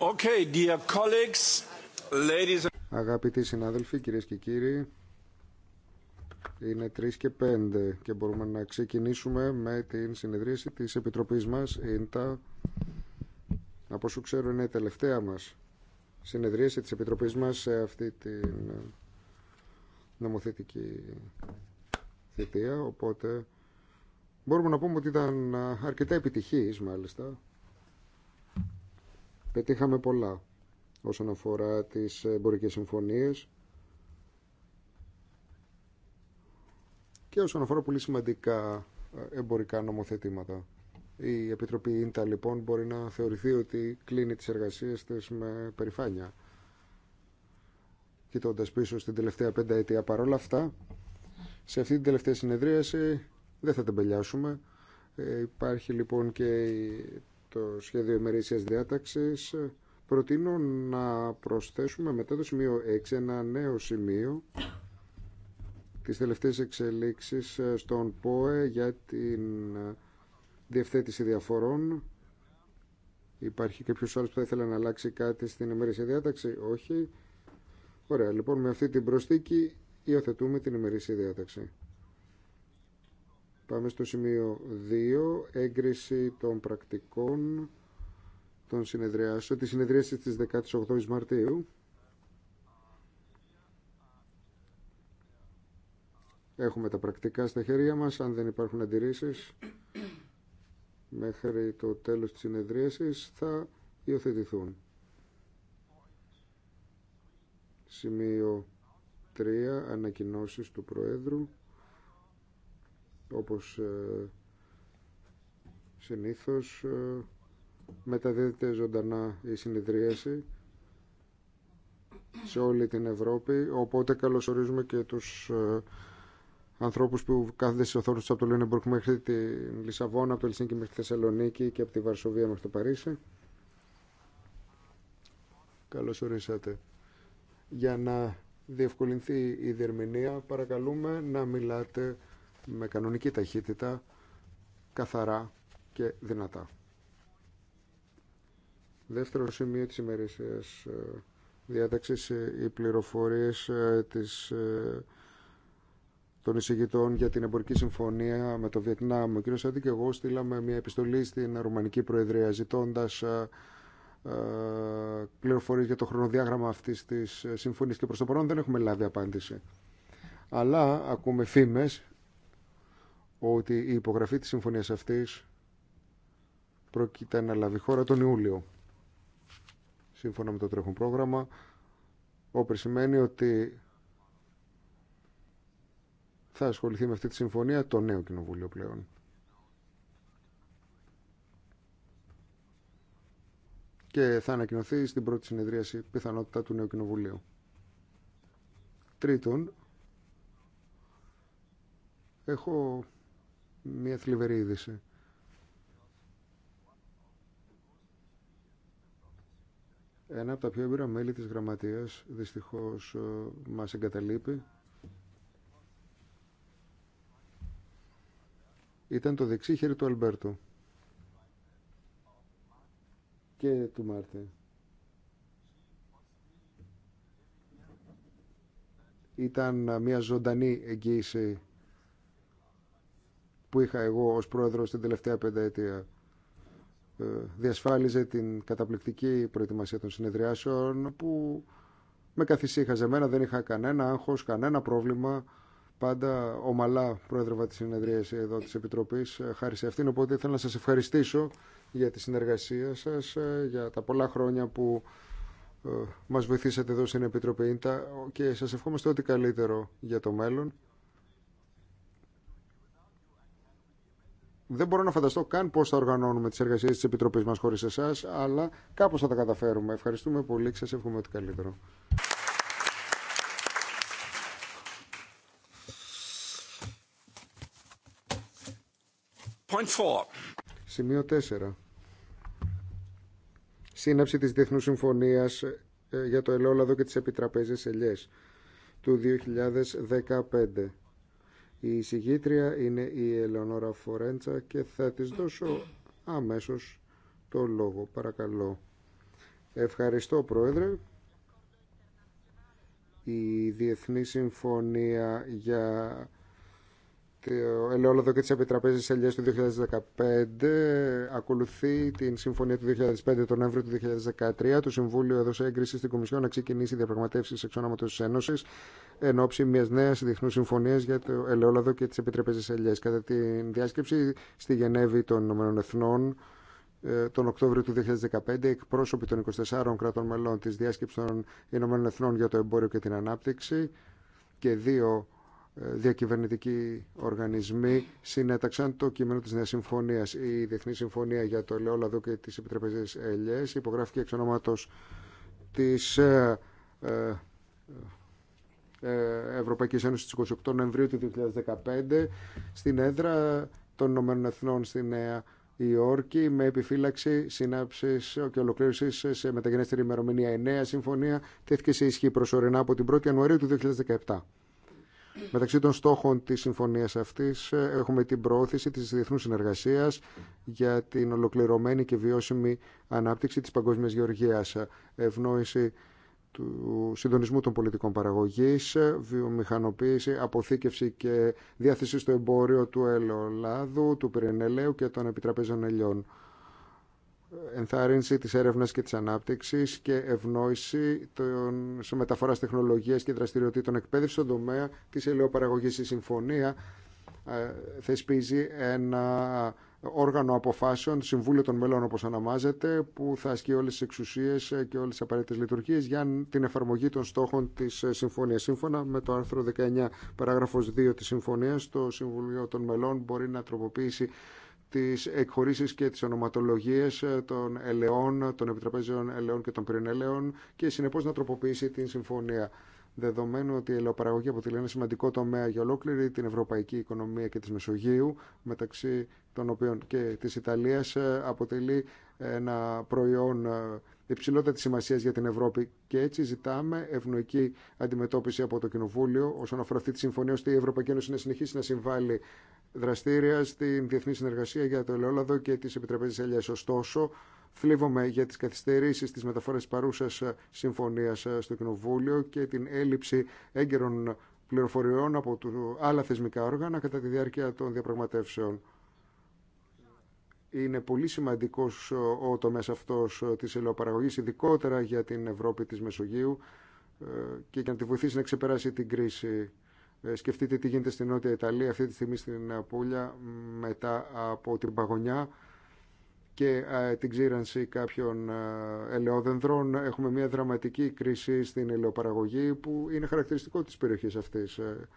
Okay, dear colleagues, ladies... Αγαπητοί συνάδελφοι, κυρίες και κύριοι, είναι 3 και 5 και μπορούμε να ξεκινήσουμε με την συνεδρίαση της Επιτροπής μας. Είναι τα, από όσο ξέρω, είναι η τελευταία μας συνεδρίαση της Επιτροπής μας σε αυτή την νομοθετική θητεία, οπότε μπορούμε να πούμε ότι ήταν αρκετά επιτυχής μάλιστα Πετύχαμε πολλά όσον αφορά τις εμπορικές συμφωνίες και όσον αφορά πολύ σημαντικά ε, εμπορικά νομοθετήματα. Η Επιτροπή Ίντα λοιπόν μπορεί να θεωρηθεί ότι κλείνει τις εργασίες της με περηφάνεια. Κοιτώντα πίσω στην τελευταία πενταετία παρόλα αυτά, σε αυτή την τελευταία συνεδρίαση δεν θα τεμπελιάσουμε. Ε, υπάρχει λοιπόν και το σχέδιο ημερήσιας διάταξης προτείνω να προσθέσουμε μετά το σημείο 6 ένα νέο σημείο τι τελευταίε εξελίξεις στον ΠΟΕ για την διευθέτηση διαφορών. Υπάρχει κάποιο άλλο που θα ήθελε να αλλάξει κάτι στην ημερήσια διάταξη. Όχι. Ωραία, λοιπόν με αυτή την προσθήκη υιοθετούμε την ημερήσια διάταξη. Πάμε στο σημείο 2, έγκριση των πρακτικών των συνεδριάσεων, τη συνεδρίαση της 18 η Μαρτίου. Έχουμε τα πρακτικά στα χέρια μας, αν δεν υπάρχουν αντιρρήσεις μέχρι το τέλος της συνεδρίασης θα υιοθετηθούν. Σημείο 3, ανακοινώσεις του Προέδρου όπως ε, συνήθως ε, μεταδίδεται ζωντανά η συνεδρίαση σε όλη την Ευρώπη οπότε καλωσορίζουμε και τους ε, ανθρώπους που κάθονται στις οθόνες από το Λιονεμπουργκ μέχρι τη Λισαβόνα, από το Ελσίνκι μέχρι τη Θεσσαλονίκη και από τη Βαρσοβία μέχρι το Παρίσι. Καλώς Για να διευκολυνθεί η διερμηνία παρακαλούμε να μιλάτε με κανονική ταχύτητα, καθαρά και δυνατά. Δεύτερο σημείο της ημερήσιας ε, διάταξης, ε, οι πληροφορίες ε, της, των εισηγητών για την εμπορική συμφωνία με το Βιετνάμ. Ο κ. Σάντι και εγώ στείλαμε μια επιστολή στην Ρουμανική Προεδρία ζητώντας πληροφορίες για το χρονοδιάγραμμα αυτής της συμφωνίας και προς το παρόν δεν έχουμε λάβει απάντηση. Αλλά ακούμε φήμες ότι η υπογραφή της συμφωνίας αυτής πρόκειται να λάβει χώρα τον Ιούλιο. Σύμφωνα με το τρέχον πρόγραμμα, όπου σημαίνει ότι θα ασχοληθεί με αυτή τη συμφωνία το νέο κοινοβούλιο πλέον. Και θα ανακοινωθεί στην πρώτη συνεδρίαση πιθανότητα του νέου κοινοβουλίου. Τρίτον, έχω μια θλιβερή είδηση. Ένα από τα πιο έμπειρα μέλη της γραμματείας δυστυχώς ε, μας εγκαταλείπει. Ήταν το δεξί χέρι του Αλμπέρτου και του Μάρτιν. Ήταν μια ζωντανή εγγύηση που είχα εγώ ως πρόεδρος την τελευταία πενταετία ε, διασφάλιζε την καταπληκτική προετοιμασία των συνεδριάσεων που με καθησύχαζε εμένα, δεν είχα κανένα άγχος, κανένα πρόβλημα. Πάντα ομαλά πρόεδρευα τη συνεδρίας εδώ της Επιτροπής ε, χάρη σε αυτήν, οπότε ήθελα να σας ευχαριστήσω για τη συνεργασία σας, ε, για τα πολλά χρόνια που μας βοηθήσατε εδώ στην Επιτροπή και σας ευχόμαστε ό,τι καλύτερο για το μέλλον. δεν μπορώ να φανταστώ καν πώς θα οργανώνουμε τις εργασίες της Επιτροπής μας χωρίς εσάς, αλλά κάπως θα τα καταφέρουμε. Ευχαριστούμε πολύ και σα εύχομαι ότι καλύτερο. Point Σημείο 4. Σύναψη της Διεθνούς Συμφωνίας ε, για το ελαιόλαδο και τις επιτραπέζες ελιές του 2015. Η εισηγήτρια είναι η Ελεονόρα Φορέντσα και θα της δώσω αμέσως το λόγο. Παρακαλώ. Ευχαριστώ Πρόεδρε. Η Διεθνή Συμφωνία για το ελαιόλαδο και τις επιτραπέζες ελιές του 2015 ακολουθεί την Συμφωνία του 2005 τον Νοέμβριο του 2013. Το Συμβούλιο έδωσε έγκριση στην Κομισιόν να ξεκινήσει διαπραγματεύσεις εξ ονόματος της Ένωσης εν ώψη μια νέα διεθνού συμφωνία για το ελαιόλαδο και τι επιτρέπεζε ελιέ. Κατά τη διάσκεψη στη Γενέβη των Ηνωμένων Εθνών ε, τον Οκτώβριο του 2015, εκπρόσωποι των 24 κρατών μελών τη διάσκεψη των Ηνωμένων Εθνών για το εμπόριο και την ανάπτυξη και δύο ε, διακυβερνητικοί οργανισμοί συνέταξαν το κείμενο της Νέας Συμφωνίας. Η Διεθνή Συμφωνία για το Ελαιόλαδο και τις Επιτραπεζές Ελιές υπογράφηκε εξ ονόματος της ε, ε, Ευρωπαϊκής Ένωσης της 28 Νοεμβρίου του 2015 στην έδρα των Ηνωμένων Εθνών στη Νέα Υόρκη με επιφύλαξη συνάψη και ολοκλήρωση σε μεταγενέστερη ημερομηνία. Η νέα συμφωνία τέθηκε σε ισχύ προσωρινά από την 1η Ιανουαρίου του 2017. Μεταξύ των στόχων της συμφωνίας αυτής ε, έχουμε την προώθηση της διεθνούς συνεργασίας για την ολοκληρωμένη και βιώσιμη ανάπτυξη της παγκόσμιας γεωργίας, ευνόηση του συντονισμού των πολιτικών παραγωγής, βιομηχανοποίηση, αποθήκευση και διάθεση στο εμπόριο του ελαιολάδου, του πυρενελαίου και των επιτραπέζων ελιών. Ενθάρρυνση της έρευνας και της ανάπτυξης και ευνόηση των, σε μεταφοράς τεχνολογίας και δραστηριοτήτων εκπαίδευση στον τομέα της ελαιοπαραγωγής. Η συμφωνία ε, θεσπίζει ένα όργανο αποφάσεων, συμβούλιο των μέλων όπως ονομάζεται, που θα ασκεί όλες τις εξουσίες ε, και όλες τις απαραίτητε λειτουργίες για την εφαρμογή των στόχων της ε, συμφωνίας. Σύμφωνα με το άρθρο 19 παράγραφος 2 της συμφωνίας, το Συμβουλίο των Μελών μπορεί να τροποποιήσει τις εκχωρήσει και τις ονοματολογίες ε, των ελαιών, των επιτραπέζιων ελαιών και των πυρηνέλαιων και συνεπώ να τροποποιήσει την συμφωνία δεδομένου ότι η ελαιοπαραγωγή αποτελεί ένα σημαντικό τομέα για ολόκληρη την ευρωπαϊκή οικονομία και της Μεσογείου, μεταξύ των οποίων και της Ιταλίας, ε, αποτελεί ένα προϊόν ε, υψηλότερη σημασία για την Ευρώπη και έτσι ζητάμε ευνοϊκή αντιμετώπιση από το Κοινοβούλιο όσον αφορά αυτή τη συμφωνία, ώστε η Ευρωπαϊκή Ένωση να συνεχίσει να συμβάλλει δραστήρια στην διεθνή συνεργασία για το ελαιόλαδο και τι τη ελιάς. Ωστόσο, θλίβομαι για τις καθυστερήσεις της μεταφορές παρούσας ε, συμφωνίας ε, στο Κοινοβούλιο και την έλλειψη έγκαιρων πληροφοριών από άλλα θεσμικά όργανα κατά τη διάρκεια των διαπραγματεύσεων. Είναι πολύ σημαντικός ε, ο τομέας αυτός της ελαιοπαραγωγής, ειδικότερα για την Ευρώπη της Μεσογείου και για να τη βοηθήσει να ξεπεράσει την κρίση. Σκεφτείτε τι γίνεται στην Νότια Ιταλία αυτή τη στιγμή στην Απούλια μετά από την παγωνιά και την ξύρανση κάποιων ελαιόδενδρων. Έχουμε μια δραματική κρίση στην ελαιοπαραγωγή που είναι χαρακτηριστικό της περιοχής αυτής. Ε,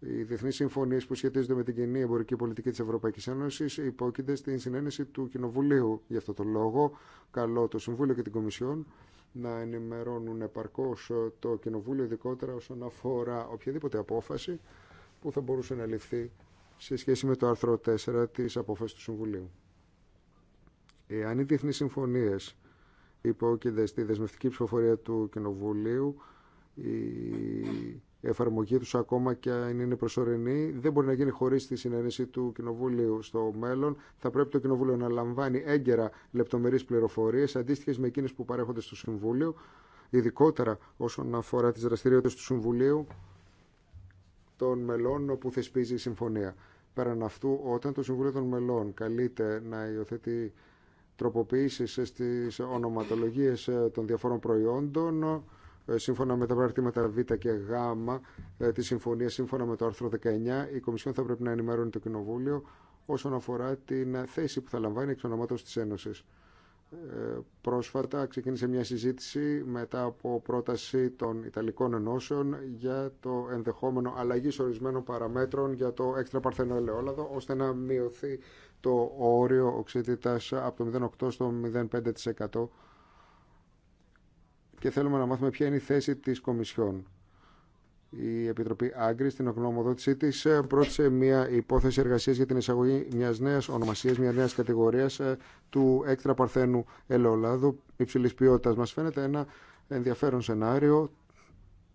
οι διεθνεί συμφωνίε που σχετίζονται με την κοινή εμπορική πολιτική της Ευρωπαϊκής Ένωσης υπόκεινται στην συνένεση του Κοινοβουλίου. Γι' αυτό το λόγο, Καλό το Συμβούλιο και την Κομισιόν να ενημερώνουν επαρκώ ε, το Κοινοβούλιο, ειδικότερα όσον αφορά οποιαδήποτε απόφαση που θα μπορούσε να ληφθεί σε σχέση με το άρθρο 4 τη απόφαση του Συμβουλίου. Ε, οι διεθνείς συμφωνίες υπόκειται στη δεσμευτική ψηφοφορία του Κοινοβουλίου, η εφαρμογή τους ακόμα και αν είναι προσωρινή δεν μπορεί να γίνει χωρίς τη συνένεση του Κοινοβουλίου στο μέλλον. Θα πρέπει το Κοινοβούλιο να λαμβάνει έγκαιρα λεπτομερείς πληροφορίες αντίστοιχες με εκείνες που παρέχονται στο Συμβούλιο, ειδικότερα όσον αφορά τις δραστηριότητες του Συμβουλίου των μελών όπου θεσπίζει η Συμφωνία. Πέραν αυτού, όταν το Συμβούλιο των Μελών καλείται να υιοθετεί τροποποιήσεις στις ονοματολογίες ε, των διαφόρων προϊόντων ε, σύμφωνα με τα παραρτήματα Β και Γ ε, τη συμφωνία, σύμφωνα με το άρθρο 19, η Κομισιόν θα πρέπει να ενημερώνει το Κοινοβούλιο όσον αφορά την θέση που θα λαμβάνει εξ ονομάτων τη Ένωση. Πρόσφατα ξεκίνησε μια συζήτηση μετά από πρόταση των Ιταλικών Ενώσεων για το ενδεχόμενο αλλαγή ορισμένων παραμέτρων για το έξτρα παρθενό ελαιόλαδο ώστε να μειωθεί το όριο οξύτητας από το 0,8% στο 0,5% και θέλουμε να μάθουμε ποια είναι η θέση της Κομισιόν. Η Επιτροπή Άγκρη στην ογνωμοδότησή τη πρότεισε μια υπόθεση εργασία για την εισαγωγή μια νέα ονομασία, μια νέα κατηγορία ε, του έκτρα παρθένου ελαιολάδου υψηλή ποιότητα. Μα φαίνεται ένα ενδιαφέρον σενάριο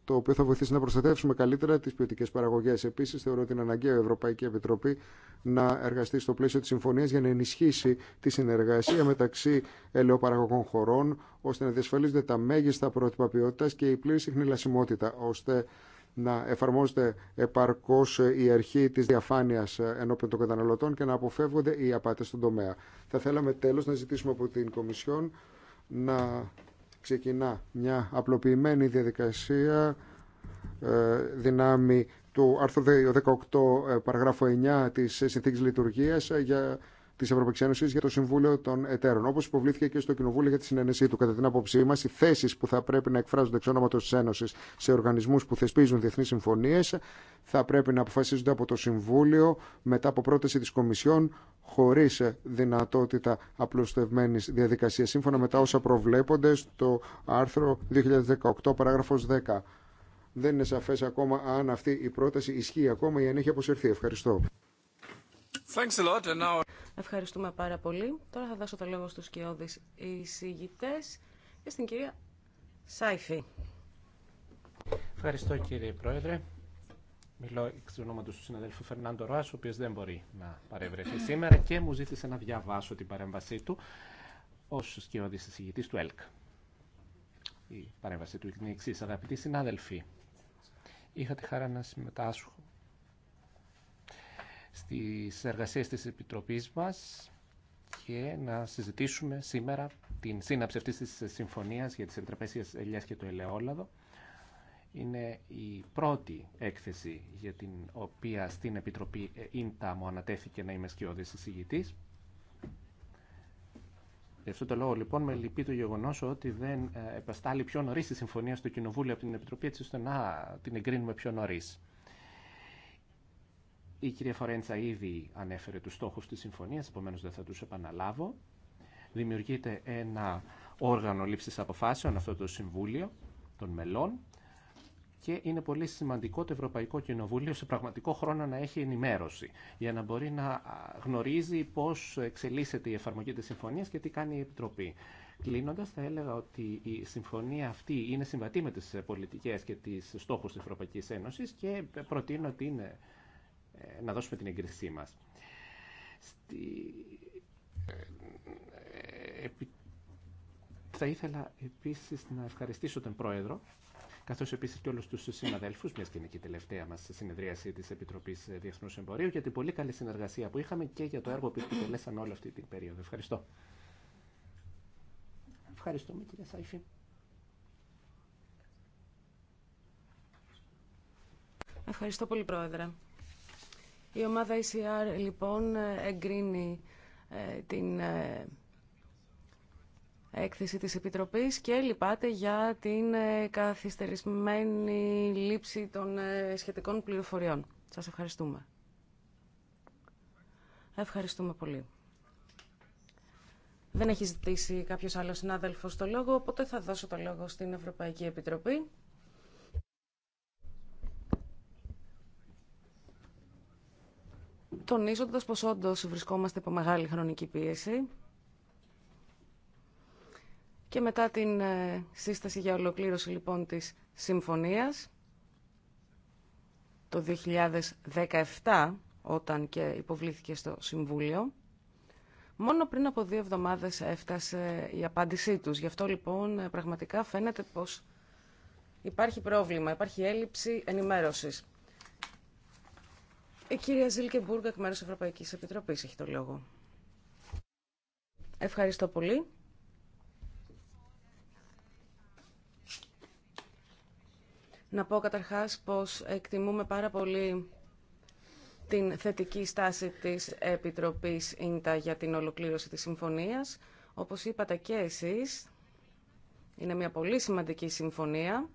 το οποίο θα βοηθήσει να προστατεύσουμε καλύτερα τι ποιοτικέ παραγωγέ. Επίση, θεωρώ την αναγκαίο η Ευρωπαϊκή Επιτροπή να εργαστεί στο πλαίσιο τη συμφωνία για να ενισχύσει τη συνεργασία μεταξύ ελαιοπαραγωγών χωρών, ώστε να διασφαλίζονται τα μέγιστα πρότυπα ποιότητα και η πλήρη συχνηλασιμότητα, ώστε να εφαρμόζεται επαρκώ η αρχή τη διαφάνεια ενώπιον των καταναλωτών και να αποφεύγονται οι απάτε στον τομέα. Θα θέλαμε τέλο να ζητήσουμε από την Κομισιόν να ξεκινά μια απλοποιημένη διαδικασία ε, δυνάμει του άρθρου 18 ε, παραγράφου 9 της Συνθήκης Λειτουργίας ε, για τη Ευρωπαϊκή Ένωση για το Συμβούλιο των Εταίρων. Όπω υποβλήθηκε και στο Κοινοβούλιο για τη συνένεσή του, κατά την άποψή μα, οι θέσει που θα πρέπει να εκφράζονται εξ ονόματο τη Ένωση σε οργανισμού που θεσπίζουν διεθνεί συμφωνίε θα πρέπει να αποφασίζονται από το Συμβούλιο μετά από πρόταση τη Κομισιόν χωρί δυνατότητα απλουστευμένη διαδικασία, σύμφωνα με τα όσα προβλέπονται στο άρθρο 2018, παράγραφο 10. Δεν είναι σαφές ακόμα αν αυτή η πρόταση ισχύει ακόμα ή αν έχει αποσυρθεί. Ευχαριστώ. Ευχαριστούμε πάρα πολύ. Τώρα θα δώσω το λόγο στους κοιόδης εισηγητές και στην κυρία Σάιφη. Ευχαριστώ κύριε Πρόεδρε. Μιλώ εξ του ονόματο του συναδέλφου Φερνάντο Ροά, ο οποίο δεν μπορεί να παρευρεθεί σήμερα και μου ζήτησε να διαβάσω την παρέμβασή του ω σκιώδη εισηγητή του ΕΛΚ. Η παρέμβασή του είναι η εξή. Αγαπητοί συνάδελφοι, είχα τη χαρά να συμμετάσχω στις εργασίες της Επιτροπής μας και να συζητήσουμε σήμερα την σύναψη αυτής της συμφωνίας για τις επιτραπέζιες ελιάς και το ελαιόλαδο. Είναι η πρώτη έκθεση για την οποία στην Επιτροπή ΙΝΤΑ μου ανατέθηκε να είμαι σκιώδης εισηγητής. Γι' αυτό το λόγο λοιπόν με λυπεί το γεγονό ότι δεν ε, επαστάλει πιο νωρί τη συμφωνία στο Κοινοβούλιο από την Επιτροπή, έτσι ώστε να την εγκρίνουμε πιο νωρί. Η κυρία Φορέντσα ήδη ανέφερε τους στόχους της συμφωνίας, επομένως δεν θα τους επαναλάβω. Δημιουργείται ένα όργανο λήψης αποφάσεων, αυτό το Συμβούλιο των Μελών, και είναι πολύ σημαντικό το Ευρωπαϊκό Κοινοβούλιο σε πραγματικό χρόνο να έχει ενημέρωση για να μπορεί να γνωρίζει πώς εξελίσσεται η εφαρμογή της συμφωνίας και τι κάνει η Επιτροπή. Κλείνοντα, θα έλεγα ότι η συμφωνία αυτή είναι συμβατή με τι πολιτικέ και τι στόχου τη Ευρωπαϊκή Ένωση και προτείνω ότι είναι. Ε, να δώσουμε την εγκρισή μας. Στη... Ε, θα ήθελα επίσης να ευχαριστήσω τον Πρόεδρο, καθώς επίσης και όλους τους συναδέλφους, μιας και είναι και η τελευταία μας συνεδρίαση της Επιτροπής Διεθνούς Εμπορίου, για την πολύ καλή συνεργασία που είχαμε και για το έργο που επιτελέσαν όλη αυτή την περίοδο. Ευχαριστώ. Ευχαριστούμε κύριε Σάιφη. Ευχαριστώ πολύ, Πρόεδρε. Η ομάδα ECR λοιπόν εγκρίνει ε, την ε, έκθεση της Επιτροπής και λυπάται για την ε, καθυστερισμένη λήψη των σχετικών πληροφοριών. Σας ευχαριστούμε. Ευχαριστούμε πολύ. Δεν έχει ζητήσει κάποιος άλλος συνάδελφος το λόγο, οπότε θα δώσω το λόγο στην Ευρωπαϊκή Επιτροπή. τονίζοντας πως όντως βρισκόμαστε υπό μεγάλη χρονική πίεση και μετά την ε, σύσταση για ολοκλήρωση λοιπόν της συμφωνίας το 2017 όταν και υποβλήθηκε στο Συμβούλιο Μόνο πριν από δύο εβδομάδες έφτασε η απάντησή τους. Γι' αυτό λοιπόν ε, πραγματικά φαίνεται πως υπάρχει πρόβλημα, υπάρχει έλλειψη ενημέρωσης. Η κυρία Ζήλκεμπουργκ, εκ μέρου Ευρωπαϊκή Επιτροπής, έχει το λόγο. Ευχαριστώ πολύ. Να πω καταρχάς πως εκτιμούμε πάρα πολύ την θετική στάση της Επιτροπής ΙΝΤΑ για την ολοκλήρωση της συμφωνίας. Όπως είπατε και εσείς, είναι μια πολύ σημαντική συμφωνία,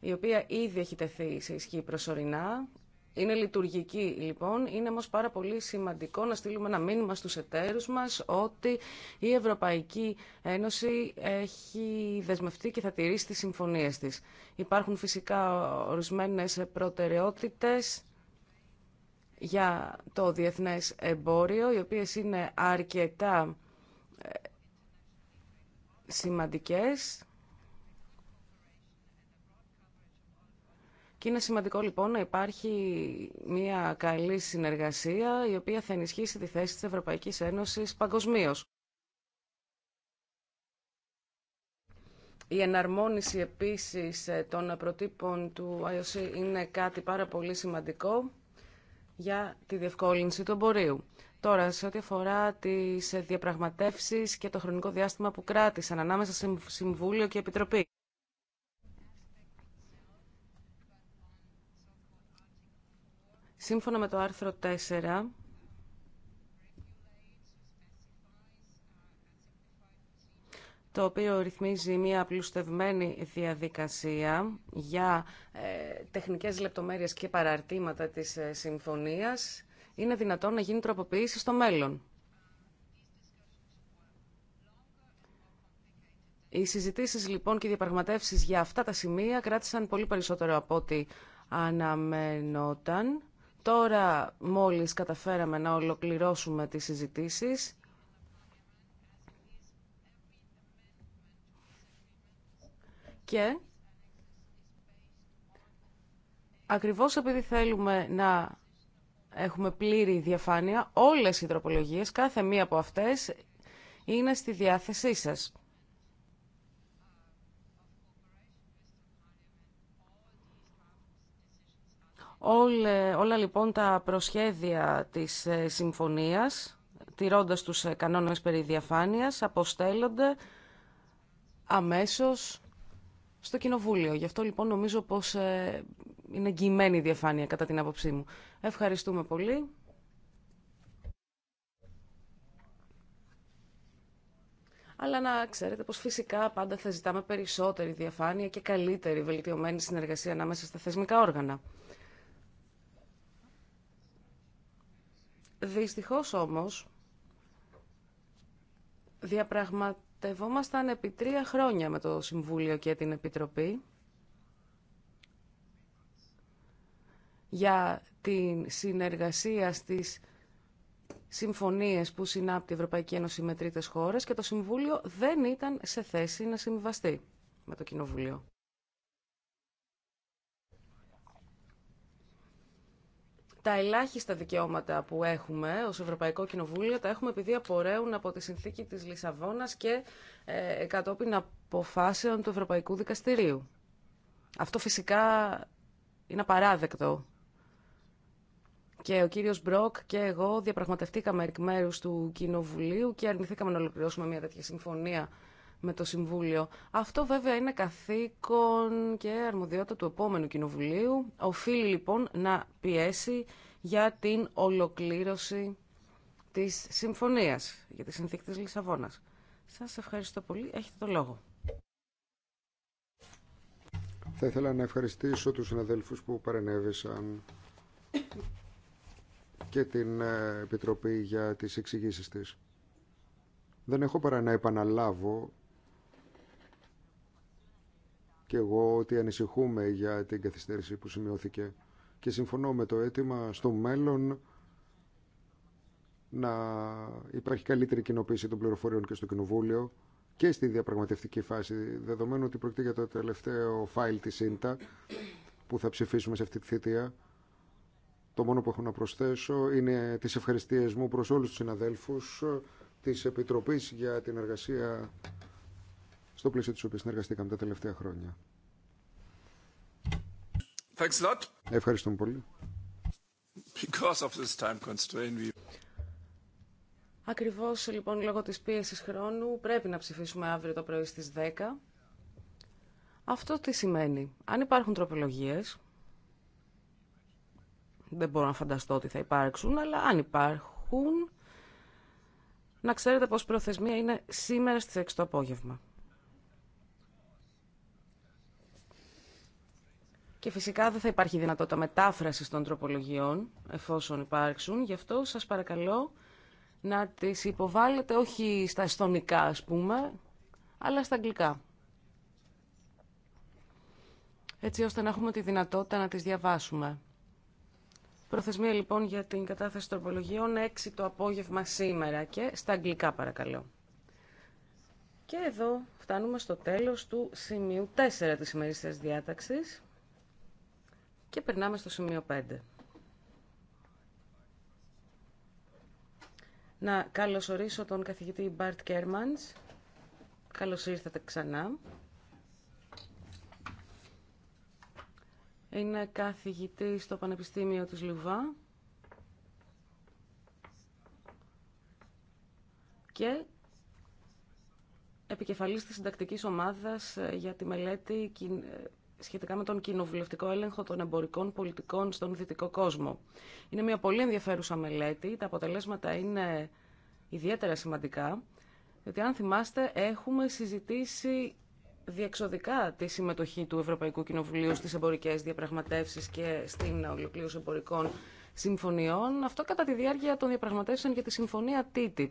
η οποία ήδη έχει τεθεί σε ισχύ προσωρινά. Είναι λειτουργική λοιπόν, είναι όμω πάρα πολύ σημαντικό να στείλουμε ένα μήνυμα στους εταίρους μας ότι η Ευρωπαϊκή Ένωση έχει δεσμευτεί και θα τηρήσει τι συμφωνίε της. Υπάρχουν φυσικά ορισμένε προτεραιότητες για το διεθνές εμπόριο, οι οποίες είναι αρκετά ε, σημαντικές Και είναι σημαντικό λοιπόν να υπάρχει μια καλή συνεργασία η οποία θα ενισχύσει τη θέση της Ευρωπαϊκής Ένωσης παγκοσμίω. Η εναρμόνιση επίσης των προτύπων του IOC είναι κάτι πάρα πολύ σημαντικό για τη διευκόλυνση του εμπορίου. Τώρα, σε ό,τι αφορά τις διαπραγματεύσεις και το χρονικό διάστημα που κράτησαν ανάμεσα σε Συμβούλιο και Επιτροπή. Σύμφωνα με το άρθρο 4, το οποίο ρυθμίζει μια απλουστευμένη διαδικασία για ε, τεχνικές λεπτομέρειες και παραρτήματα της ε, συμφωνίας, είναι δυνατόν να γίνει τροποποίηση στο μέλλον. Οι συζητήσεις λοιπόν και οι διαπραγματεύσεις για αυτά τα σημεία κράτησαν πολύ περισσότερο από ό,τι αναμενόταν. Τώρα μόλις καταφέραμε να ολοκληρώσουμε τις συζητήσεις. Και ακριβώς επειδή θέλουμε να έχουμε πλήρη διαφάνεια, όλες οι τροπολογίες, κάθε μία από αυτές, είναι στη διάθεσή σας. Όλα, όλα λοιπόν τα προσχέδια της ε, συμφωνίας, τηρώντας τους ε, κανόνες περί διαφάνειας, αποστέλλονται αμέσως στο Κοινοβούλιο. Γι' αυτό λοιπόν νομίζω πως ε, είναι εγγυημένη η διαφάνεια κατά την άποψή μου. Ευχαριστούμε πολύ. Αλλά να ξέρετε πως φυσικά πάντα θα ζητάμε περισσότερη διαφάνεια και καλύτερη βελτιωμένη συνεργασία ανάμεσα στα θεσμικά όργανα. Δυστυχώς όμως, διαπραγματευόμασταν επί τρία χρόνια με το Συμβούλιο και την Επιτροπή για την συνεργασία στις συμφωνίες που συνάπτει η Ευρωπαϊκή Ένωση με τρίτες χώρες και το Συμβούλιο δεν ήταν σε θέση να συμβαστεί με το Κοινοβουλίο. τα ελάχιστα δικαιώματα που έχουμε ως Ευρωπαϊκό Κοινοβούλιο τα έχουμε επειδή απορρέουν από τη συνθήκη της Λισαβόνας και ε, κατόπιν αποφάσεων του Ευρωπαϊκού Δικαστηρίου. Αυτό φυσικά είναι απαράδεκτο. Και ο κύριος Μπροκ και εγώ διαπραγματευτήκαμε εκ μέρου του Κοινοβουλίου και αρνηθήκαμε να ολοκληρώσουμε μια τέτοια συμφωνία με το Συμβούλιο. Αυτό βέβαια είναι καθήκον και αρμοδιότητα του επόμενου Κοινοβουλίου. Οφείλει λοιπόν να πιέσει για την ολοκλήρωση της συμφωνίας για τη συνθήκη της Λισαβόνας. Σας ευχαριστώ πολύ. Έχετε το λόγο. Θα ήθελα να ευχαριστήσω τους συναδέλφους που παρενέβησαν και την ε, Επιτροπή για τις εξηγήσει της. Δεν έχω παρά να επαναλάβω και εγώ ότι ανησυχούμε για την καθυστέρηση που σημειώθηκε και συμφωνώ με το αίτημα στο μέλλον να υπάρχει καλύτερη κοινοποίηση των πληροφοριών και στο Κοινοβούλιο και στη διαπραγματευτική φάση, δεδομένου ότι πρόκειται για το τελευταίο φάιλ της ΣΥΝΤΑ που θα ψηφίσουμε σε αυτή τη θητεία. Το μόνο που έχω να προσθέσω είναι τις ευχαριστίες μου προς όλους τους συναδέλφους της Επιτροπής για την εργασία στο πλαίσιο της οποίας συνεργαστήκαμε τα τελευταία χρόνια. Thanks Ευχαριστούμε πολύ. Because Ακριβώς λοιπόν λόγω της πίεσης χρόνου πρέπει να ψηφίσουμε αύριο το πρωί στις 10. Αυτό τι σημαίνει. Αν υπάρχουν τροπολογίες, δεν μπορώ να φανταστώ ότι θα υπάρξουν, αλλά αν υπάρχουν, να ξέρετε πως προθεσμία είναι σήμερα στις 6 το απόγευμα. Και φυσικά δεν θα υπάρχει δυνατότητα μετάφρασης των τροπολογιών, εφόσον υπάρξουν. Γι' αυτό σας παρακαλώ να τις υποβάλλετε όχι στα στονικά α πούμε, αλλά στα αγγλικά. Έτσι ώστε να έχουμε τη δυνατότητα να τις διαβάσουμε. Προθεσμία λοιπόν για την κατάθεση τροπολογιών 6 το απόγευμα σήμερα και στα αγγλικά παρακαλώ. Και εδώ φτάνουμε στο τέλος του σημείου 4 της ημερήσιας διάταξης. Και περνάμε στο σημείο 5. Να καλωσορίσω τον καθηγητή Μπάρτ Κέρμαντς. Καλώς ήρθατε ξανά. Είναι καθηγητή στο Πανεπιστήμιο της Λουβά. Και επικεφαλής της συντακτικής ομάδας ε, για τη μελέτη σχετικά με τον κοινοβουλευτικό έλεγχο των εμπορικών πολιτικών στον δυτικό κόσμο. Είναι μια πολύ ενδιαφέρουσα μελέτη, τα αποτελέσματα είναι ιδιαίτερα σημαντικά, διότι αν θυμάστε έχουμε συζητήσει διεξοδικά τη συμμετοχή του Ευρωπαϊκού Κοινοβουλίου στις εμπορικές διαπραγματεύσεις και στην ολοκλήρωση εμπορικών συμφωνιών, αυτό κατά τη διάρκεια των διαπραγματεύσεων για τη συμφωνία TTIP,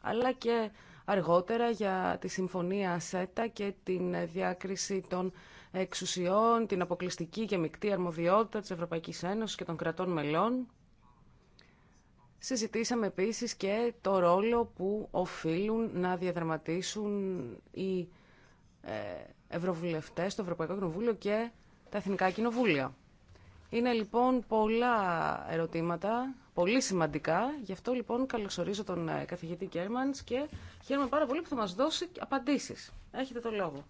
αλλά και αργότερα για τη συμφωνία ΣΕΤΑ και την διάκριση των εξουσιών, την αποκλειστική και μεικτή αρμοδιότητα της Ευρωπαϊκής Ένωσης και των κρατών μελών. Συζητήσαμε επίσης και το ρόλο που οφείλουν να διαδραματίσουν οι ε, ευρωβουλευτές στο Ευρωπαϊκό Κοινοβούλιο και τα Εθνικά Κοινοβούλια. Είναι λοιπόν πολλά ερωτήματα, πολύ σημαντικά. Γι' αυτό λοιπόν καλωσορίζω τον ε, καθηγητή Κέρμαντς και χαίρομαι πάρα πολύ που θα μας δώσει απαντήσεις. Έχετε το λόγο.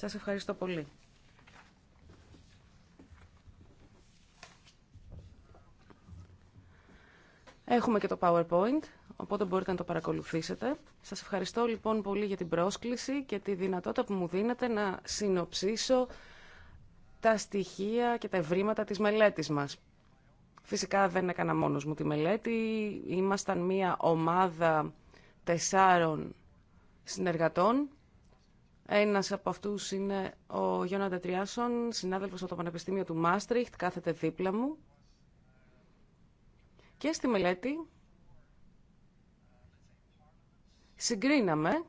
Σας ευχαριστώ πολύ. Έχουμε και το PowerPoint, οπότε μπορείτε να το παρακολουθήσετε. Σας ευχαριστώ λοιπόν πολύ για την πρόσκληση και τη δυνατότητα που μου δίνετε να συνοψίσω τα στοιχεία και τα ευρήματα της μελέτης μας. Φυσικά δεν έκανα μόνος μου τη μελέτη. Ήμασταν μία ομάδα τεσσάρων συνεργατών ένας από αυτούς είναι ο Γιώνα Τριάσον, συνάδελφος από το Πανεπιστήμιο του Μάστριχτ, κάθεται δίπλα μου. Και στη μελέτη συγκρίναμε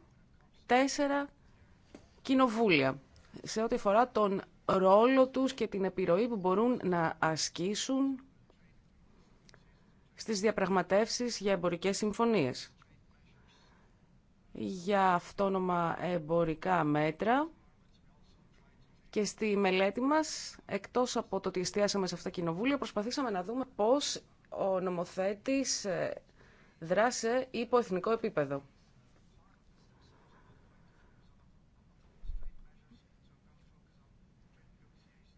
τέσσερα κοινοβούλια σε ό,τι αφορά τον ρόλο τους και την επιρροή που μπορούν να ασκήσουν στις διαπραγματεύσεις για εμπορικές συμφωνίες για αυτόνομα εμπορικά μέτρα και στη μελέτη μας, εκτός από το ότι εστιάσαμε σε αυτά τα κοινοβούλια, προσπαθήσαμε να δούμε πώς ο νομοθέτης ε, δράσε υπό εθνικό επίπεδο.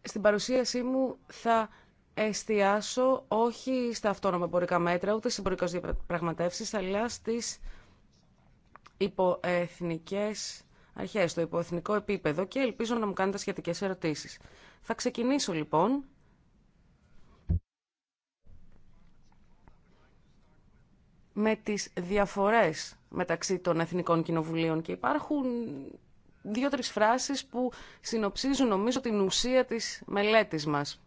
Στην παρουσίασή μου θα εστιάσω όχι στα αυτόνομα εμπορικά μέτρα, ούτε στις εμπορικές διαπραγματεύσεις, αλλά στις υποεθνικές αρχές, στο υποεθνικό επίπεδο και ελπίζω να μου κάνετε σχετικές ερωτήσεις. Θα ξεκινήσω λοιπόν με τις διαφορές μεταξύ των Εθνικών Κοινοβουλίων και υπάρχουν δύο-τρεις φράσεις που συνοψίζουν νομίζω την ουσία της μελέτης μας.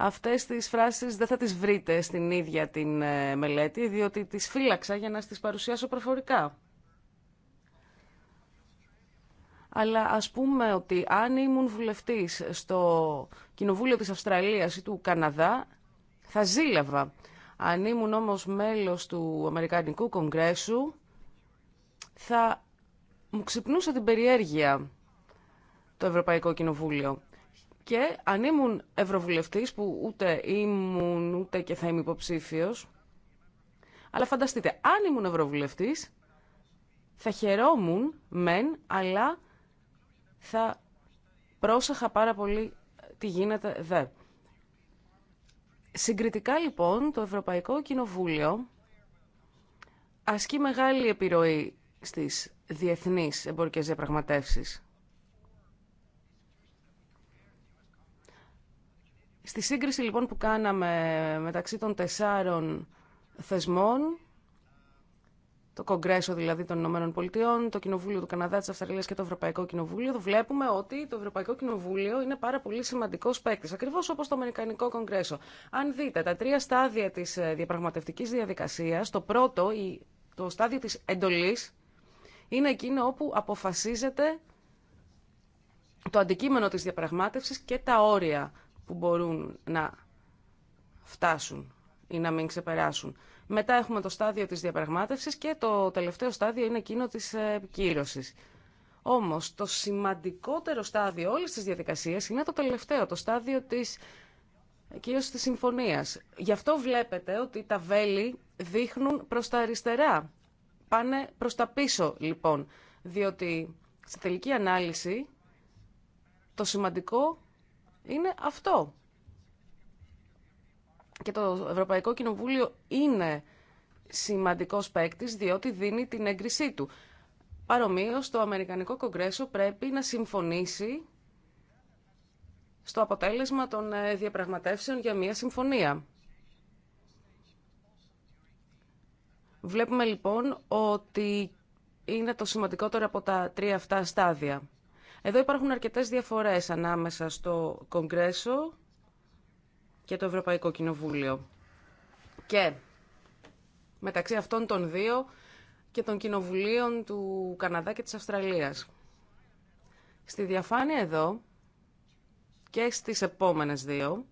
Αυτές τις φράσεις δεν θα τις βρείτε στην ίδια την ε, μελέτη, διότι τις φύλαξα για να τις παρουσιάσω προφορικά. Αλλά ας πούμε ότι αν ήμουν βουλευτής στο Κοινοβούλιο της Αυστραλίας ή του Καναδά, θα ζήλευα. Αν ήμουν όμως μέλος του Αμερικανικού Κογκρέσου, θα μου ξυπνούσε την περιέργεια το Ευρωπαϊκό Κοινοβούλιο. Και αν ήμουν ευρωβουλευτή που ούτε ήμουν ούτε και θα είμαι υποψήφιος, αλλά φανταστείτε, αν ήμουν ευρωβουλευτή, θα χαιρόμουν μεν, αλλά θα πρόσεχα πάρα πολύ τι γίνεται δε. Συγκριτικά λοιπόν το Ευρωπαϊκό Κοινοβούλιο ασκεί μεγάλη επιρροή στις διεθνείς εμπορικές διαπραγματεύσεις. Στη σύγκριση λοιπόν που κάναμε μεταξύ των τεσσάρων θεσμών, το Κογκρέσο δηλαδή των Ηνωμένων Πολιτειών, το Κοινοβούλιο του Καναδά, τη Αυστραλία και το Ευρωπαϊκό Κοινοβούλιο, βλέπουμε ότι το Ευρωπαϊκό Κοινοβούλιο είναι πάρα πολύ σημαντικό παίκτη, ακριβώ όπω το Αμερικανικό Κογκρέσο. Αν δείτε τα τρία στάδια τη ε, διαπραγματευτική διαδικασία, το πρώτο, το στάδιο τη εντολή, είναι εκείνο όπου αποφασίζεται το αντικείμενο της διαπραγμάτευσης και τα όρια που μπορούν να φτάσουν ή να μην ξεπεράσουν. Μετά έχουμε το στάδιο της διαπραγμάτευσης και το τελευταίο στάδιο είναι εκείνο της ε, επικύρωσης. Όμως το σημαντικότερο στάδιο όλης της διαδικασίας είναι το τελευταίο, το στάδιο της κύρωσης της συμφωνίας. Γι' αυτό βλέπετε ότι τα βέλη δείχνουν προς τα αριστερά. Πάνε προς τα πίσω λοιπόν, διότι στη τελική ανάλυση το σημαντικό είναι αυτό. Και το Ευρωπαϊκό Κοινοβούλιο είναι σημαντικός παίκτη διότι δίνει την έγκρισή του. Παρομοίως, το Αμερικανικό Κογκρέσο πρέπει να συμφωνήσει στο αποτέλεσμα των ε, διαπραγματεύσεων για μια συμφωνία. Βλέπουμε λοιπόν ότι είναι το σημαντικότερο από τα τρία αυτά στάδια. Εδώ υπάρχουν αρκετές διαφορές ανάμεσα στο Κογκρέσο και το Ευρωπαϊκό Κοινοβούλιο. Και μεταξύ αυτών των δύο και των κοινοβουλίων του Καναδά και της Αυστραλίας. Στη διαφάνεια εδώ και στις επόμενες δύο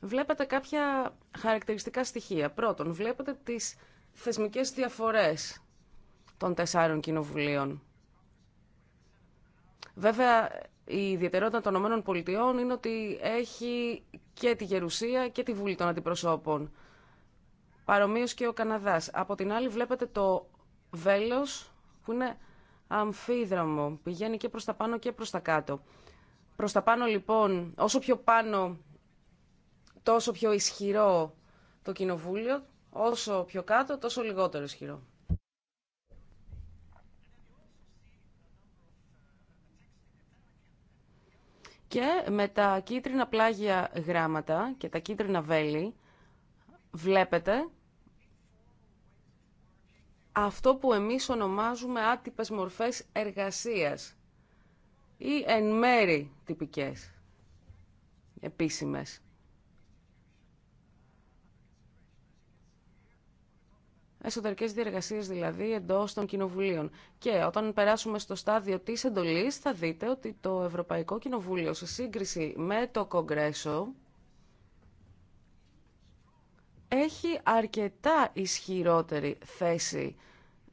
βλέπετε κάποια χαρακτηριστικά στοιχεία. Πρώτον, βλέπετε τις θεσμικές διαφορές των τεσσάρων κοινοβουλίων. Βέβαια, η ιδιαιτερότητα των ΗΠΑ είναι ότι έχει και τη γερουσία και τη βουλή των αντιπροσώπων. Παρομοίω και ο Καναδά. Από την άλλη, βλέπετε το βέλο που είναι αμφίδραμο. Πηγαίνει και προ τα πάνω και προ τα κάτω. Προ τα πάνω, λοιπόν, όσο πιο πάνω, τόσο πιο ισχυρό το κοινοβούλιο. Όσο πιο κάτω, τόσο λιγότερο ισχυρό. Και με τα κίτρινα πλάγια γράμματα και τα κίτρινα βέλη βλέπετε αυτό που εμείς ονομάζουμε άτυπες μορφές εργασίας ή εν μέρη τυπικές, επίσημες. εσωτερικές διεργασίες δηλαδή εντό των κοινοβουλίων. Και όταν περάσουμε στο στάδιο τη εντολή, θα δείτε ότι το Ευρωπαϊκό Κοινοβούλιο σε σύγκριση με το Κογκρέσο έχει αρκετά ισχυρότερη θέση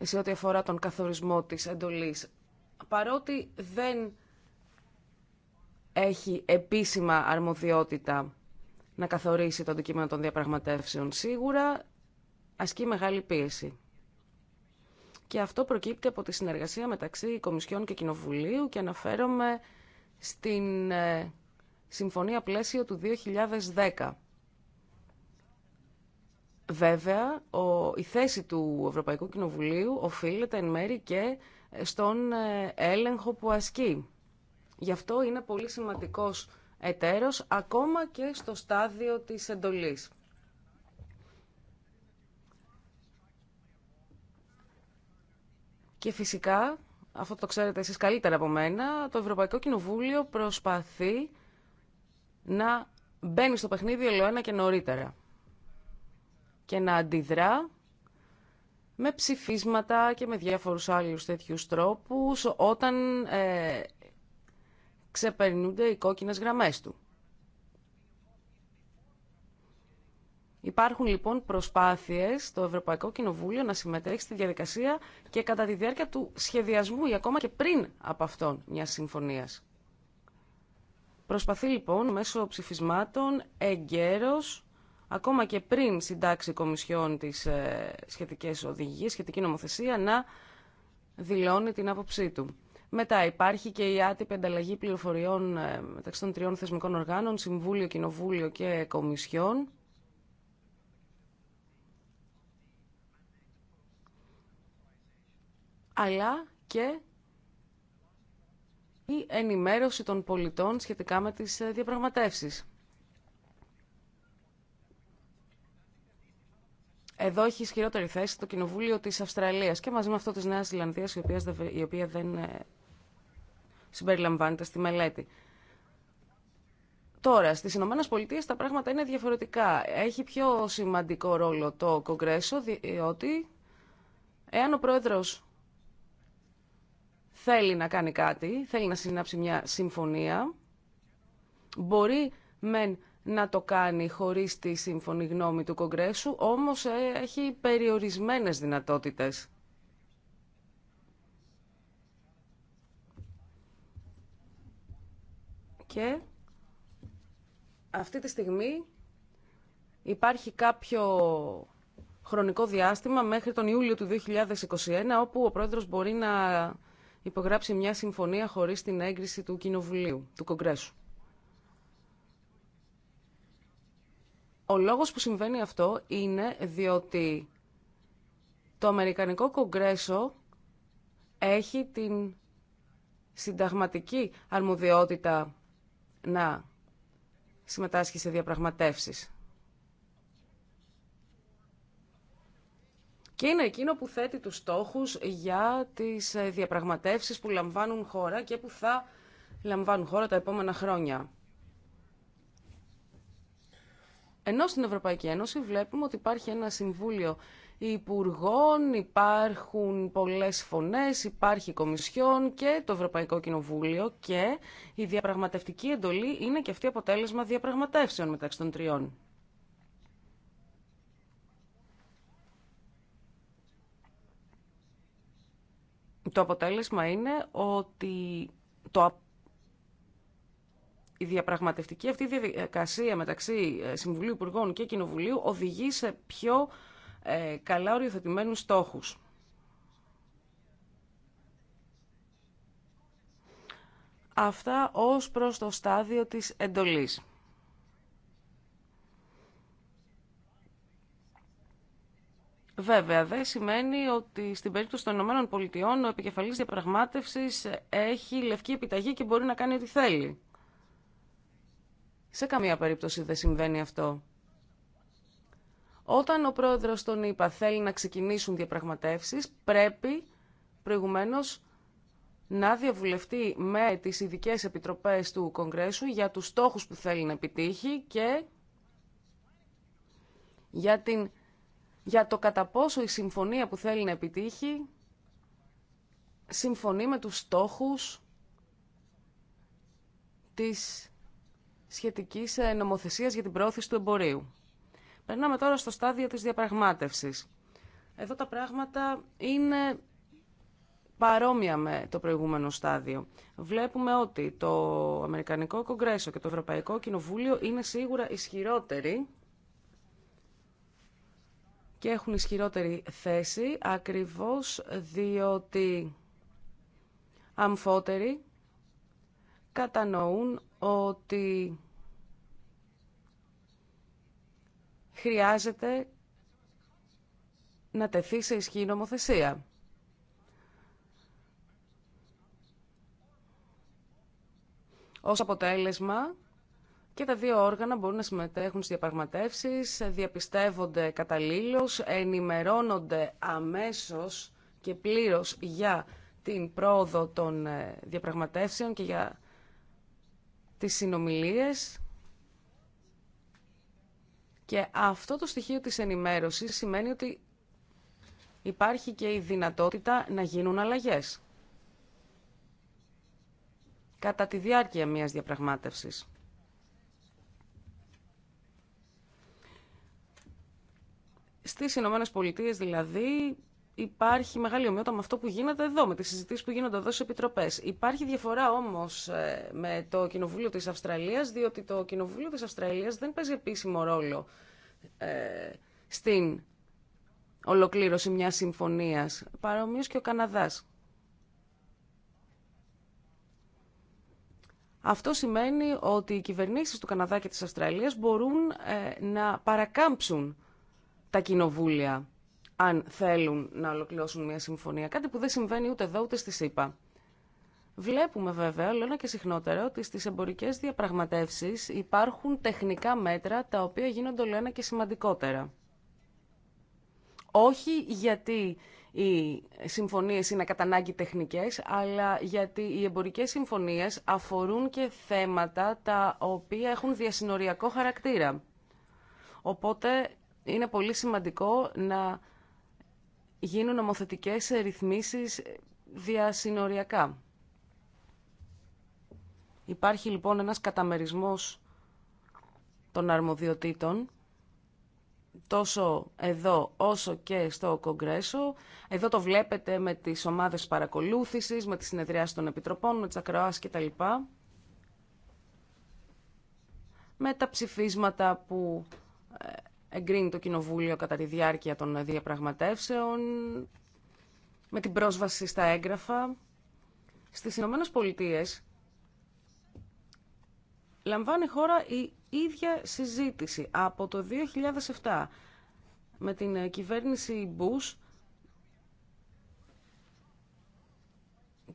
σε ό,τι αφορά τον καθορισμό της εντολής. Παρότι δεν έχει επίσημα αρμοδιότητα να καθορίσει το αντικείμενο των διαπραγματεύσεων σίγουρα, ασκεί μεγάλη πίεση. Και αυτό προκύπτει από τη συνεργασία μεταξύ Κομισιών και Κοινοβουλίου και αναφέρομαι στην ε, Συμφωνία Πλαίσιο του 2010. Βέβαια, ο, η θέση του Ευρωπαϊκού Κοινοβουλίου οφείλεται εν μέρη και στον ε, έλεγχο που ασκεί. Γι' αυτό είναι πολύ σημαντικός εταίρος ακόμα και στο στάδιο της εντολής. Και φυσικά, αυτό το ξέρετε εσείς καλύτερα από μένα, το Ευρωπαϊκό Κοινοβούλιο προσπαθεί να μπαίνει στο παιχνίδι ολοένα και νωρίτερα και να αντιδρά με ψηφίσματα και με διάφορους άλλους τέτοιους τρόπους όταν ε, ξεπερνούνται οι κόκκινες γραμμές του. Υπάρχουν λοιπόν προσπάθειες στο Ευρωπαϊκό Κοινοβούλιο να συμμετέχει στη διαδικασία και κατά τη διάρκεια του σχεδιασμού ή ακόμα και πριν από αυτόν μια συμφωνία. Προσπαθεί λοιπόν μέσω ψηφισμάτων εγκαίρως, ακόμα και πριν συντάξει η Κομισιόν τις ε, σχετικές οδηγίες, σχετική νομοθεσία, να δηλώνει την άποψή του. Μετά υπάρχει και η άτυπη ανταλλαγή πληροφοριών ε, μεταξύ των τριών θεσμικών οργάνων, Συμβούλιο, Κοινοβούλιο και Κομισιόν, αλλά και η ενημέρωση των πολιτών σχετικά με τις ε, διαπραγματεύσεις. Εδώ έχει ισχυρότερη θέση το Κοινοβούλιο της Αυστραλίας και μαζί με αυτό της Νέας Ζηλανδίας, η οποία δεν ε, συμπεριλαμβάνεται στη μελέτη. Τώρα, στις Ηνωμένε Πολιτείες τα πράγματα είναι διαφορετικά. Έχει πιο σημαντικό ρόλο το Κογκρέσο, διότι εάν ο πρόεδρος θέλει να κάνει κάτι, θέλει να συνάψει μια συμφωνία, μπορεί μεν να το κάνει χωρίς τη σύμφωνη γνώμη του Κογκρέσου, όμως ε, έχει περιορισμένες δυνατότητες. Και αυτή τη στιγμή υπάρχει κάποιο χρονικό διάστημα μέχρι τον Ιούλιο του 2021 όπου ο πρόεδρος μπορεί να υπογράψει μια συμφωνία χωρίς την έγκριση του Κοινοβουλίου, του Κογκρέσου. Ο λόγος που συμβαίνει αυτό είναι διότι το Αμερικανικό Κογκρέσο έχει την συνταγματική αρμοδιότητα να συμμετάσχει σε διαπραγματεύσεις. και είναι εκείνο που θέτει τους στόχους για τις ε, διαπραγματεύσεις που λαμβάνουν χώρα και που θα λαμβάνουν χώρα τα επόμενα χρόνια. Ενώ στην Ευρωπαϊκή Ένωση βλέπουμε ότι υπάρχει ένα Συμβούλιο Υπουργών, υπάρχουν πολλές φωνές, υπάρχει Κομισιόν και το Ευρωπαϊκό Κοινοβούλιο και η διαπραγματευτική εντολή είναι και αυτή αποτέλεσμα διαπραγματεύσεων μεταξύ των τριών. Το αποτέλεσμα είναι ότι το, η διαπραγματευτική αυτή διαδικασία μεταξύ ε, Συμβουλίου Υπουργών και Κοινοβουλίου οδηγεί σε πιο ε, καλά οριοθετημένους στόχους. Αυτά ως προς το στάδιο της εντολής. Βέβαια, δεν σημαίνει ότι στην περίπτωση των Ηνωμένων Πολιτειών ο επικεφαλής διαπραγμάτευσης έχει λευκή επιταγή και μπορεί να κάνει ό,τι θέλει. Σε καμία περίπτωση δεν συμβαίνει αυτό. Όταν ο πρόεδρος τον είπα θέλει να ξεκινήσουν διαπραγματεύσεις, πρέπει προηγουμένως να διαβουλευτεί με τις ειδικέ επιτροπές του Κογκρέσου για τους στόχους που θέλει να επιτύχει και για την για το κατά πόσο η συμφωνία που θέλει να επιτύχει συμφωνεί με τους στόχους της σχετικής ε, νομοθεσίας για την προώθηση του εμπορίου. Περνάμε τώρα στο στάδιο της διαπραγμάτευσης. Εδώ τα πράγματα είναι παρόμοια με το προηγούμενο στάδιο. Βλέπουμε ότι το Αμερικανικό Κογκρέσο και το Ευρωπαϊκό Κοινοβούλιο είναι σίγουρα ισχυρότεροι και έχουν ισχυρότερη θέση ακριβώς διότι αμφότεροι κατανοούν ότι χρειάζεται να τεθεί σε ισχύ νομοθεσία. Ως αποτέλεσμα, και τα δύο όργανα μπορούν να συμμετέχουν στις διαπραγματεύσεις, διαπιστεύονται καταλήλως, ενημερώνονται αμέσως και πλήρως για την πρόοδο των ε, διαπραγματεύσεων και για τις συνομιλίες. Και αυτό το στοιχείο της ενημέρωσης σημαίνει ότι υπάρχει και η δυνατότητα να γίνουν αλλαγές κατά τη διάρκεια μιας διαπραγμάτευσης. Στις Ηνωμένε Πολιτείε δηλαδή υπάρχει μεγάλη ομοιότητα με αυτό που γίνεται εδώ, με τις συζητήσεις που γίνονται εδώ σε επιτροπές. Υπάρχει διαφορά όμως ε, με το Κοινοβούλιο της Αυστραλίας, διότι το Κοινοβούλιο της Αυστραλίας δεν παίζει επίσημο ρόλο ε, στην ολοκλήρωση μιας συμφωνίας, Παρομοίω και ο Καναδά. Αυτό σημαίνει ότι οι κυβερνήσεις του Καναδά και της Αυστραλίας μπορούν ε, να παρακάμψουν τα κοινοβούλια αν θέλουν να ολοκληρώσουν μια συμφωνία. Κάτι που δεν συμβαίνει ούτε εδώ ούτε στη ΣΥΠΑ. Βλέπουμε βέβαια, λέω και συχνότερα, ότι στις εμπορικές διαπραγματεύσεις υπάρχουν τεχνικά μέτρα τα οποία γίνονται όλο ένα και σημαντικότερα. Όχι γιατί οι συμφωνίες είναι κατά ανάγκη τεχνικές, αλλά γιατί οι εμπορικές συμφωνίες αφορούν και θέματα τα οποία έχουν διασυνοριακό χαρακτήρα. Οπότε είναι πολύ σημαντικό να γίνουν ομοθετικές ρυθμίσεις διασυνοριακά. Υπάρχει λοιπόν ένας καταμερισμός των αρμοδιοτήτων τόσο εδώ όσο και στο Κογκρέσο. Εδώ το βλέπετε με τις ομάδες παρακολούθησης, με τις συνεδριάσεις των επιτροπών, με τις ακροάσεις κτλ. Με τα ψηφίσματα που ε, εγκρίνει το Κοινοβούλιο κατά τη διάρκεια των διαπραγματεύσεων, με την πρόσβαση στα έγγραφα. Στις Ηνωμένε Πολιτείε λαμβάνει χώρα η ίδια συζήτηση από το 2007 με την κυβέρνηση Bush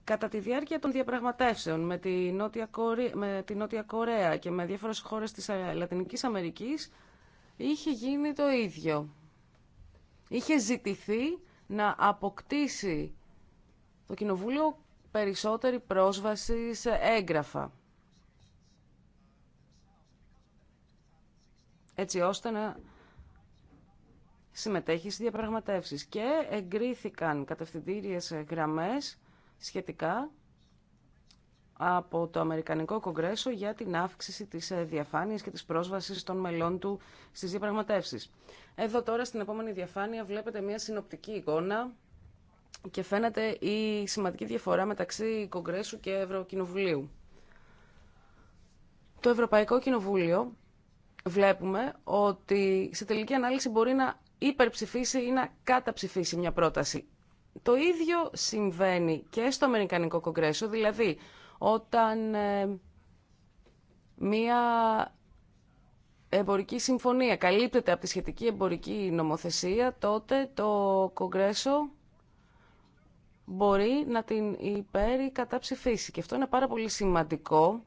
κατά τη διάρκεια των διαπραγματεύσεων με τη Νότια Κορέα, με τη Νότια Κορέα και με διάφορες χώρες της Λατινικής Αμερικής είχε γίνει το ίδιο. Είχε ζητηθεί να αποκτήσει το Κοινοβούλιο περισσότερη πρόσβαση σε έγγραφα. Έτσι ώστε να συμμετέχει στις διαπραγματεύσεις. Και εγκρίθηκαν κατευθυντήριες γραμμές σχετικά από το Αμερικανικό Κογκρέσο για την αύξηση της ε, διαφάνειας και της πρόσβασης των μελών του στις διαπραγματεύσεις. Εδώ τώρα στην επόμενη διαφάνεια βλέπετε μια συνοπτική εικόνα και φαίνεται η σημαντική διαφορά μεταξύ Κογκρέσου και Ευρωκοινοβουλίου. Το Ευρωπαϊκό Κοινοβούλιο βλέπουμε ότι σε τελική ανάλυση μπορεί να υπερψηφίσει ή να καταψηφίσει μια πρόταση. Το ίδιο συμβαίνει και στο Αμερικανικό Κογκρέσο, δηλαδή όταν ε, μία εμπορική συμφωνία καλύπτεται από τη σχετική εμπορική νομοθεσία, τότε το Κογκρέσο μπορεί να την υπέρει κατά ψηφίση. Και αυτό είναι πάρα πολύ σημαντικό,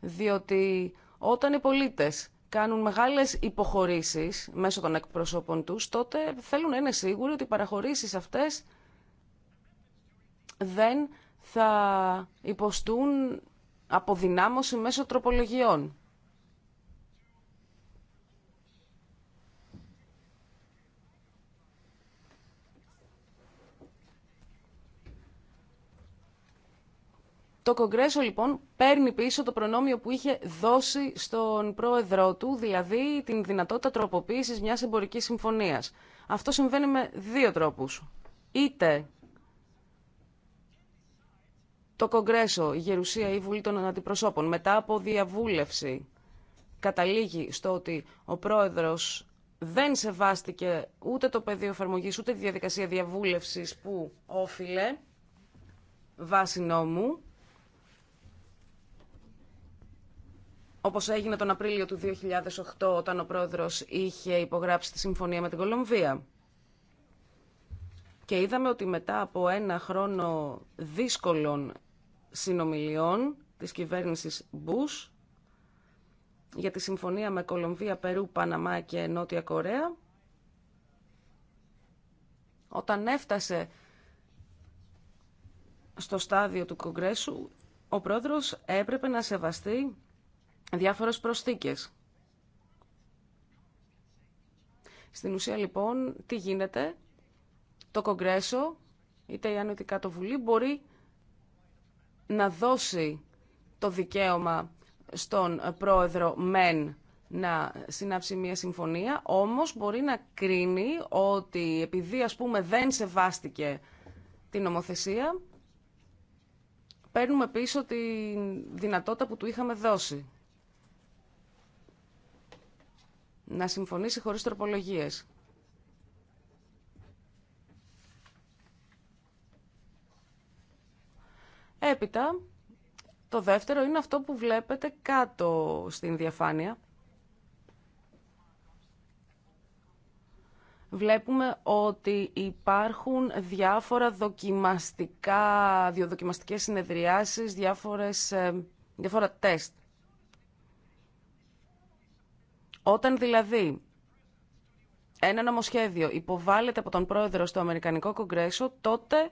διότι όταν οι πολίτες κάνουν μεγάλες υποχωρήσεις μέσω των εκπροσώπων τους, τότε θέλουν να είναι σίγουροι ότι οι παραχωρήσεις αυτές δεν θα υποστούν αποδυνάμωση μέσω τροπολογιών. Το Κογκρέσο λοιπόν παίρνει πίσω το προνόμιο που είχε δώσει στον πρόεδρό του, δηλαδή την δυνατότητα τροποποίησης μιας εμπορικής συμφωνίας. Αυτό συμβαίνει με δύο τρόπους. Είτε το Κογκρέσο, η Γερουσία ή η Βουλή των Αντιπροσώπων μετά από διαβούλευση καταλήγει στο ότι ο πρόεδρος δεν σεβάστηκε ούτε το πεδίο εφαρμογή ούτε τη διαδικασία διαβούλευσης που όφιλε βάσει νόμου όπως έγινε τον Απρίλιο του 2008 όταν ο πρόεδρος είχε υπογράψει τη συμφωνία με την Κολομβία. Και είδαμε ότι μετά από ένα χρόνο δύσκολων συνομιλιών της κυβέρνησης Bush για τη συμφωνία με Κολομβία, Περού, Παναμά και Νότια Κορέα. Όταν έφτασε στο στάδιο του Κογκρέσου, ο πρόεδρος έπρεπε να σεβαστεί διάφορες προσθήκες. Στην ουσία λοιπόν, τι γίνεται, το Κογκρέσο, είτε η Ανωτικά το Βουλή, μπορεί να δώσει το δικαίωμα στον πρόεδρο μεν να συνάψει μια συμφωνία, όμως μπορεί να κρίνει ότι επειδή ας πούμε δεν σεβάστηκε την νομοθεσία, παίρνουμε πίσω τη δυνατότητα που του είχαμε δώσει. Να συμφωνήσει χωρίς τροπολογίες. Έπειτα, το δεύτερο είναι αυτό που βλέπετε κάτω στην διαφάνεια. Βλέπουμε ότι υπάρχουν διάφορα δοκιμαστικά, διοδοκιμαστικές συνεδριάσεις, διάφορες, ε, διάφορα τεστ. Όταν δηλαδή ένα νομοσχέδιο υποβάλλεται από τον πρόεδρο στο Αμερικανικό Κογκρέσο, τότε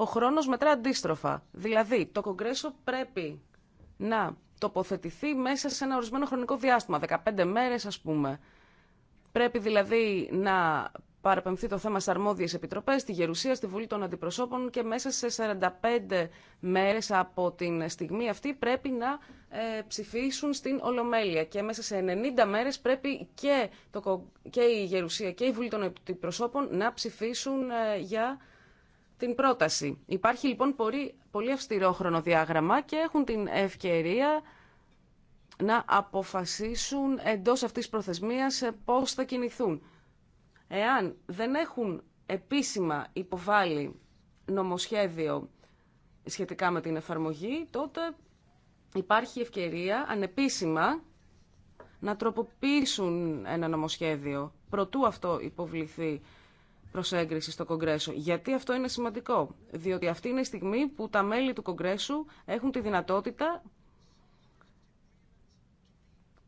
ο χρόνος μετρά αντίστροφα. Δηλαδή, το Κογκρέσο πρέπει να τοποθετηθεί μέσα σε ένα ορισμένο χρονικό διάστημα, 15 μέρες ας πούμε. Πρέπει δηλαδή να παραπεμφθεί το θέμα σε αρμόδιες επιτροπές, στη Γερουσία, στη Βουλή των Αντιπροσώπων και μέσα σε 45 μέρες από την στιγμή αυτή πρέπει να ε, ψηφίσουν στην Ολομέλεια και μέσα σε 90 μέρες πρέπει και, το, και η Γερουσία και η Βουλή των Αντιπροσώπων να ψηφίσουν ε, για την πρόταση. Υπάρχει λοιπόν πολύ, πολύ αυστηρό χρονοδιάγραμμα και έχουν την ευκαιρία να αποφασίσουν εντός αυτής της προθεσμίας ε, πώς θα κινηθούν. Εάν δεν έχουν επίσημα υποβάλει νομοσχέδιο σχετικά με την εφαρμογή, τότε υπάρχει ευκαιρία ανεπίσημα να τροποποιήσουν ένα νομοσχέδιο. Προτού αυτό υποβληθεί προς έγκριση στο Κογκρέσο. Γιατί αυτό είναι σημαντικό. Διότι αυτή είναι η στιγμή που τα μέλη του Κογκρέσου έχουν τη δυνατότητα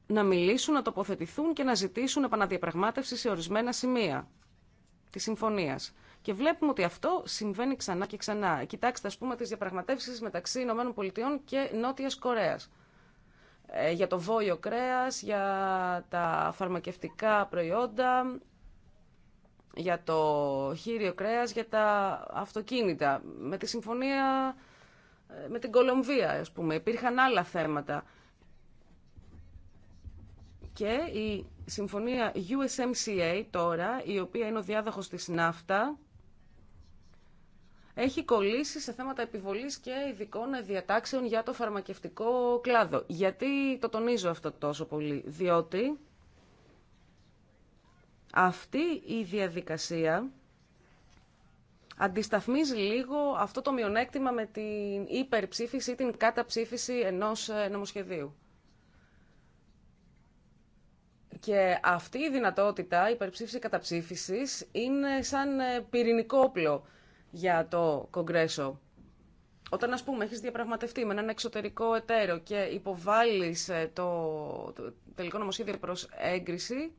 να μιλήσουν, να τοποθετηθούν και να ζητήσουν επαναδιαπραγμάτευση σε ορισμένα σημεία τη συμφωνίας. Και βλέπουμε ότι αυτό συμβαίνει ξανά και ξανά. Κοιτάξτε, ας πούμε, τις διαπραγματεύσεις μεταξύ ΗΠΑ και Νότιας Κορέας. Ε, για το βόλιο κρέας, για τα φαρμακευτικά προϊόντα, για το χείριο κρέα για τα αυτοκίνητα, με τη συμφωνία ε, με την Κολομβία, α πούμε. Υπήρχαν άλλα θέματα. Και η συμφωνία USMCA τώρα, η οποία είναι ο διάδοχος της ναύτα, έχει κολλήσει σε θέματα επιβολής και ειδικών διατάξεων για το φαρμακευτικό κλάδο. Γιατί το τονίζω αυτό τόσο πολύ, διότι αυτή η διαδικασία αντισταθμίζει λίγο αυτό το μειονέκτημα με την υπερψήφιση ή την καταψήφιση ενός ε, νομοσχεδίου. Και αυτή η δυνατότητα υπερψήφιση καταψήφισης είναι σαν ε, πυρηνικό όπλο για το Κογκρέσο. Όταν, ας πούμε, έχεις διαπραγματευτεί με έναν εξωτερικό εταίρο και υποβάλλεις ε, το τελικό νομοσχέδιο προς έγκριση,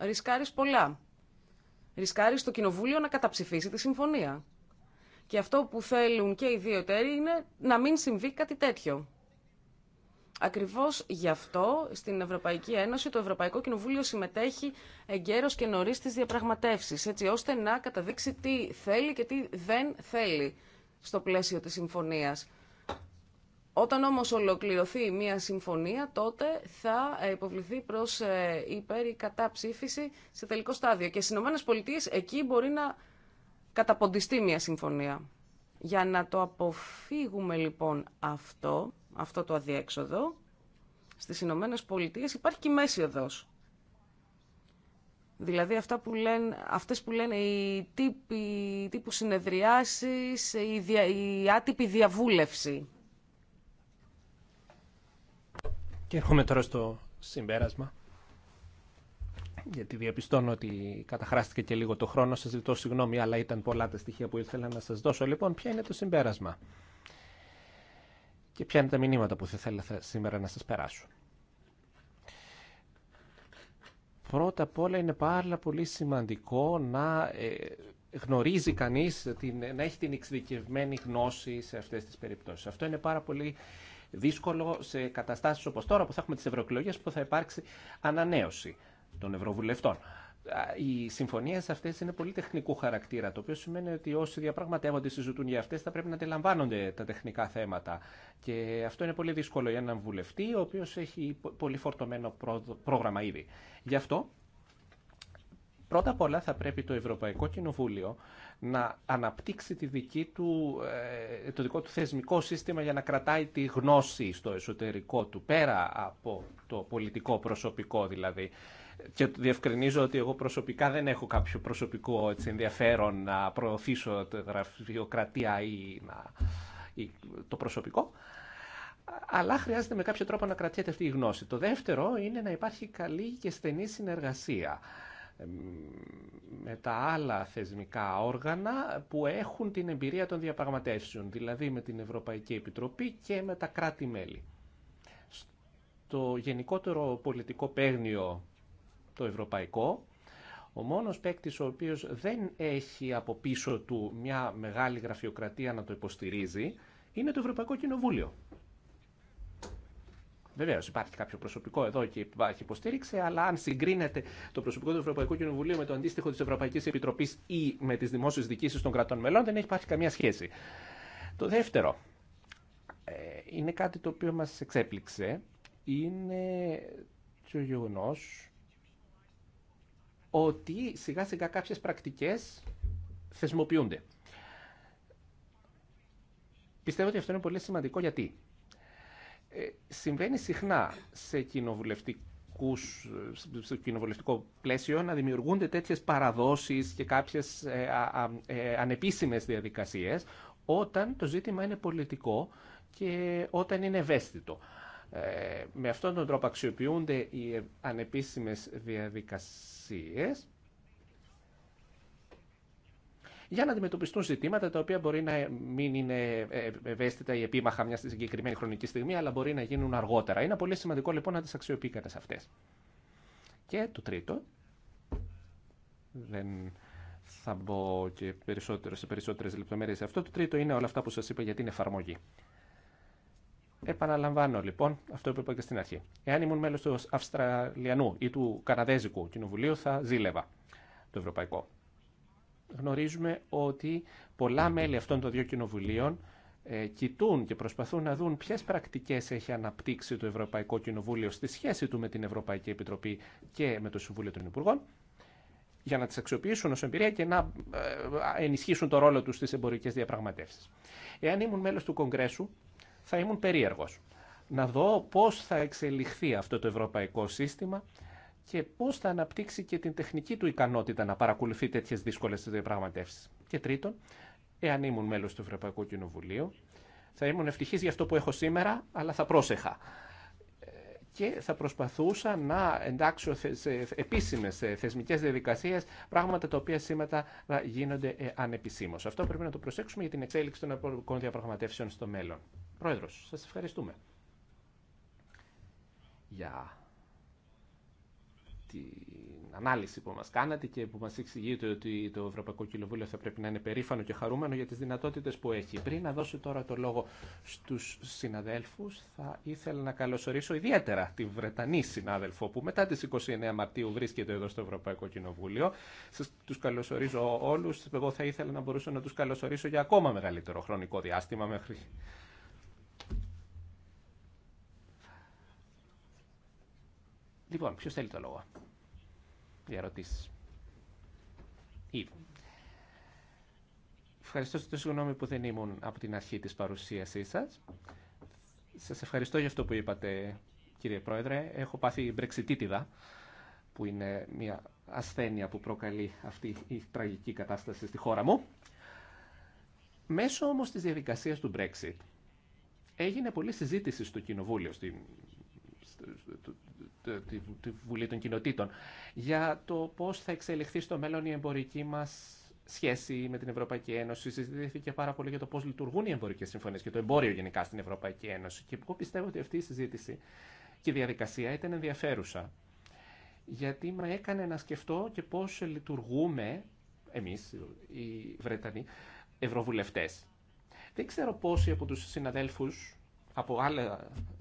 ρισκάρεις πολλά. Ρισκάρεις το Κοινοβούλιο να καταψηφίσει τη συμφωνία. Και αυτό που θέλουν και οι δύο εταίροι είναι να μην συμβεί κάτι τέτοιο. Ακριβώς γι' αυτό στην Ευρωπαϊκή Ένωση το Ευρωπαϊκό Κοινοβούλιο συμμετέχει εγκαίρως και νωρί στις διαπραγματεύσεις, έτσι ώστε να καταδείξει τι θέλει και τι δεν θέλει στο πλαίσιο της συμφωνίας. Όταν όμως ολοκληρωθεί μια συμφωνία, τότε θα ε, υποβληθεί προς ε, υπέρ ή κατά ψήφιση σε τελικό στάδιο. Και στις ΗΠΑ εκεί μπορεί να καταποντιστεί μια συμφωνία. Για να το αποφύγουμε λοιπόν αυτό, αυτό το αδιέξοδο, στις Ηνωμένες Πολιτείες υπάρχει και η μέση Δηλαδή αυτά που λένε, αυτές που λένε οι τύποι, τύπου συνεδριάσεις, η, η άτυπη διαβούλευση Και έρχομαι τώρα στο συμπέρασμα. Γιατί διαπιστώνω ότι καταχράστηκε και λίγο το χρόνο. Σας ζητώ συγγνώμη, αλλά ήταν πολλά τα στοιχεία που ήθελα να σας δώσω. Λοιπόν, ποια είναι το συμπέρασμα. Και ποια είναι τα μηνύματα που θα ήθελα σήμερα να σας περάσω. Πρώτα απ' όλα είναι πάρα πολύ σημαντικό να ε, γνωρίζει κανείς, να έχει την εξειδικευμένη γνώση σε αυτές τις περιπτώσεις. Αυτό είναι πάρα πολύ δύσκολο σε καταστάσει όπω τώρα που θα έχουμε τι ευρωεκλογέ που θα υπάρξει ανανέωση των ευρωβουλευτών. Οι συμφωνίε αυτέ είναι πολύ τεχνικού χαρακτήρα, το οποίο σημαίνει ότι όσοι διαπραγματεύονται, συζητούν για αυτέ, θα πρέπει να αντιλαμβάνονται τα τεχνικά θέματα. Και αυτό είναι πολύ δύσκολο για έναν βουλευτή, ο οποίο έχει πολύ φορτωμένο πρόγραμμα ήδη. Γι' αυτό, πρώτα απ' όλα, θα πρέπει το Ευρωπαϊκό Κοινοβούλιο να αναπτύξει τη δική του, ε, το δικό του θεσμικό σύστημα για να κρατάει τη γνώση στο εσωτερικό του, πέρα από το πολιτικό προσωπικό δηλαδή. Και διευκρινίζω ότι εγώ προσωπικά δεν έχω κάποιο προσωπικό έτσι, ενδιαφέρον να προωθήσω τη γραφειοκρατία ή, να, ή το προσωπικό αλλά χρειάζεται με κάποιο τρόπο να κρατιέται αυτή η γνώση. Το δεύτερο είναι υπάρχει καλή και στενή συνεργασία με τα άλλα θεσμικά όργανα που έχουν την εμπειρία των διαπραγματεύσεων, δηλαδή με την Ευρωπαϊκή Επιτροπή και με τα κράτη-μέλη. Στο γενικότερο πολιτικό παίγνιο το ευρωπαϊκό, ο μόνος παίκτη ο οποίος δεν έχει από πίσω του μια μεγάλη γραφειοκρατία να το υποστηρίζει, είναι το Ευρωπαϊκό Κοινοβούλιο. Βεβαίω υπάρχει κάποιο προσωπικό εδώ και υπάρχει υποστήριξη, αλλά αν συγκρίνεται το προσωπικό του Ευρωπαϊκού Κοινοβουλίου με το αντίστοιχο τη Ευρωπαϊκή Επιτροπή ή με τι δημόσιε διοικήσει των κρατών μελών, δεν έχει υπάρχει καμία σχέση. Το δεύτερο ε, είναι κάτι το οποίο μα εξέπληξε. Είναι το γεγονό ότι σιγά σιγά κάποιες πρακτικές θεσμοποιούνται. Πιστεύω ότι αυτό είναι πολύ σημαντικό γιατί ε, συμβαίνει συχνά σε κοινοβουλευτικούς, στο κοινοβουλευτικό πλαίσιο να δημιουργούνται τέτοιες παραδόσεις και κάποιες ε, ε, ανεπίσημες διαδικασίες όταν το ζήτημα είναι πολιτικό και όταν είναι ευαίσθητο. Ε, με αυτόν τον τρόπο αξιοποιούνται οι ανεπίσημες διαδικασίες για να αντιμετωπιστούν ζητήματα τα οποία μπορεί να μην είναι ευαίσθητα ή επίμαχα μια συγκεκριμένη χρονική στιγμή, αλλά μπορεί να γίνουν αργότερα. Είναι πολύ σημαντικό λοιπόν να τι αξιοποιεί σε αυτέ. Και το τρίτο, δεν θα μπω και περισσότερο, σε περισσότερε λεπτομέρειε αυτό. Το τρίτο είναι όλα αυτά που σα είπα για την εφαρμογή. Επαναλαμβάνω λοιπόν αυτό που είπα και στην αρχή. Εάν ήμουν μέλο του Αυστραλιανού ή του Καναδέζικου Κοινοβουλίου θα ζήλευα το Ευρωπαϊκό γνωρίζουμε ότι πολλά μέλη αυτών των δύο κοινοβουλίων ε, κοιτούν και προσπαθούν να δουν ποιες πρακτικές έχει αναπτύξει το Ευρωπαϊκό Κοινοβούλιο στη σχέση του με την Ευρωπαϊκή Επιτροπή και με το Συμβούλιο των Υπουργών για να τις αξιοποιήσουν ως εμπειρία και να ε, ενισχύσουν το ρόλο τους στις εμπορικές διαπραγματεύσεις. Εάν ήμουν μέλος του Κογκρέσου θα ήμουν περίεργος να δω πώς θα εξελιχθεί αυτό το ευρωπαϊκό σύστημα και πώ θα αναπτύξει και την τεχνική του ικανότητα να παρακολουθεί τέτοιε δύσκολε διαπραγματεύσει. Και τρίτον, εάν ήμουν μέλο του Ευρωπαϊκού Κοινοβουλίου, θα ήμουν ευτυχή για αυτό που έχω σήμερα, αλλά θα πρόσεχα. Και θα προσπαθούσα να εντάξω σε επίσημε θεσμικές διαδικασίε πράγματα τα οποία σήμερα γίνονται ε, ανεπισήμω. Αυτό πρέπει να το προσέξουμε για την εξέλιξη των ευρωπαϊκών διαπραγματεύσεων στο μέλλον. Προεδρό, σα ευχαριστούμε. Για την ανάλυση που μας κάνατε και που μας εξηγείτε ότι το Ευρωπαϊκό Κοινοβούλιο θα πρέπει να είναι περήφανο και χαρούμενο για τις δυνατότητες που έχει. Πριν να δώσω τώρα το λόγο στους συναδέλφους, θα ήθελα να καλωσορίσω ιδιαίτερα τη Βρετανή συνάδελφο που μετά τις 29 Μαρτίου βρίσκεται εδώ στο Ευρωπαϊκό Κοινοβούλιο. Σας τους καλωσορίζω όλους. Εγώ θα ήθελα να μπορούσα να τους καλωσορίσω για ακόμα μεγαλύτερο χρονικό διάστημα μέχρι Λοιπόν, ποιο θέλει το λόγο για ερωτήσει. Ευχαριστώ στο συγγνώμη που δεν ήμουν από την αρχή της παρουσίασής σας. Σας ευχαριστώ για αυτό που είπατε, κύριε Πρόεδρε. Έχω πάθει μπρεξιτίτιδα, που είναι μια ασθένεια που προκαλεί αυτή η τραγική κατάσταση στη χώρα μου. Μέσω όμως της διαδικασίας του Brexit έγινε πολλή συζήτηση στο Κοινοβούλιο στην τη Βουλή των Κοινοτήτων για το πώς θα εξελιχθεί στο μέλλον η εμπορική μας σχέση με την Ευρωπαϊκή Ένωση. Συζητήθηκε πάρα πολύ για το πώς λειτουργούν οι εμπορικές συμφωνίες και το εμπόριο γενικά στην Ευρωπαϊκή Ένωση. Και εγώ πιστεύω ότι αυτή η συζήτηση και η διαδικασία ήταν ενδιαφέρουσα. Γιατί με έκανε να σκεφτώ και πώς λειτουργούμε εμείς οι Βρετανοί ευρωβουλευτές. Δεν ξέρω πόσοι από τους συναδέλφου από άλλε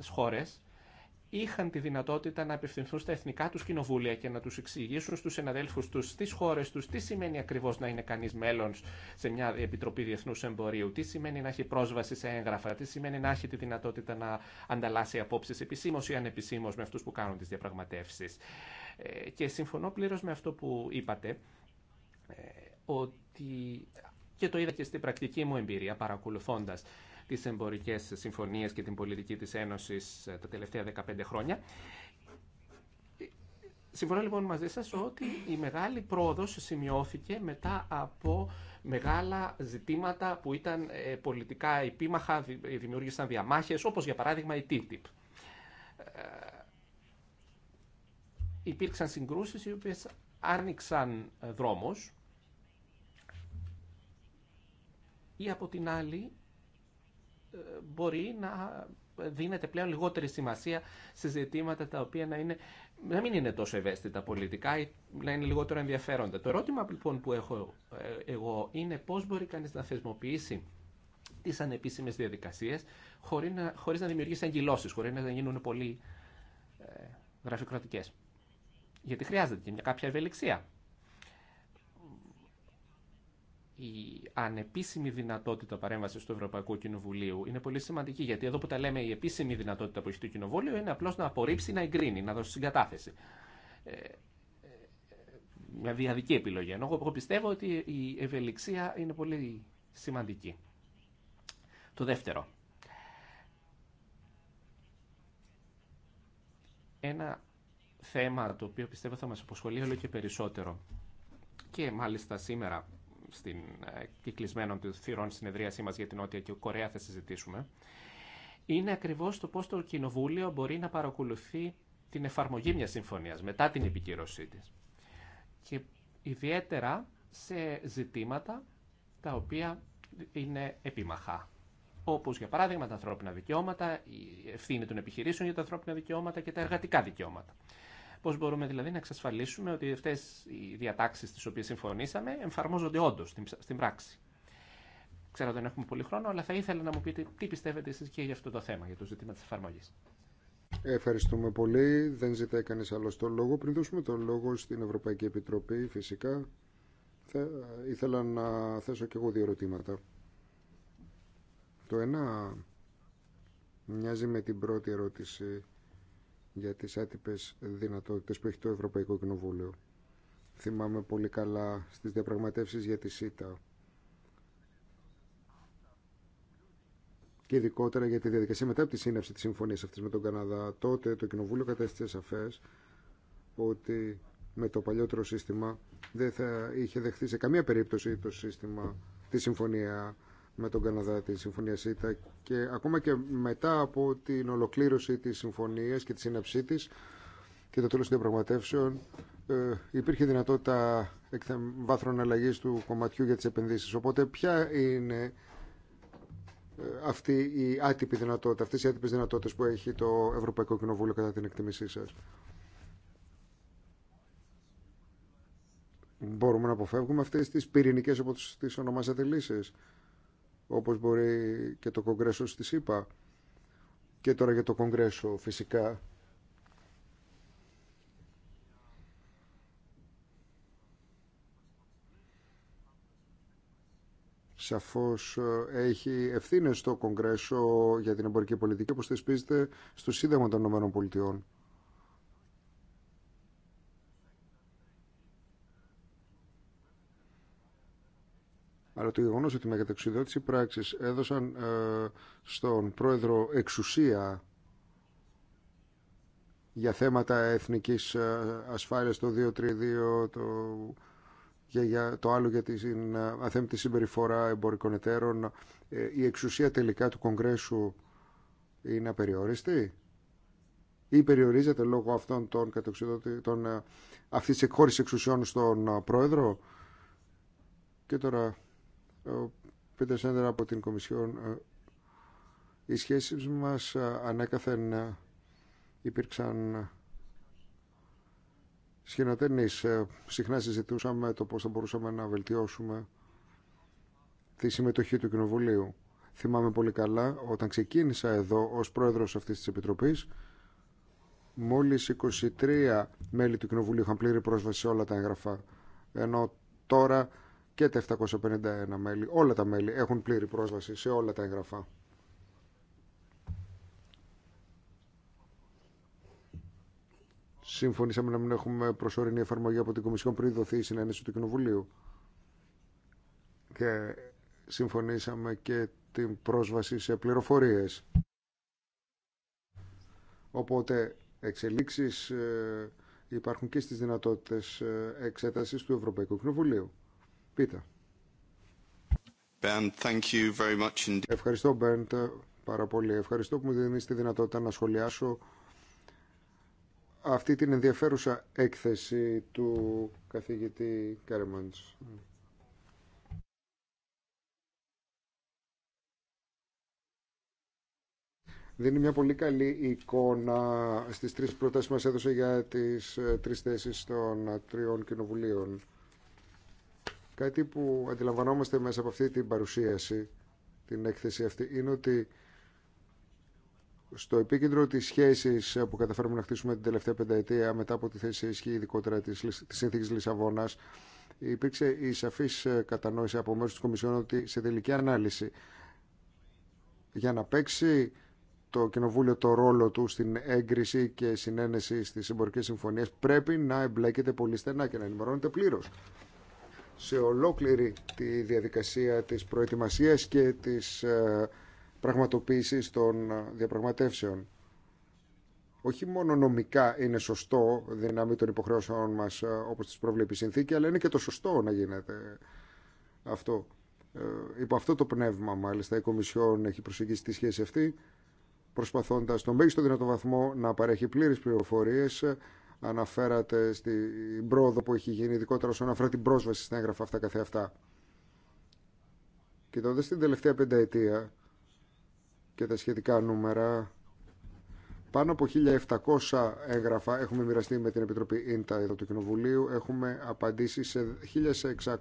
χώρες είχαν τη δυνατότητα να απευθυνθούν στα εθνικά του κοινοβούλια και να του εξηγήσουν στου συναδέλφους του, στι χώρε του, τι σημαίνει ακριβώ να είναι κανεί μέλος σε μια Επιτροπή διεθνού Εμπορίου, τι σημαίνει να έχει πρόσβαση σε έγγραφα, τι σημαίνει να έχει τη δυνατότητα να ανταλλάσσει απόψει επισήμω ή ανεπισήμω με αυτού που κάνουν τι διαπραγματεύσει. Ε, και συμφωνώ πλήρω με αυτό που είπατε, ε, ότι και το είδα και στην πρακτική μου εμπειρία παρακολουθώντας τις εμπορικές συμφωνίες και την πολιτική της Ένωσης ε, τα τελευταία 15 χρόνια. Συμφωνώ λοιπόν μαζί σας ότι η μεγάλη πρόοδος σημειώθηκε μετά από μεγάλα ζητήματα που ήταν ε, πολιτικά επίμαχα, ε, δημιούργησαν διαμάχες, όπως για παράδειγμα η TTIP. Υπήρξαν συγκρούσεις οι οποίες άρνηξαν δρόμος ή από την άλλη μπορεί να δίνεται πλέον λιγότερη σημασία σε ζητήματα τα οποία να, είναι, να μην είναι τόσο ευαίσθητα πολιτικά ή να είναι λιγότερο ενδιαφέροντα. Το ερώτημα λοιπόν που έχω ε, εγώ είναι πώς μπορεί κανείς να θεσμοποιήσει τις ανεπίσημες διαδικασίες χωρίς να, χωρίς να δημιουργήσει αγγυλώσεις, χωρίς να γίνουν πολύ ε, Γιατί χρειάζεται και μια κάποια ευελιξία η ανεπίσημη δυνατότητα παρέμβαση του Ευρωπαϊκού Κοινοβουλίου είναι πολύ σημαντική, γιατί εδώ που τα λέμε η επίσημη δυνατότητα που έχει το Κοινοβούλιο είναι απλώ να απορρίψει, να εγκρίνει, να δώσει συγκατάθεση. Ε, ε μια διαδική επιλογή. Ενώ εγώ πιστεύω ότι η ευελιξία είναι πολύ σημαντική. Το δεύτερο. Ένα θέμα το οποίο πιστεύω θα μας αποσχολεί όλο και περισσότερο και μάλιστα σήμερα στην ε, κυκλισμένων του θυρών συνεδρίασή μα για την Νότια και Κορέα θα συζητήσουμε, είναι ακριβώς το πώ το Κοινοβούλιο μπορεί να παρακολουθεί την εφαρμογή μια συμφωνίας μετά την επικύρωσή τη. Και ιδιαίτερα σε ζητήματα τα οποία είναι επιμαχά. Όπω για παράδειγμα τα ανθρώπινα δικαιώματα, η ευθύνη των επιχειρήσεων για τα ανθρώπινα δικαιώματα και τα εργατικά δικαιώματα. Πώ μπορούμε δηλαδή να εξασφαλίσουμε ότι αυτέ οι διατάξει τι οποίε συμφωνήσαμε εφαρμόζονται όντω στην πράξη. Ξέρω ότι δεν έχουμε πολύ χρόνο, αλλά θα ήθελα να μου πείτε τι πιστεύετε εσείς και για αυτό το θέμα, για το ζήτημα τη εφαρμογή. Ευχαριστούμε πολύ. Δεν ζητάει κανεί άλλο το λόγο. Πριν δώσουμε το λόγο στην Ευρωπαϊκή Επιτροπή, φυσικά, θα ήθελα να θέσω και εγώ δύο ερωτήματα. Το ένα μοιάζει με την πρώτη ερώτηση για τις άτυπες δυνατότητες που έχει το Ευρωπαϊκό Κοινοβούλιο. Θυμάμαι πολύ καλά στις διαπραγματεύσεις για τη ΣΥΤΑ και ειδικότερα για τη διαδικασία μετά από τη σύναψη της συμφωνίας αυτής με τον Καναδά. Τότε το Κοινοβούλιο κατέστησε σαφές ότι με το παλιότερο σύστημα δεν θα είχε δεχθεί σε καμία περίπτωση το σύστημα, τη συμφωνία με τον Καναδά τη Συμφωνία ΣΥΤΑ και ακόμα και μετά από την ολοκλήρωση τη συμφωνία και τη σύναψή τη και το τέλο των διαπραγματεύσεων ε, υπήρχε δυνατότητα βάθρων αλλαγή του κομματιού για τι επενδύσει. Οπότε ποια είναι ε, αυτή η άτυπη δυνατότητα, αυτές οι άτυπες δυνατότητες που έχει το Ευρωπαϊκό Κοινοβούλιο κατά την εκτίμησή σας. Μπορούμε να αποφεύγουμε αυτές τις πυρηνικές όπως τις ονομάσατε λύσεις όπως μπορεί και το Κογκρέσο στη ΣΥΠΑ και τώρα για το Κογκρέσο φυσικά. Σαφώς ε, έχει ευθύνες το Κογκρέσο για την εμπορική πολιτική όπως θεσπίζεται στο Σύνταγμα των Ηνωμένων Πολιτειών. αλλά το γεγονό ότι με καταξιδότηση πράξη έδωσαν ε, στον πρόεδρο εξουσία για θέματα εθνικής ε, ασφάλειας το 232 το, και για το άλλο για την ε, αθέμητη συμπεριφορά εμπορικών εταίρων η εξουσία τελικά του Κογκρέσου είναι απεριόριστη ή περιορίζεται λόγω αυτών των, των αυτής της εκχώρησης εξουσιών στον πρόεδρο και τώρα ο Πίτερ Σέντερ από την Κομισιόν, ε, οι σχέσεις μας ε, ανέκαθεν ε, υπήρξαν σχηνοτενεί. Συχνά συζητούσαμε το πώ θα μπορούσαμε να βελτιώσουμε τη συμμετοχή του Κοινοβουλίου. Θυμάμαι πολύ καλά, όταν ξεκίνησα εδώ ως πρόεδρος αυτής της Επιτροπής, μόλις 23 μέλη του Κοινοβουλίου είχαν πλήρη πρόσβαση σε όλα τα έγγραφα, ενώ τώρα και τα 751 μέλη, όλα τα μέλη έχουν πλήρη πρόσβαση σε όλα τα εγγραφά. Συμφωνήσαμε να μην έχουμε προσωρινή εφαρμογή από την Κομισιόν πριν δοθεί η συνένεση του Κοινοβουλίου. Και συμφωνήσαμε και την πρόσβαση σε πληροφορίες. Οπότε εξελίξεις ε, υπάρχουν και στις δυνατότητες ε, εξέτασης του Ευρωπαϊκού Κοινοβουλίου. Ευχαριστώ, Μπέντ, πάρα πολύ. Ευχαριστώ που μου δίνεις τη δυνατότητα να σχολιάσω αυτή την ενδιαφέρουσα έκθεση του καθηγητή Κέρμαντς. δίνει μια πολύ καλή εικόνα στις τρεις προτάσεις μας έδωσε για τις ε, τρεις θέσεις των ε, τριών κοινοβουλίων. Κάτι που αντιλαμβανόμαστε μέσα από αυτή την παρουσίαση, την έκθεση αυτή, είναι ότι στο επίκεντρο τη σχέση που καταφέρουμε να χτίσουμε την τελευταία πενταετία μετά από τη θέση ισχύ ειδικότερα τη συνθήκη Λισαβόνα, υπήρξε η σαφή ε, κατανόηση από μέρου τη Κομισιόν ότι σε τελική ανάλυση για να παίξει το Κοινοβούλιο το ρόλο του στην έγκριση και συνένεση στι εμπορικέ συμφωνίε πρέπει να εμπλέκεται πολύ στενά και να ενημερώνεται πλήρω σε ολόκληρη τη διαδικασία της προετοιμασίας και της ε, πραγματοποίησης των ε, διαπραγματεύσεων. Όχι μόνο νομικά είναι σωστό δυναμή των υποχρεώσεων μας ε, όπως τις προβλέπει η συνθήκη, αλλά είναι και το σωστό να γίνεται αυτό. Υπό αυτό το πνεύμα, μάλιστα, η Κομισιόν έχει προσεγγίσει τη σχέση αυτή, προσπαθώντας στο μέγιστο δυνατό βαθμό να παρέχει πλήρες πληροφορίες αναφέρατε στην πρόοδο που έχει γίνει, ειδικότερα όσον αφορά την πρόσβαση στην έγγραφα αυτά καθεαυτά. Κοιτώντα την τελευταία πενταετία και τα σχετικά νούμερα, πάνω από 1.700 έγγραφα έχουμε μοιραστεί με την Επιτροπή ΙΝΤΑ εδώ του Κοινοβουλίου. Έχουμε απαντήσει σε 1.600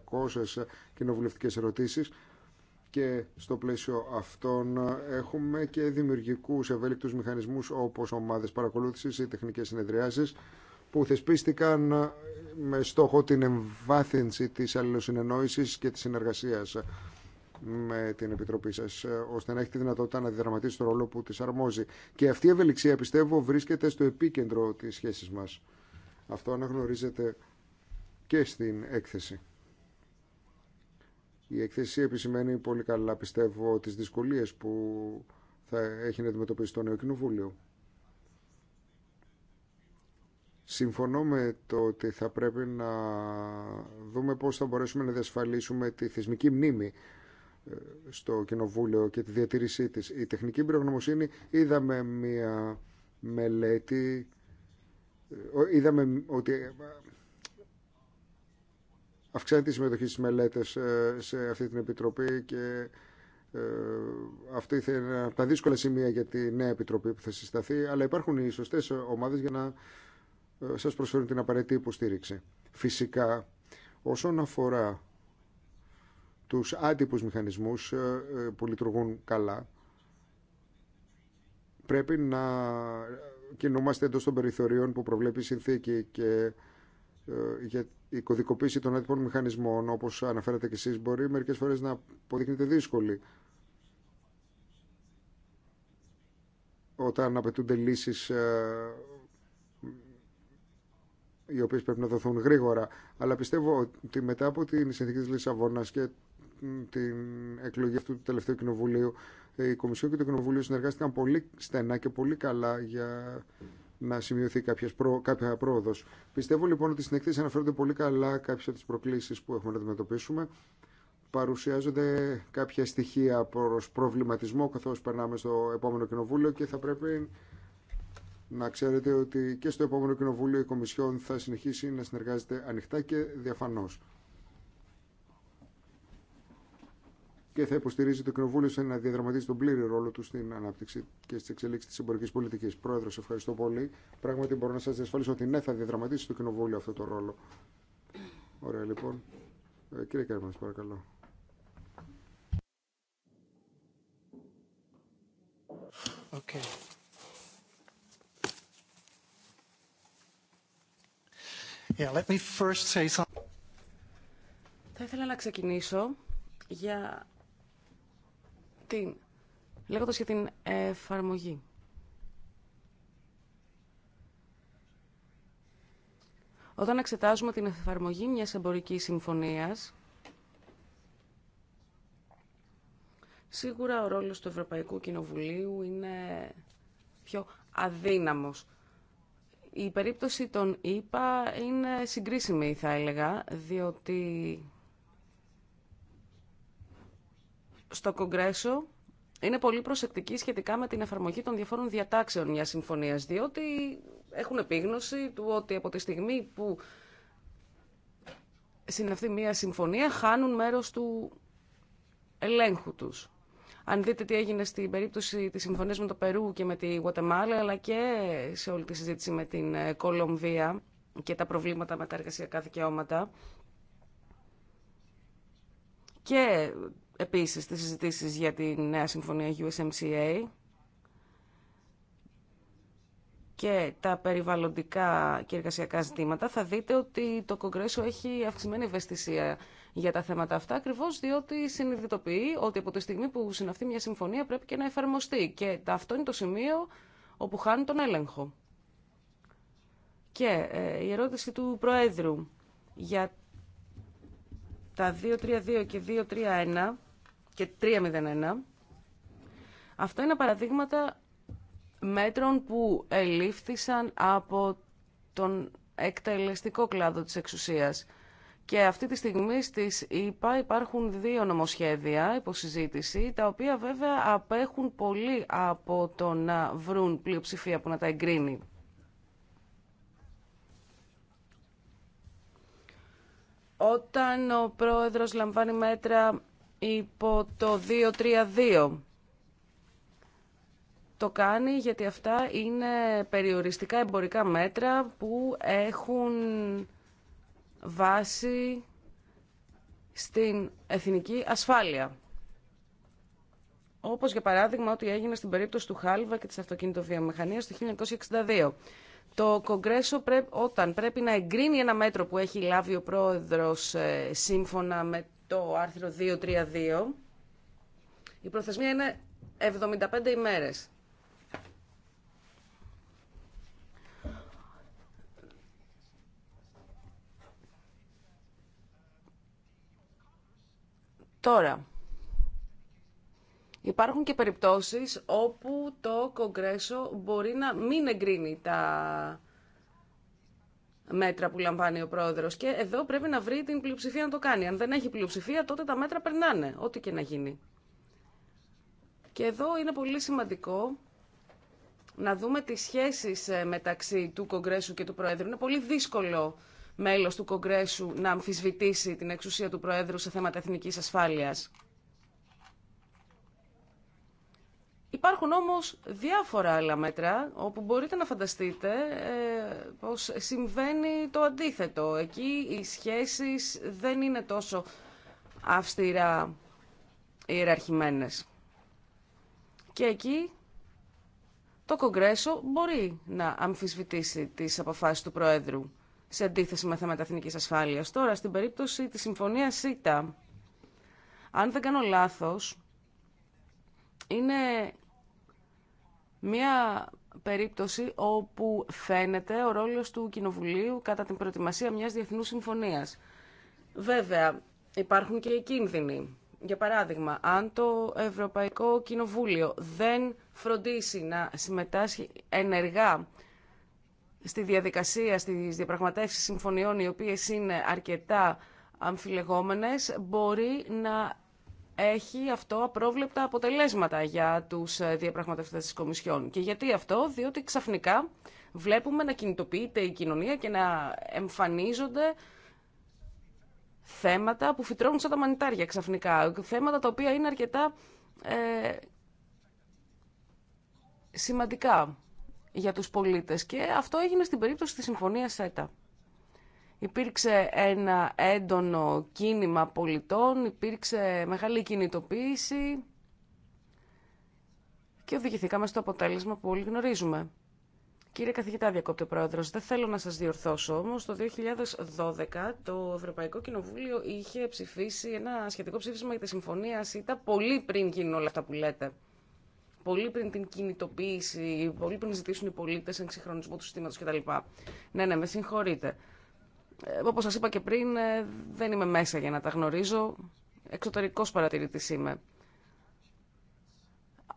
κοινοβουλευτικές ερωτήσεις και στο πλαίσιο αυτών έχουμε και δημιουργικούς ευέλικτους μηχανισμούς όπως ομάδες παρακολούθησης ή τεχνικές συνεδριάσεις που θεσπίστηκαν ε, με στόχο την εμβάθυνση της αλληλοσυνεννόησης και της συνεργασίας με την Επιτροπή σας, ε, ώστε να έχει τη δυνατότητα να διδραματίσει το ρόλο που της αρμόζει. Και αυτή η ευελιξία, πιστεύω, βρίσκεται στο επίκεντρο της σχέσης μας. Αυτό αναγνωρίζεται και στην έκθεση. Η έκθεση επισημαίνει πολύ καλά, πιστεύω, τις δυσκολίες που θα έχει να αντιμετωπίσει το νέο κοινοβούλιο. Συμφωνώ με το ότι θα πρέπει να δούμε πώς θα μπορέσουμε να διασφαλίσουμε τη θεσμική μνήμη ε, στο Κοινοβούλιο και τη διατήρησή της. Η τεχνική προγνωμοσύνη είδαμε μια μελέτη, ε, είδαμε ότι ε, αυξάνεται η συμμετοχή στις μελέτες σε αυτή την Επιτροπή και αυτό είναι από τα δύσκολα σημεία για τη νέα Επιτροπή που θα συσταθεί, αλλά υπάρχουν οι σωστές ομάδες για να ε, σας προσφέρουν την απαραίτητη υποστήριξη. Φυσικά, όσον αφορά τους άτυπους μηχανισμούς ε, ε, που λειτουργούν καλά, πρέπει να κινούμαστε εντός των περιθωρίων που προβλέπει η συνθήκη και για η κωδικοποίηση των άτυπων μηχανισμών, όπως αναφέρατε και εσείς, μπορεί μερικές φορές να αποδείχνεται δύσκολη. Όταν απαιτούνται λύσεις οι οποίε πρέπει να δοθούν γρήγορα. Αλλά πιστεύω ότι μετά από την συνθήκη τη Λισαβόνα και την εκλογή αυτού του τελευταίου κοινοβουλίου, η Κομισιόν και το Κοινοβούλιο συνεργάστηκαν πολύ στενά και πολύ καλά για να σημειωθεί προ, κάποια πρόοδο. Πιστεύω λοιπόν ότι στην εκθέση αναφέρονται πολύ καλά κάποιε από τι προκλήσει που έχουμε να αντιμετωπίσουμε. Παρουσιάζονται κάποια στοιχεία προ προβληματισμό καθώ περνάμε στο επόμενο κοινοβούλιο και θα πρέπει να ξέρετε ότι και στο επόμενο κοινοβούλιο η Κομισιόν θα συνεχίσει να συνεργάζεται ανοιχτά και διαφανώς. Και θα υποστηρίζει το Κοινοβούλιο σε να διαδραματίσει τον πλήρη ρόλο του στην ανάπτυξη και στι εξελίξει τη εμπορική πολιτική. Πρόεδρο, ευχαριστώ πολύ. Πράγματι, μπορώ να σα διασφαλίσω ότι ναι, θα διαδραματίσει το Κοινοβούλιο αυτό το ρόλο. Ωραία, λοιπόν. Ε, κύριε Κέρμαν, παρακαλώ. Okay. Θα ήθελα να ξεκινήσω για την, λέγοντας για την εφαρμογή. Όταν εξετάζουμε την εφαρμογή μιας εμπορικής συμφωνίας, σίγουρα ο ρόλος του Ευρωπαϊκού Κοινοβουλίου είναι πιο αδύναμος η περίπτωση των ΙΠΑ είναι συγκρίσιμη θα έλεγα, διότι στο Κογκρέσο είναι πολύ προσεκτική σχετικά με την εφαρμογή των διαφόρων διατάξεων μιας συμφωνίας, διότι έχουν επίγνωση του ότι από τη στιγμή που συναυθεί μια συμφωνία χάνουν μέρος του ελέγχου τους. Αν δείτε τι έγινε στην περίπτωση της συμφωνίας με το Περού και με τη Γουατεμάλα, αλλά και σε όλη τη συζήτηση με την ε, Κολομβία και τα προβλήματα με τα εργασιακά δικαιώματα. Και επίσης τις συζητήσεις για τη νέα συμφωνία USMCA και τα περιβαλλοντικά και εργασιακά ζητήματα, θα δείτε ότι το Κογκρέσο έχει αυξημένη ευαισθησία για τα θέματα αυτά, ακριβώ διότι συνειδητοποιεί ότι από τη στιγμή που συναυτεί μια συμφωνία πρέπει και να εφαρμοστεί. Και αυτό είναι το σημείο όπου χάνει τον έλεγχο. Και ε, η ερώτηση του Προέδρου για τα 232 και 231 και 301. Αυτά είναι παραδείγματα μέτρων που ελήφθησαν από τον εκτελεστικό κλάδο της εξουσίας. Και αυτή τη στιγμή στις ΗΠΑ υπάρχουν δύο νομοσχέδια υποσυζήτηση, τα οποία βέβαια απέχουν πολύ από το να βρουν πλειοψηφία που να τα εγκρίνει. Όταν ο πρόεδρος λαμβάνει μέτρα υπό το 232, το κάνει γιατί αυτά είναι περιοριστικά εμπορικά μέτρα που έχουν βάση στην εθνική ασφάλεια. Όπως για παράδειγμα ό,τι έγινε στην περίπτωση του Χάλβα και της αυτοκινητοβιομηχανίας το 1962. Το Κογκρέσο όταν πρέπει να εγκρίνει ένα μέτρο που έχει λάβει ο πρόεδρος ε, σύμφωνα με το άρθρο 232, η προθεσμία είναι 75 ημέρες. Τώρα, υπάρχουν και περιπτώσεις όπου το Κογκρέσο μπορεί να μην εγκρίνει τα μέτρα που λαμβάνει ο πρόεδρος και εδώ πρέπει να βρει την πλειοψηφία να το κάνει. Αν δεν έχει πλειοψηφία τότε τα μέτρα περνάνε, ό,τι και να γίνει. Και εδώ είναι πολύ σημαντικό να δούμε τις σχέσεις ε, μεταξύ του Κογκρέσου και του Πρόεδρου. Είναι πολύ δύσκολο Μέλο του Κογκρέσου να αμφισβητήσει την εξουσία του Προέδρου σε θέματα εθνική ασφάλεια. Υπάρχουν όμως διάφορα άλλα μέτρα όπου μπορείτε να φανταστείτε ε, πως συμβαίνει το αντίθετο. Εκεί οι σχέσεις δεν είναι τόσο αυστηρά ιεραρχημένες. Και εκεί το Κογκρέσο μπορεί να αμφισβητήσει τις αποφάσεις του Προέδρου σε αντίθεση με θέματα εθνική ασφάλεια. Τώρα, στην περίπτωση της συμφωνίας ΣΥΤΑ, αν δεν κάνω λάθος, είναι μια περίπτωση όπου φαίνεται ο ρόλος του Κοινοβουλίου κατά την προετοιμασία μιας διεθνούς συμφωνίας. Βέβαια, υπάρχουν και οι κίνδυνοι. Για παράδειγμα, αν το Ευρωπαϊκό Κοινοβούλιο δεν φροντίσει να συμμετάσχει ενεργά στη διαδικασία, στις διαπραγματεύσεις συμφωνιών, οι οποίες είναι αρκετά αμφιλεγόμενες, μπορεί να έχει αυτό απρόβλεπτα αποτελέσματα για τους ε, διαπραγματευτές της Κομισιόν. Και γιατί αυτό, διότι ξαφνικά βλέπουμε να κινητοποιείται η κοινωνία και να εμφανίζονται θέματα που φυτρώνουν σαν τα μανιτάρια ξαφνικά, θέματα τα οποία είναι αρκετά ε, σημαντικά για τους πολίτες και αυτό έγινε στην περίπτωση της Συμφωνίας ΣΕΤΑ. Υπήρξε ένα έντονο κίνημα πολιτών, υπήρξε μεγάλη κινητοποίηση και οδηγηθήκαμε στο αποτέλεσμα που όλοι γνωρίζουμε. Κύριε καθηγητά, διακόπτει πρόεδρο, δεν θέλω να σα διορθώσω, όμω το 2012 το Ευρωπαϊκό Κοινοβούλιο είχε ψηφίσει ένα σχετικό ψήφισμα για τη συμφωνία ΣΥΤΑ πολύ πριν γίνουν όλα αυτά που λέτε πολύ πριν την κινητοποίηση, πολύ πριν ζητήσουν οι πολίτε εξυγχρονισμό του συστήματο κτλ. Ναι, ναι, με συγχωρείτε. Ε, Όπω σα είπα και πριν, ε, δεν είμαι μέσα για να τα γνωρίζω. Εξωτερικό παρατηρητή είμαι.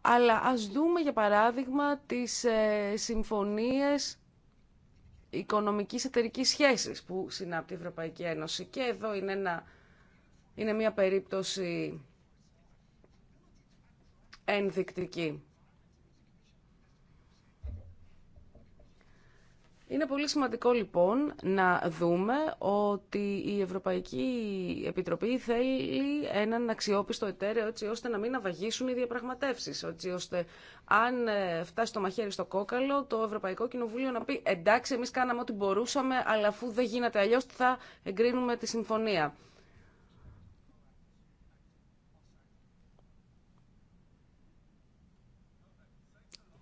Αλλά ας δούμε για παράδειγμα τις ε, συμφωνίες οικονομικής εταιρικής σχέσης που συνάπτει η Ευρωπαϊκή Ένωση. Και εδώ είναι μια περίπτωση ενδεικτική. Είναι πολύ σημαντικό λοιπόν να δούμε ότι η Ευρωπαϊκή Επιτροπή θέλει έναν αξιόπιστο εταίρεο έτσι ώστε να μην αβαγίσουν οι διαπραγματεύσεις, έτσι ώστε αν ε, φτάσει το μαχαίρι στο κόκαλο το Ευρωπαϊκό Κοινοβούλιο να πει εντάξει εμείς κάναμε ό,τι μπορούσαμε αλλά αφού δεν γίνεται αλλιώς θα εγκρίνουμε τη συμφωνία.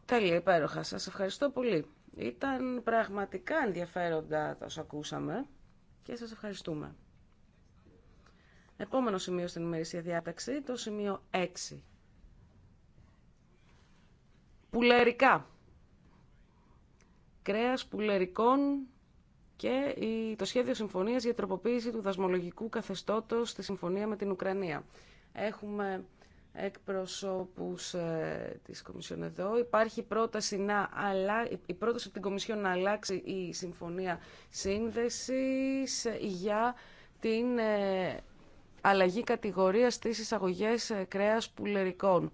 Τέλεια, υπέροχα. Σας ευχαριστώ πολύ. Ήταν πραγματικά ενδιαφέροντα τα όσα ακούσαμε και σας ευχαριστούμε. Επόμενο σημείο στην ημερήσια διάταξη, το σημείο 6. Πουλερικά. Κρέας πουλερικών και το σχέδιο συμφωνίας για τροποποίηση του δασμολογικού καθεστώτος στη συμφωνία με την Ουκρανία. Έχουμε εκπροσώπους ε, της Κομισιόν εδώ. Υπάρχει πρόταση να αλλά... η πρόταση από την Κομισιόν να αλλάξει η Συμφωνία Σύνδεσης για την ε, αλλαγή κατηγορίας στις εισαγωγές ε, κρέας πουλερικών.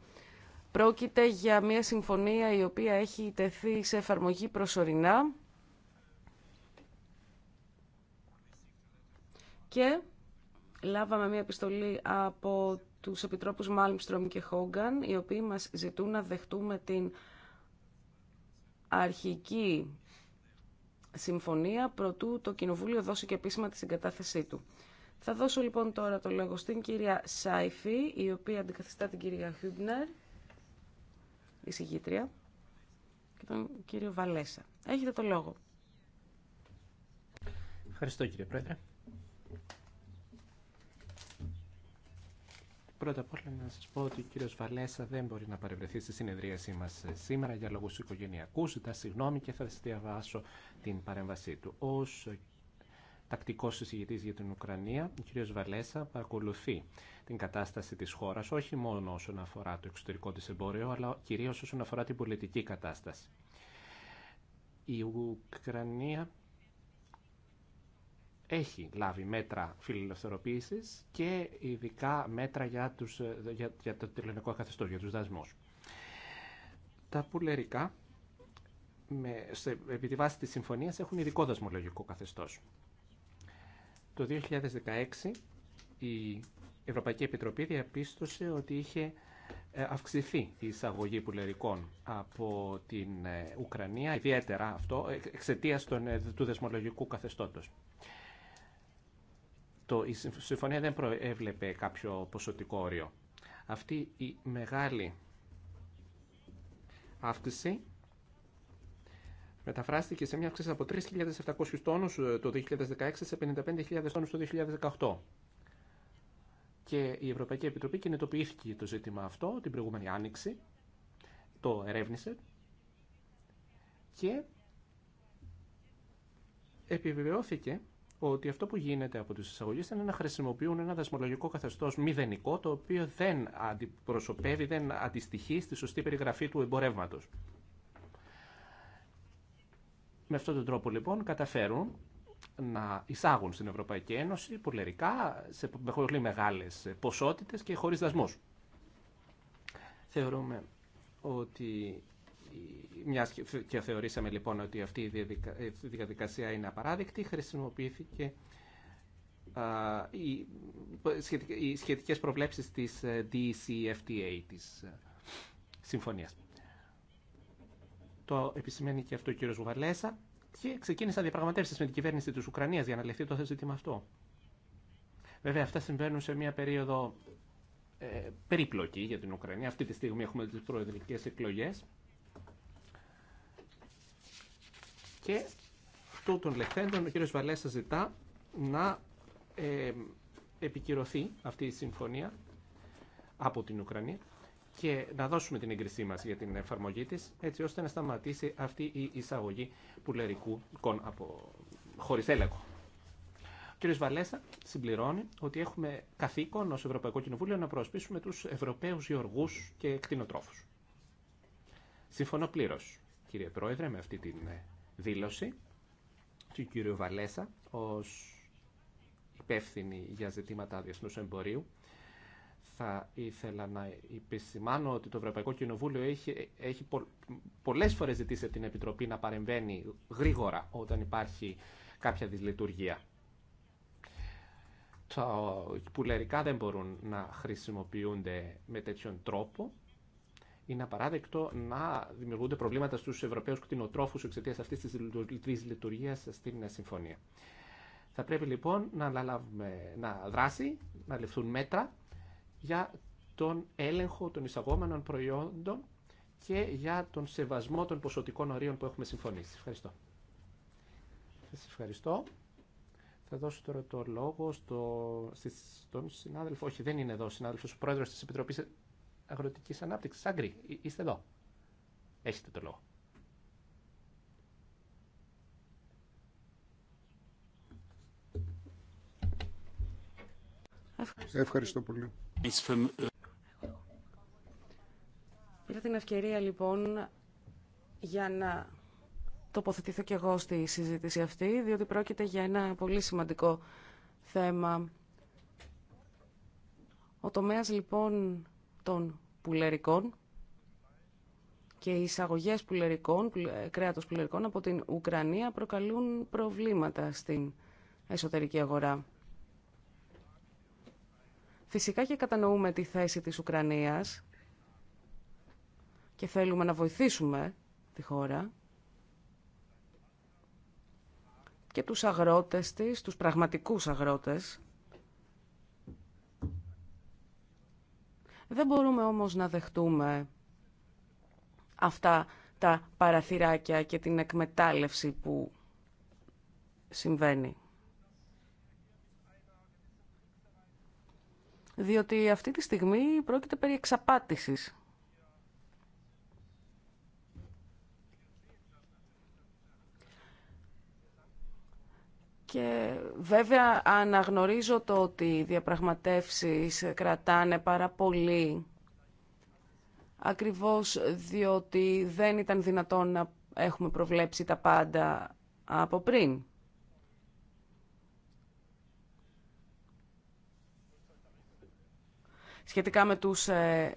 Πρόκειται για μια συμφωνία η οποία έχει τεθεί σε εφαρμογή προσωρινά και λάβαμε μια επιστολή από τους επιτρόπους Μάλμστρομ και Χόγκαν, οι οποίοι μας ζητούν να δεχτούμε την αρχική συμφωνία, προτού το Κοινοβούλιο δώσει και επίσημα τη συγκατάθεσή του. Θα δώσω λοιπόν τώρα το λόγο στην κυρία Σάιφη, η οποία αντικαθιστά την κυρία Χούμπνερ, η συγγήτρια, και τον κύριο Βαλέσα. Έχετε το λόγο. Ευχαριστώ κύριε Πρόεδρε. Πρώτα απ' όλα να σας πω ότι ο κύριος Βαλέσα δεν μπορεί να παρευρεθεί στη συνεδρίασή μας σήμερα για λόγους οικογενειακού, Ζητά συγγνώμη και θα διαβάσω την παρέμβασή του. Ως τακτικός συζητητή για την Ουκρανία, ο κύριο Βαλέσα παρακολουθεί την κατάσταση της χώρας, όχι μόνο όσον αφορά το εξωτερικό τη εμπόριο, αλλά κυρίω όσον αφορά την πολιτική κατάσταση. Η Ουκρανία έχει λάβει μέτρα φιλελευθερωποίηση και ειδικά μέτρα για, τους, για, για το τελευταίο καθεστώ, για του δασμούς. Τα πουλερικά, με, σε, επί τη βάση τη συμφωνία, έχουν ειδικό δασμολογικό καθεστώς. Το 2016 η Ευρωπαϊκή Επιτροπή διαπίστωσε ότι είχε ε, αυξηθεί η εισαγωγή πουλερικών από την ε, Ουκρανία, ιδιαίτερα αυτό ε, εξαιτία του δεσμολογικού καθεστώτος το, η συμφωνία δεν προέβλεπε κάποιο ποσοτικό όριο. Αυτή η μεγάλη αύξηση μεταφράστηκε σε μια αύξηση από 3.700 ε, τόνους το 2016 σε 55.000 τόνους το 2018. Και η Ευρωπαϊκή Επιτροπή κινητοποιήθηκε το ζήτημα αυτό την προηγούμενη άνοιξη, το ερεύνησε και επιβεβαιώθηκε ότι αυτό που γίνεται από τις εισαγωγές είναι να χρησιμοποιούν ένα δασμολογικό καθεστώς μηδενικό, το οποίο δεν αντιπροσωπεύει, δεν αντιστοιχεί στη σωστή περιγραφή του εμπορεύματο. Με αυτόν τον τρόπο λοιπόν καταφέρουν να εισάγουν στην Ευρωπαϊκή Ένωση πολερικά σε πολύ μεγάλες ποσότητες και χωρίς δασμούς. Θεωρούμε ότι μια και θεωρήσαμε λοιπόν ότι αυτή η διαδικασία είναι απαράδεκτη, χρησιμοποιήθηκε οι σχετικές προβλέψεις της ε, DCFTA, της ε, συμφωνίας. Το επισημαίνει και αυτό ο κύριος Βουβαλέσα και ξεκίνησαν διαπραγματεύσεις με την κυβέρνηση της Ουκρανίας για να λεφθεί το ζήτημα αυτό. Βέβαια αυτά συμβαίνουν σε μια περίοδο ε, περίπλοκη για την Ουκρανία. Αυτή τη στιγμή έχουμε τις προεδρικές εκλογές Και αυτό των λεχθέντων, ο κύριος Βαλέσσα ζητά να ε, επικυρωθεί αυτή η συμφωνία από την Ουκρανία και να δώσουμε την εγκρισή μας για την εφαρμογή της, έτσι ώστε να σταματήσει αυτή η εισαγωγή πουλερικού από... χωρίς έλεγχο. Ο κ. Βαλέσα συμπληρώνει ότι έχουμε καθήκον ως Ευρωπαϊκό Κοινοβούλιο να προσπίσουμε τους Ευρωπαίους γεωργούς και κτηνοτρόφους. Συμφωνώ πλήρω, κύριε Πρόεδρε, με αυτή την δήλωση του κύριου Βαλέσα ως υπεύθυνη για ζητήματα διεθνούς εμπορίου. Θα ήθελα να επισημάνω ότι το Ευρωπαϊκό Κοινοβούλιο έχει, έχει πο, πολλές φορές ζητήσει την Επιτροπή να παρεμβαίνει γρήγορα όταν υπάρχει κάποια δυσλειτουργία. Τα πουλερικά δεν μπορούν να χρησιμοποιούνται με τέτοιον τρόπο είναι απαράδεκτο να δημιουργούνται προβλήματα στου Ευρωπαίου κτηνοτρόφου εξαιτία αυτή τη λειτουργία στην συμφωνία. Θα πρέπει λοιπόν να, να δράσει, να ληφθούν μέτρα για τον έλεγχο των εισαγόμενων προϊόντων και για τον σεβασμό των ποσοτικών ορίων που έχουμε συμφωνήσει. Ευχαριστώ. Σα ευχαριστώ. Θα δώσω τώρα το λόγο στο, στον συνάδελφο, όχι δεν είναι εδώ ο συνάδελφο ο πρόεδρο τη Επιτροπή. Αγροτικής ανάπτυξη. Άγκρι, είστε εδώ. Έχετε το λόγο. Ευχαριστώ πολύ. Πήρα την ευκαιρία λοιπόν για να τοποθετηθώ και εγώ στη συζήτηση αυτή, διότι πρόκειται για ένα πολύ σημαντικό θέμα. Ο τομέας λοιπόν των πουλερικών και οι εισαγωγές πουλερικών, κρέατος πουλερικών από την Ουκρανία προκαλούν προβλήματα στην εσωτερική αγορά. Φυσικά και κατανοούμε τη θέση της Ουκρανίας και θέλουμε να βοηθήσουμε τη χώρα και τους αγρότες της, τους πραγματικούς αγρότες Δεν μπορούμε όμως να δεχτούμε αυτά τα παραθυράκια και την εκμετάλλευση που συμβαίνει. Διότι αυτή τη στιγμή πρόκειται περί εξαπάτησης Και βέβαια αναγνωρίζω το ότι οι διαπραγματεύσεις κρατάνε πάρα πολύ ακριβώς διότι δεν ήταν δυνατόν να έχουμε προβλέψει τα πάντα από πριν. Σχετικά με, τους, ε,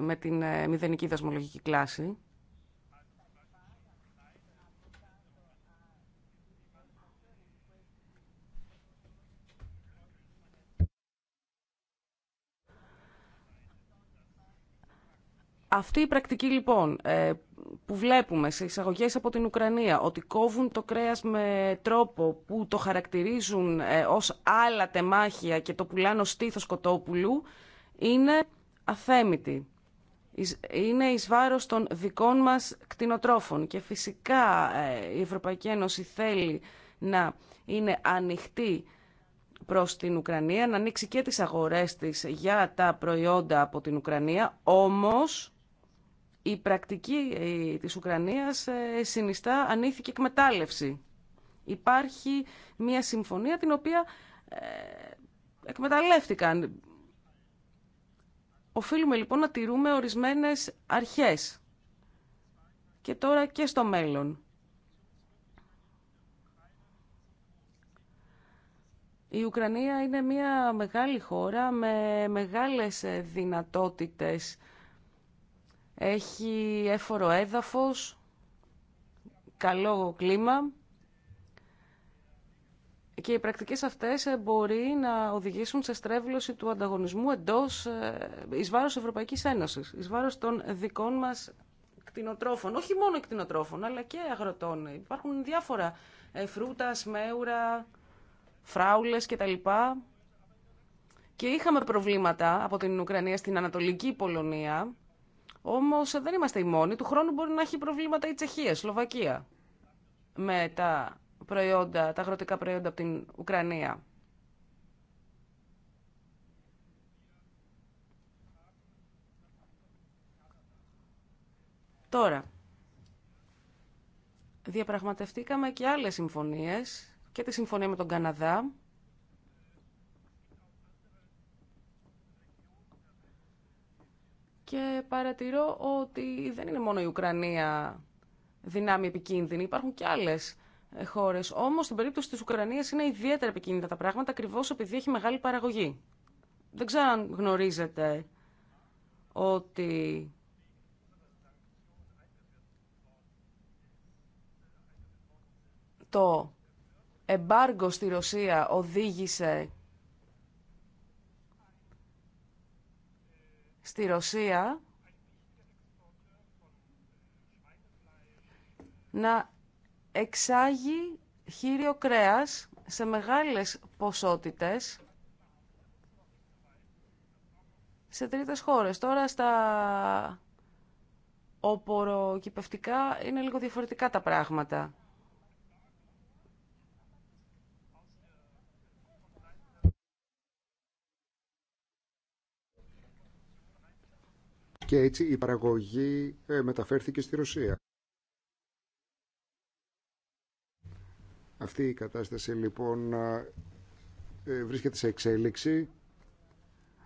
με την ε, μηδενική δασμολογική κλάση, Αυτή η πρακτική λοιπόν ε, που βλέπουμε σε εισαγωγές από την Ουκρανία ότι κόβουν το κρέας με τρόπο που το χαρακτηρίζουν ε, ως άλλα τεμάχια και το πουλάνε ως στήθος κοτόπουλου είναι αθέμητη. Είναι εις βάρος των δικών μας κτηνοτρόφων και φυσικά ε, η Ευρωπαϊκή Ένωση θέλει να είναι ανοιχτή προς την Ουκρανία, να ανοίξει και τις αγορές της για τα προϊόντα από την Ουκρανία, όμως η πρακτική ε, της Ουκρανίας ε, συνιστά ανήθικη εκμετάλλευση. Υπάρχει μια συμφωνία την οποία ε, εκμεταλλεύτηκαν. Οφείλουμε λοιπόν να τηρούμε ορισμένες αρχές και τώρα και στο μέλλον. Η Ουκρανία είναι μια μεγάλη χώρα με μεγάλες δυνατότητες έχει έφορο έδαφος, καλό κλίμα και οι πρακτικές αυτές ε, μπορεί να οδηγήσουν σε στρέβλωση του ανταγωνισμού εντός, ε, εις βάρος Ευρωπαϊκής Ένωσης, εις βάρος των δικών μας κτηνοτρόφων, όχι μόνο κτηνοτρόφων, αλλά και αγροτών. Υπάρχουν διάφορα ε, φρούτα, σμέουρα, φράουλες κτλ. Και είχαμε προβλήματα από την Ουκρανία στην Ανατολική Πολωνία, Όμω δεν είμαστε οι μόνοι. Του χρόνου μπορεί να έχει προβλήματα η Τσεχία, η Σλοβακία με τα προϊόντα, τα αγροτικά προϊόντα από την Ουκρανία. Τώρα, διαπραγματευτήκαμε και άλλες συμφωνίες και τη συμφωνία με τον Καναδά Και παρατηρώ ότι δεν είναι μόνο η Ουκρανία δυνάμει επικίνδυνη, υπάρχουν και άλλε χώρε. Όμω στην περίπτωση τη Ουκρανία είναι ιδιαίτερα επικίνδυνα τα πράγματα ακριβώ επειδή έχει μεγάλη παραγωγή. Δεν ξέρω αν γνωρίζετε ότι το εμπάργκο στη Ρωσία οδήγησε στη Ρωσία να εξάγει χείριο κρέας σε μεγάλες ποσότητες σε τρίτες χώρες. Τώρα στα οποροκυπευτικά είναι λίγο διαφορετικά τα πράγματα. και έτσι η παραγωγή ε, μεταφέρθηκε στη Ρωσία. Αυτή η κατάσταση λοιπόν ε, ε, βρίσκεται σε εξέλιξη.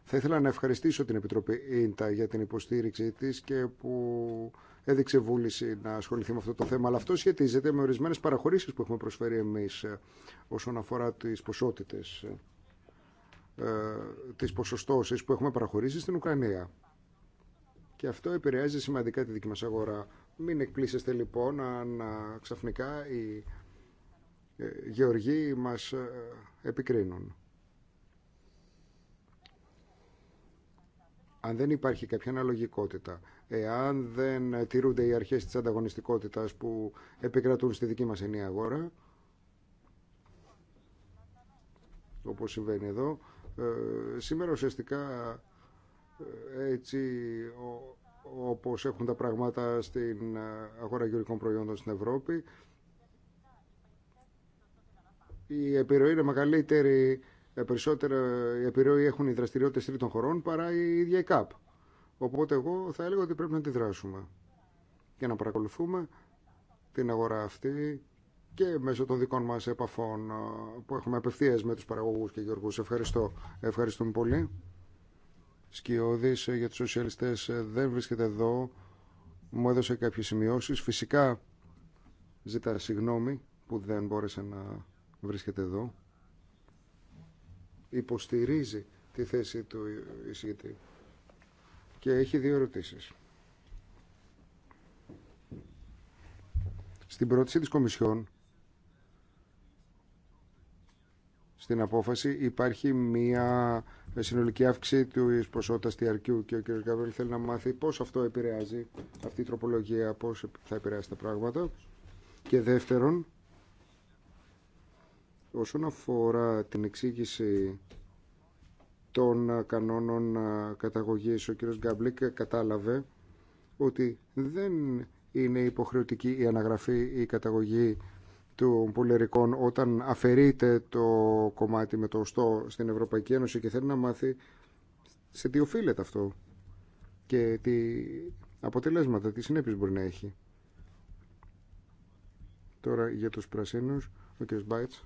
Θα ήθελα να ευχαριστήσω την Επιτροπή ΙΝΤΑ για την υποστήριξή της και που έδειξε βούληση να ασχοληθεί με αυτό το θέμα. Αλλά αυτό σχετίζεται με ορισμένες παραχωρήσεις που έχουμε προσφέρει εμείς όσον αφορά τις ποσότητες, τις ποσοστώσεις που έχουμε παραχωρήσει στην Ουκρανία. Και αυτό επηρεάζει σημαντικά τη δική μας αγορά. Μην εκπλήσεστε λοιπόν αν ξαφνικά οι ε, γεωργοί μας ε, επικρίνουν. Αν δεν υπάρχει κάποια αναλογικότητα, εάν δεν τηρούνται οι αρχές της ανταγωνιστικότητας που επικρατούν στη δική μας ενία αγορά, όπως συμβαίνει εδώ, ε, σήμερα ουσιαστικά έτσι όπως έχουν τα πράγματα στην αγορά γεωργικών προϊόντων στην Ευρώπη. Η επιρροή είναι μεγαλύτερη, ε, περισσότερα η επιρροή έχουν οι δραστηριότητες τρίτων χωρών παρά η ίδια η ΚΑΠ. Οπότε εγώ θα έλεγα ότι πρέπει να δράσουμε και να παρακολουθούμε την αγορά αυτή και μέσω των δικών μας επαφών ε, που έχουμε απευθείας με τους παραγωγούς και γεωργούς. Ευχαριστώ. Ευχαριστούμε πολύ. Σκιώδης ε, για τους σοσιαλιστές ε, δεν βρίσκεται εδώ. Μου έδωσε κάποιες σημειώσεις. Φυσικά ζητά συγγνώμη που δεν μπόρεσε να βρίσκεται εδώ. Υποστηρίζει τη θέση του εισηγητή και έχει δύο ερωτήσεις. Στην πρόταση της Κομισιόν στην απόφαση υπάρχει μια συνολική αύξηση του ποσότητα διαρκείου και ο κ. θέλει να μάθει πώ αυτό επηρεάζει, αυτή η τροπολογία, πώ θα επηρεάσει τα πράγματα. Και δεύτερον, όσον αφορά την εξήγηση των κανόνων καταγωγής, ο κύριος Γκαμπλίκ κατάλαβε ότι δεν είναι υποχρεωτική η αναγραφή ή η καταγωγή των πολερικών όταν αφαιρείται το κομμάτι με το οστό στην Ευρωπαϊκή Ένωση και θέλει να μάθει σε τι οφείλεται αυτό και τι αποτελέσματα, τι συνέπειες μπορεί να έχει. Τώρα για τους πρασίνους, ο κ. Μπάιτς.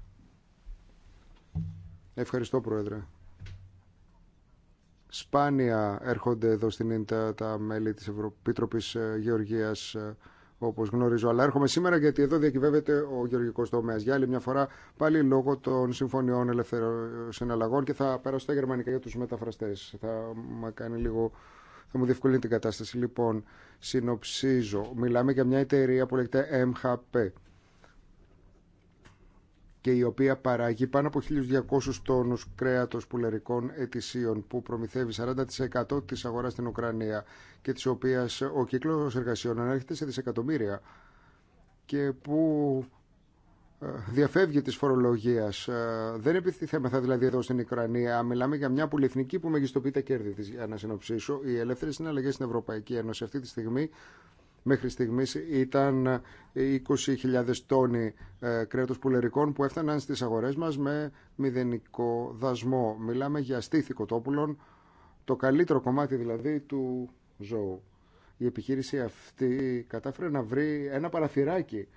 Ευχαριστώ Πρόεδρε. Σπάνια έρχονται εδώ στην ίντα τα μέλη της Ευρωπίτροπης ε, Γεωργίας ε, όπως γνωρίζω. Αλλά έρχομαι σήμερα γιατί εδώ διακυβεύεται ο γεωργικό Τομέα Για άλλη μια φορά πάλι λόγω των συμφωνιών ελευθερών και θα πέρασω στα γερμανικά για τους μεταφραστές. Θα, κάνει λίγο, θα μου διευκολύνει την κατάσταση. Λοιπόν, συνοψίζω. Μιλάμε για μια εταιρεία που λέγεται MHP και η οποία παράγει πάνω από 1.200 τόνους κρέατος πουλερικών ετησίων που προμηθεύει 40% της αγοράς στην Ουκρανία και της οποίας ο κύκλος εργασιών ανέρχεται σε δισεκατομμύρια και που ε, διαφεύγει της φορολογίας. Ε, δεν θα δηλαδή εδώ στην Ουκρανία. Μιλάμε για μια πολυεθνική που μεγιστοποιεί τα κέρδη της, για να συνοψίσω. Οι ελεύθερες συναλλαγές στην Ευρωπαϊκή Ένωση αυτή τη στιγμή μέχρι στιγμής ήταν 20.000 τόνοι ε, κρέατος πουλερικών που έφταναν στις αγορές μας με μηδενικό δασμό. Μιλάμε για στήθη κοτόπουλων, το καλύτερο κομμάτι δηλαδή του ζώου. Η επιχείρηση αυτή κατάφερε να βρει ένα παραθυράκι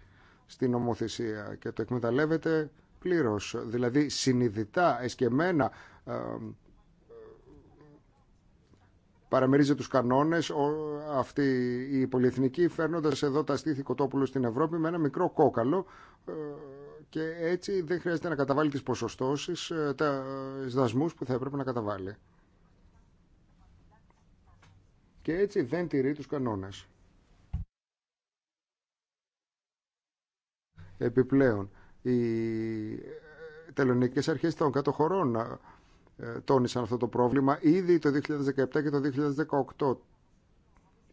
στην νομοθεσία και το εκμεταλλεύεται πλήρως. Δηλαδή συνειδητά, εσκεμμένα ε, παραμερίζει τους κανόνες αυτή η πολυεθνική φέρνοντας εδώ τα στήθη κοτόπουλου στην Ευρώπη με ένα μικρό κόκαλο ε, και έτσι δεν χρειάζεται να καταβάλει τις ποσοστώσεις, ε, τα ε, δασμούς που θα έπρεπε να καταβάλει. Και έτσι δεν τηρεί τους κανόνες. Επιπλέον, οι τελωνικές αρχές των κατοχωρών... χωρών ε, τόνισαν αυτό το πρόβλημα ήδη το 2017 και το 2018.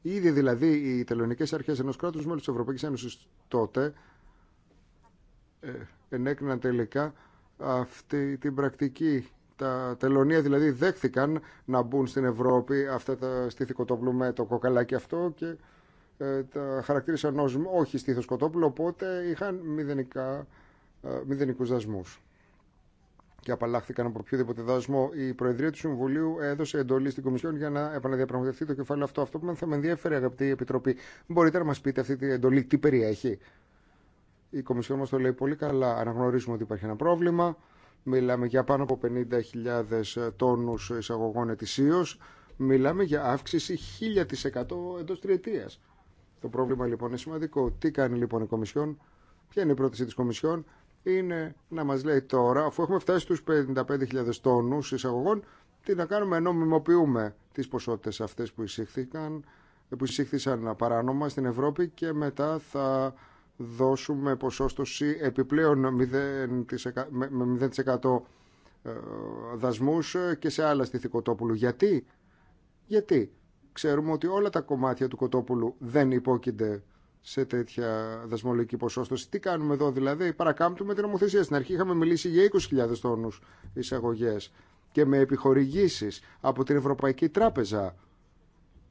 Ήδη δηλαδή οι τελωνικές αρχές ενός κράτους μέλους της Ευρωπαϊκής Ένωσης τότε ε, ενέκριναν τελικά αυτή την πρακτική. Τα τελωνία δηλαδή δέχθηκαν να μπουν στην Ευρώπη αυτά τα στήθη κοτόπουλου με το κοκαλάκι αυτό και ε, τα χαρακτήρισαν ως όχι στήθος κοτόπουλο, οπότε είχαν μηδενικά, μηδενικούς δασμούς και απαλλάχθηκαν από οποιοδήποτε δασμό. Η Προεδρία του Συμβουλίου έδωσε εντολή στην Κομισιόν για να επαναδιαπραγματευτεί το κεφάλαιο αυτό. Αυτό που θα με ενδιαφέρει, αγαπητή Επιτροπή, μπορείτε να μα πείτε αυτή την εντολή τι περιέχει. Η Κομισιόν μα το λέει πολύ καλά. Αναγνωρίζουμε ότι υπάρχει ένα πρόβλημα. Μιλάμε για πάνω από 50.000 τόνου εισαγωγών ετησίω. Μιλάμε για αύξηση 1000% εντό τριετία. Το πρόβλημα λοιπόν είναι σημαντικό. Τι κάνει λοιπόν η Κομισιόν, ποια είναι η πρόταση τη Κομισιόν είναι να μας λέει τώρα, αφού έχουμε φτάσει στους 55.000 τόνους εισαγωγών, τι να κάνουμε, νομιμοποιούμε τις ποσότητες αυτές που εισήχθηκαν, που εισήχθησαν παράνομα στην Ευρώπη και μετά θα δώσουμε ποσόστοση επιπλέον 0%, με 0% ε, δασμούς και σε άλλα στήθη κοτόπουλου. Γιατί? Γιατί ξέρουμε ότι όλα τα κομμάτια του κοτόπουλου δεν υπόκεινται σε τέτοια δασμολογική ποσόστοση. Τι κάνουμε εδώ δηλαδή, παρακάμπτουμε την νομοθεσία. Στην αρχή είχαμε μιλήσει για 20.000 τόνους εισαγωγέ και με επιχορηγήσει από την Ευρωπαϊκή Τράπεζα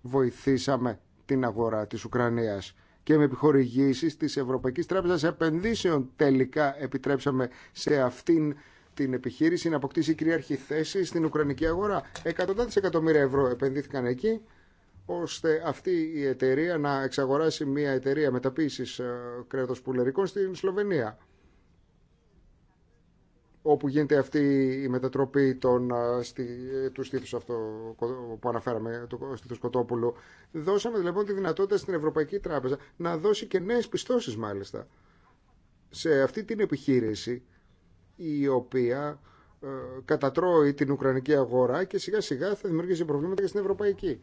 βοηθήσαμε την αγορά τη Ουκρανία. και με επιχορηγήσει τη Ευρωπαϊκή Τράπεζα Επενδύσεων τελικά επιτρέψαμε σε αυτήν την επιχείρηση να αποκτήσει κυρίαρχη θέση στην Ουκρανική αγορά. Εκατοντάδε εκατομμύρια ευρώ επενδύθηκαν εκεί ώστε αυτή η εταιρεία να εξαγοράσει μια εταιρεία μεταποίησης ε, κρέατος πουλερικών στην Σλοβενία όπου γίνεται αυτή η μετατροπή των, ε, ε, του στήθους αυτό που αναφέραμε, του στήθους Κοτόπουλου. Δώσαμε λοιπόν τη δυνατότητα στην Ευρωπαϊκή Τράπεζα να δώσει και νέες πιστώσεις μάλιστα σε αυτή την επιχείρηση η οποία κατατρώει την Ουκρανική αγορά και σιγά σιγά θα δημιουργήσει προβλήματα και στην Ευρωπαϊκή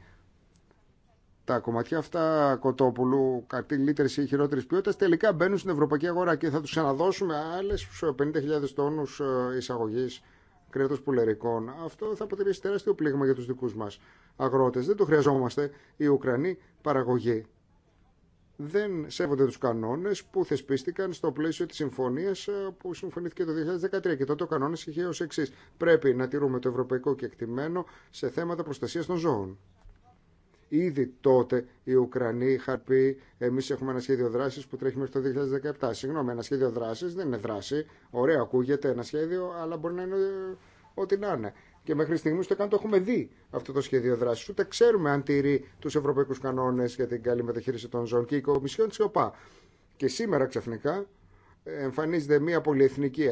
τα κομματιά αυτά κοτόπουλου, καρτιλίτερης ή χειρότερη ποιότητα, τελικά μπαίνουν στην ευρωπαϊκή αγορά και θα του αναδώσουμε άλλε 50.000 τόνου ε, εισαγωγή κρέατο πουλερικών. Αυτό θα αποτελέσει τεράστιο πλήγμα για του δικού μα. Αγρότε. Δεν το χρειαζόμαστε οι Ουκρανοί παραγωγή. Δεν σέβονται του κανόνε που θεσπίστηκαν στο πλαίσιο τη συμφωνία ε, που συμφωνήθηκε το 2013 και τότε ο κανόνα είχε ω εξή. Πρέπει να τηρούμε το ευρωπαϊκό κεκτημένο σε θέματα προστασία των ζώων. Ήδη τότε οι Ουκρανοί είχαν πει εμεί έχουμε ένα σχέδιο δράση που τρέχει μέχρι το 2017. Συγγνώμη, ένα σχέδιο δράση δεν είναι δράση. Ωραία, ακούγεται ένα σχέδιο, αλλά μπορεί να είναι ό,τι να είναι. Και μέχρι στιγμή το καν το έχουμε δει αυτό το σχέδιο δράση. Ούτε ξέρουμε αν τηρεί του ευρωπαϊκού κανόνε για την καλή μεταχείριση των ζώων και η Κομισιόν τη ΟΠΑ. Και σήμερα ξαφνικά εμφανίζεται μια πολυεθνική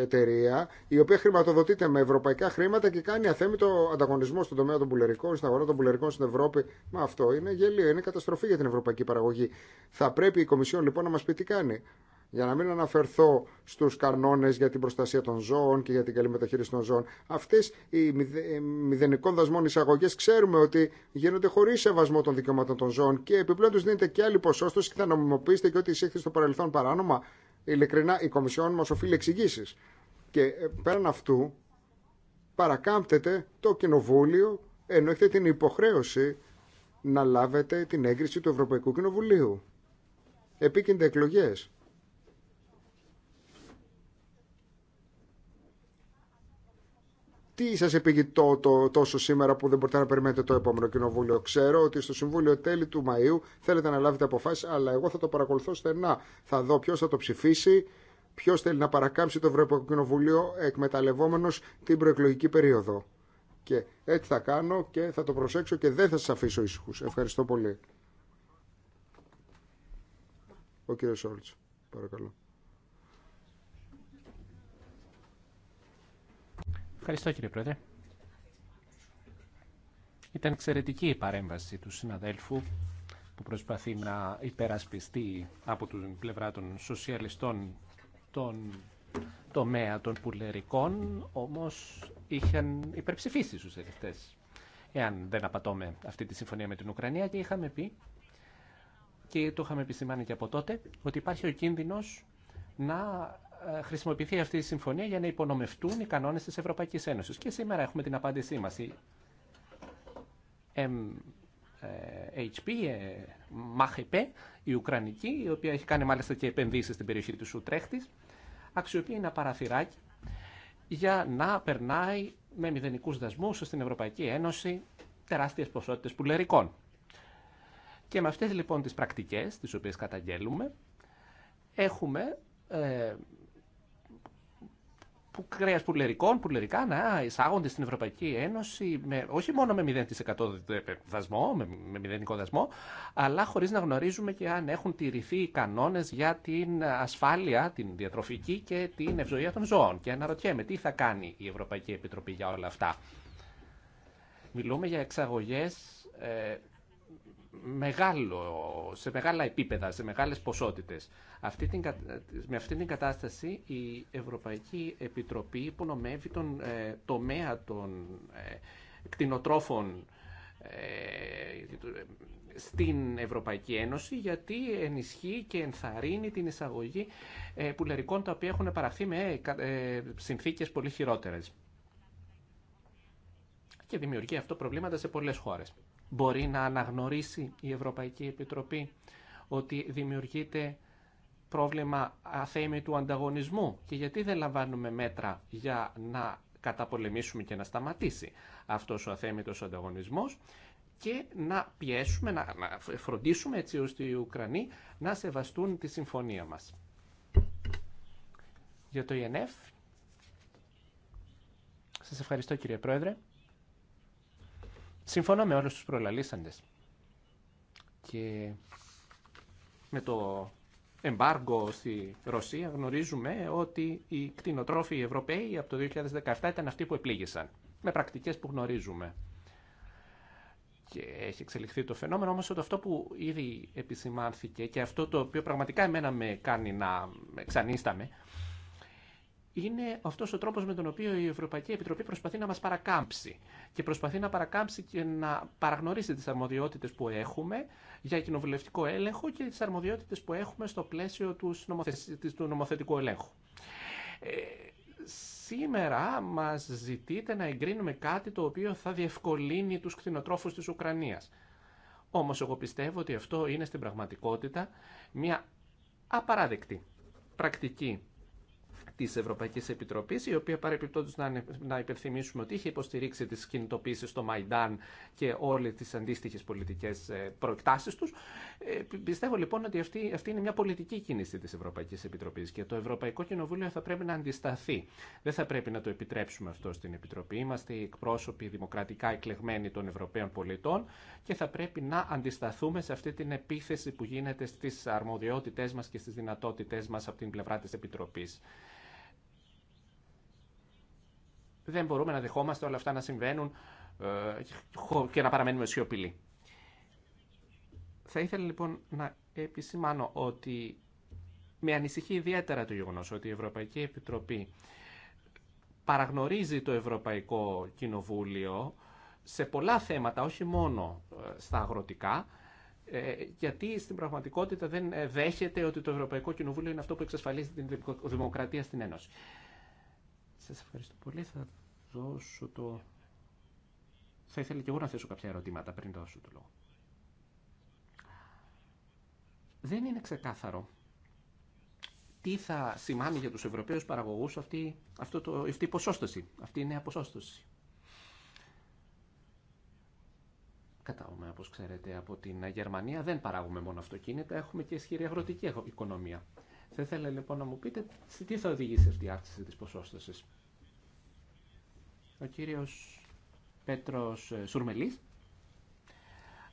εταιρεία η οποία χρηματοδοτείται με ευρωπαϊκά χρήματα και κάνει αθέμητο ανταγωνισμό στον τομέα των πουλερικών, στην αγορά των πουλερικών στην Ευρώπη. Μα αυτό είναι γελίο, είναι καταστροφή για την ευρωπαϊκή παραγωγή. Θα πρέπει η Κομισιόν λοιπόν να μα πει τι κάνει. Για να μην αναφερθώ στου κανόνε για την προστασία των ζώων και για την καλή μεταχείριση των ζώων. Αυτέ οι μηδενικών δασμών εισαγωγέ ξέρουμε ότι γίνονται χωρί σεβασμό των δικαιωμάτων των ζώων και επιπλέον του δίνεται και άλλη ποσόστοση και θα νομιμοποιήσετε και ότι εισήχθη στο παρελθόν παράνομα. Ειλικρινά, η Κομισιόν μας οφείλει εξηγήσει. Και ε, πέραν αυτού, παρακάμπτεται το Κοινοβούλιο, ενώ έχετε την υποχρέωση να λάβετε την έγκριση του Ευρωπαϊκού Κοινοβουλίου. Επίκυνται εκλογές. τι σα επηγητώ το, τόσο σήμερα που δεν μπορείτε να περιμένετε το επόμενο κοινοβούλιο. Ξέρω ότι στο Συμβούλιο τέλη του Μαΐου θέλετε να λάβετε αποφάσει, αλλά εγώ θα το παρακολουθώ στενά. Θα δω ποιο θα το ψηφίσει, Ποιο θέλει να παρακάμψει το Ευρωπαϊκό Κοινοβουλίο εκμεταλλευόμενο την προεκλογική περίοδο. Και έτσι θα κάνω και θα το προσέξω και δεν θα σα αφήσω ήσυχου. Ευχαριστώ πολύ. Ο κύριο Σόλτ, παρακαλώ. Ευχαριστώ κύριε Πρόεδρε. Ήταν εξαιρετική η παρέμβαση του συναδέλφου που προσπαθεί να υπερασπιστεί από την πλευρά των σοσιαλιστών τον τομέα των πουλερικών, όμως είχαν υπερψηφίσει στους ελευτές, εάν δεν απατώμε αυτή τη συμφωνία με την Ουκρανία και είχαμε πει και το είχαμε επισημάνει και από τότε, ότι υπάρχει ο κίνδυνος να ε, χρησιμοποιηθεί αυτή η συμφωνία για να υπονομευτούν οι κανόνες της Ευρωπαϊκής Ένωσης. Και σήμερα έχουμε την απάντησή μας. Η MHP, ε, ε, η Ουκρανική, η οποία έχει κάνει μάλιστα και επενδύσεις στην περιοχή του Σουτρέχτης, αξιοποιεί ένα παραθυράκι για να περνάει με μηδενικούς δασμούς στην Ευρωπαϊκή Ένωση τεράστιες ποσότητες πουλερικών. Και με αυτές λοιπόν τις πρακτικές, τις οποίες καταγγέλουμε, έχουμε ε, που κρέας πουλερικών, πουλερικά να εισάγονται στην Ευρωπαϊκή Ένωση με, όχι μόνο με 0% δασμό, με, με μηδενικό δασμό, αλλά χωρίς να γνωρίζουμε και αν έχουν τηρηθεί οι κανόνες για την ασφάλεια, την διατροφική και την ευζοία των ζώων. Και αναρωτιέμαι τι θα κάνει η Ευρωπαϊκή Επιτροπή για όλα αυτά. Μιλούμε για εξαγωγέ. ε, μεγάλο, σε μεγάλα επίπεδα, σε μεγάλες ποσότητες. Αυτή με αυτή την κατάσταση η Ευρωπαϊκή Επιτροπή υπονομεύει τον ε, τομέα των ε, κτηνοτρόφων ε, στην Ευρωπαϊκή Ένωση γιατί ενισχύει και ενθαρρύνει την εισαγωγή ε, πουλερικών τα οποία έχουν παραχθεί με συνθήκες πολύ χειρότερες. Και δημιουργεί αυτό προβλήματα σε πολλές χώρες. Μπορεί να αναγνωρίσει η Ευρωπαϊκή Επιτροπή ότι δημιουργείται πρόβλημα του ανταγωνισμού και γιατί δεν λαμβάνουμε μέτρα για να καταπολεμήσουμε και να σταματήσει αυτός ο αθέμητος ανταγωνισμός και να πιέσουμε, να, φροντίσουμε έτσι ώστε οι Ουκρανοί να σεβαστούν τη συμφωνία μας. Για το ΙΕΝΕΦ, σας ευχαριστώ κύριε Πρόεδρε. Συμφωνώ με όλους τους προλαλήσαντες και με το εμπάργκο στη Ρωσία γνωρίζουμε ότι οι κτηνοτρόφοι Ευρωπαίοι από το 2017 ήταν αυτοί που επλήγησαν με πρακτικές που γνωρίζουμε. Και έχει εξελιχθεί το φαινόμενο, όμως ότι αυτό που ήδη επισημάνθηκε και αυτό το οποίο πραγματικά εμένα με κάνει να ξανίσταμε είναι αυτός ο τρόπος με τον οποίο η Ευρωπαϊκή Επιτροπή προσπαθεί να μας παρακάμψει και προσπαθεί να παρακάμψει και να παραγνωρίσει τις αρμοδιότητες που έχουμε για κοινοβουλευτικό έλεγχο και τις αρμοδιότητες που έχουμε στο πλαίσιο του, του νομοθετικού ελέγχου. Ε, σήμερα μα ζητείτε να εγκρίνουμε κάτι το οποίο θα διευκολύνει του κτηνοτρόφους τη Ουκρανία. Όμω εγώ πιστεύω ότι αυτό είναι στην πραγματικότητα μια απαράδεκτη πρακτική Τη Ευρωπαϊκή Επιτροπής, η οποία παρεπιπτόντω να, να υπενθυμίσουμε ότι είχε υποστηρίξει τι κινητοποίησει στο Μαϊντάν και όλες τις αντίστοιχε πολιτικές ε, προεκτάσεις τους. Ε, πιστεύω λοιπόν ότι αυτή, αυτή είναι μια πολιτική κίνηση τη Ευρωπαϊκή Επιτροπής και το Ευρωπαϊκό Κοινοβούλιο θα πρέπει να αντισταθεί. Δεν θα πρέπει να το επιτρέψουμε αυτό στην Επιτροπή. Είμαστε οι εκπρόσωποι δημοκρατικά εκλεγμένοι των Ευρωπαίων πολιτών και θα πρέπει να αντισταθούμε σε αυτή την επίθεση που γίνεται στι αρμοδιότητε μα και στι δυνατότητε μα από την πλευρά τη Επιτροπής. Δεν μπορούμε να δεχόμαστε όλα αυτά να συμβαίνουν ε, και να παραμένουμε σιωπηλοί. Θα ήθελα λοιπόν να επισημάνω ότι με ανησυχεί ιδιαίτερα το γεγονός ότι η Ευρωπαϊκή Επιτροπή παραγνωρίζει το Ευρωπαϊκό Κοινοβούλιο σε πολλά θέματα, όχι μόνο ε, στα αγροτικά, ε, γιατί στην πραγματικότητα δεν δέχεται ότι το Ευρωπαϊκό Κοινοβούλιο είναι αυτό που εξασφαλίζει την δημοκρατία στην Ένωση. Σας ευχαριστώ πολύ. Θα δώσω το... Θα ήθελα και εγώ να θέσω κάποια ερωτήματα πριν δώσω το λόγο. Δεν είναι ξεκάθαρο τι θα σημάνει για τους Ευρωπαίους παραγωγούς αυτή, αυτό το, αυτή η ποσόστοση, αυτή η νέα ποσόστοση. Κατάγουμε, όπως ξέρετε, από την Γερμανία δεν παράγουμε μόνο αυτοκίνητα, έχουμε και ισχυρή αγροτική οικονομία. Θα ήθελα λοιπόν να μου πείτε τι θα οδηγήσει αυτή η αύξηση της ποσόστασης. Ο κύριος Πέτρος ε, Σουρμελής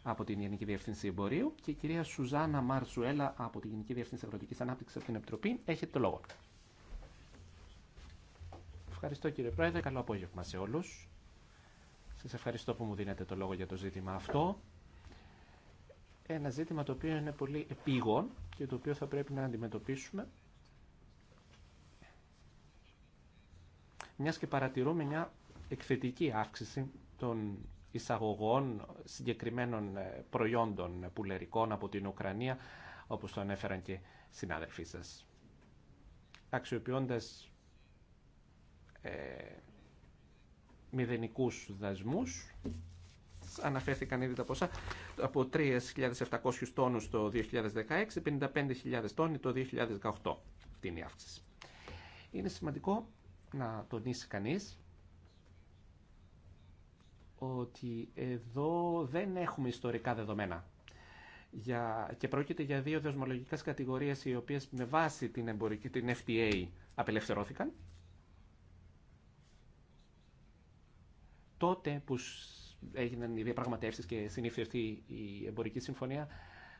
από την Γενική Διευθύνση Εμπορίου και η κυρία Σουζάνα Μάρσουέλα από την Γενική Διευθύνση Αγροτικής Ανάπτυξης από την Επιτροπή. Έχετε το λόγο. Ευχαριστώ κύριε Πρόεδρε. Καλό απόγευμα σε όλους. Σας ευχαριστώ που μου δίνετε το λόγο για το ζήτημα αυτό. Ένα ζήτημα το οποίο είναι πολύ επίγον και το οποίο θα πρέπει να αντιμετωπίσουμε μιας και παρατηρούμε μια εκθετική αύξηση των εισαγωγών συγκεκριμένων ε, προϊόντων ε, πουλερικών από την Ουκρανία, όπως το ανέφεραν και συνάδελφοί σας. Αξιοποιώντας ε, μηδενικούς δασμούς, αναφέρθηκαν ήδη τα ποσά, από 3.700 τόνους το 2016, 55.000 τόνοι το 2018 την αύξηση. Είναι σημαντικό να τονίσει κανείς ότι εδώ δεν έχουμε ιστορικά δεδομένα για, και πρόκειται για δύο δεσμολογικές κατηγορίες οι οποίες με βάση την εμπορική, την FTA απελευθερώθηκαν. Τότε που έγιναν οι διαπραγματεύσει και συνήθιε αυτή η εμπορική συμφωνία,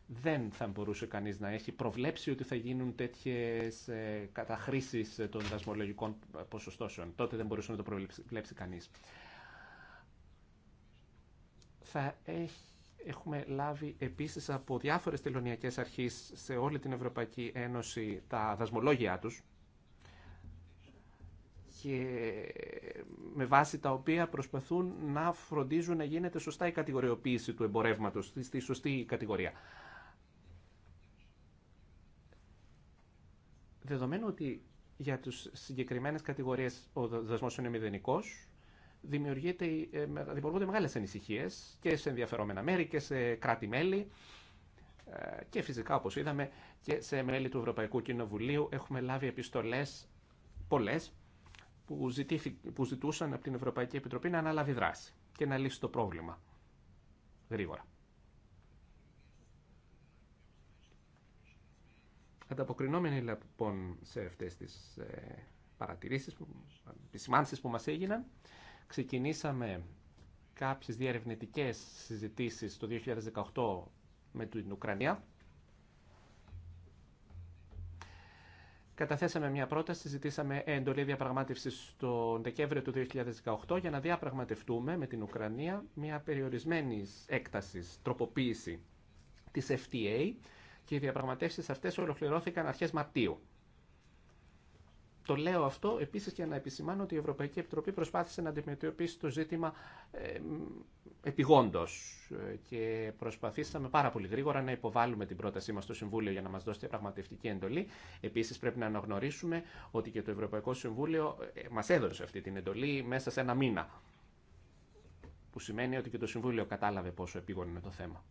δεν θα μπορούσε κανεί να έχει προβλέψει ότι θα γίνουν τέτοιες ε, καταχρήσει των δασμολογικών ποσοστώσεων. Τότε δεν μπορούσε να το προβλέψει κανεί. Θα έχουμε λάβει επίσης από διάφορες τελωνιακές αρχές σε όλη την Ευρωπαϊκή Ένωση τα δασμολόγια τους, και με βάση τα οποία προσπαθούν να φροντίζουν να γίνεται σωστά η κατηγοριοποίηση του εμπορεύματος, στη σωστή κατηγορία. Δεδομένου ότι για τις συγκεκριμένες κατηγορίες ο δασμός είναι μηδενικός, δημιουργείται, ε, δημιουργούνται μεγάλες ανησυχίες και σε ενδιαφερόμενα μέρη και σε κράτη-μέλη ε, και φυσικά όπως είδαμε και σε μέλη του Ευρωπαϊκού Κοινοβουλίου έχουμε λάβει επιστολές πολλές που, που ζητούσαν από την Ευρωπαϊκή Επιτροπή να αναλάβει δράση και να λύσει το πρόβλημα γρήγορα. Ανταποκρινόμενοι λοιπόν σε αυτές τις ε, παρατηρήσεις, σημάνσεις που μας έγιναν, ξεκινήσαμε κάποιες διαρευνητικές συζητήσεις το 2018 με την Ουκρανία Καταθέσαμε μια πρόταση, ζητήσαμε εντολή διαπραγμάτευση τον Δεκέμβριο του 2018 για να διαπραγματευτούμε με την Ουκρανία μια περιορισμένη έκταση τροποποίηση τη FTA και οι διαπραγματεύσει αυτέ ολοκληρώθηκαν αρχέ Μαρτίου. Το λέω αυτό επίσης για να επισημάνω ότι η Ευρωπαϊκή Επιτροπή προσπάθησε να αντιμετωπίσει το ζήτημα ε, επιγόντως ε, και προσπαθήσαμε πάρα πολύ γρήγορα να υποβάλουμε την πρότασή μας στο Συμβούλιο για να μας δώσει πραγματευτική εντολή. Επίσης πρέπει να αναγνωρίσουμε ότι και το Ευρωπαϊκό Συμβούλιο ε, μας έδωσε αυτή την εντολή μέσα σε ένα μήνα που σημαίνει ότι και το Συμβούλιο κατάλαβε πόσο επίγον είναι το θέμα.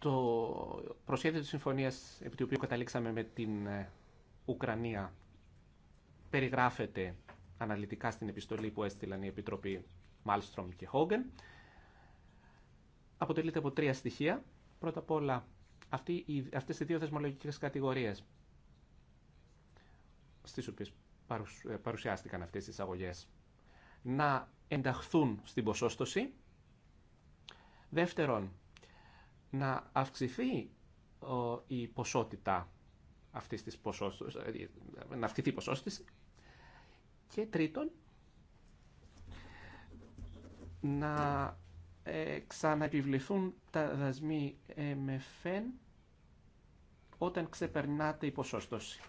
το προσχέδιο της συμφωνίας επί του οποίου καταλήξαμε με την ε, Ουκρανία περιγράφεται αναλυτικά στην επιστολή που έστειλαν η Επιτροπή Μάλστρομ και Χόγκεν. Αποτελείται από τρία στοιχεία. Πρώτα απ' όλα οι αυτές οι δύο θεσμολογικές κατηγορίες στις οποίες ε, παρουσιάστηκαν αυτές τις εισαγωγές να ενταχθούν στην ποσόστοση. Δεύτερον, να αυξηθεί η ποσότητα αυτής της ποσότητας, ε, να αυξηθεί η ποσότητα και τρίτον να ε, ξαναεπιβληθούν τα δασμοί MFN ε όταν ξεπερνάται η ποσόστοση.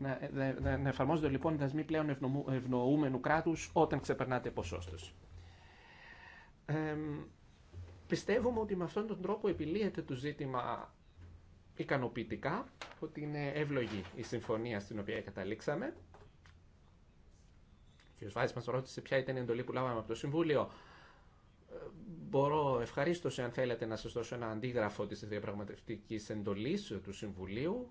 να, να, να εφαρμόζονται λοιπόν δασμοί πλέον ευνοούμενου κράτου όταν ξεπερνάτε ποσόστος. Ε, πιστεύουμε ότι με αυτόν τον τρόπο επιλύεται το ζήτημα ικανοποιητικά, ότι είναι εύλογη η συμφωνία στην οποία καταλήξαμε. Ο κ. μα μας ρώτησε ποια ήταν η εντολή που λάβαμε από το Συμβούλιο. Μπορώ ευχαρίστω, αν θέλετε, να σα δώσω ένα αντίγραφο τη διαπραγματευτική εντολή του Συμβουλίου,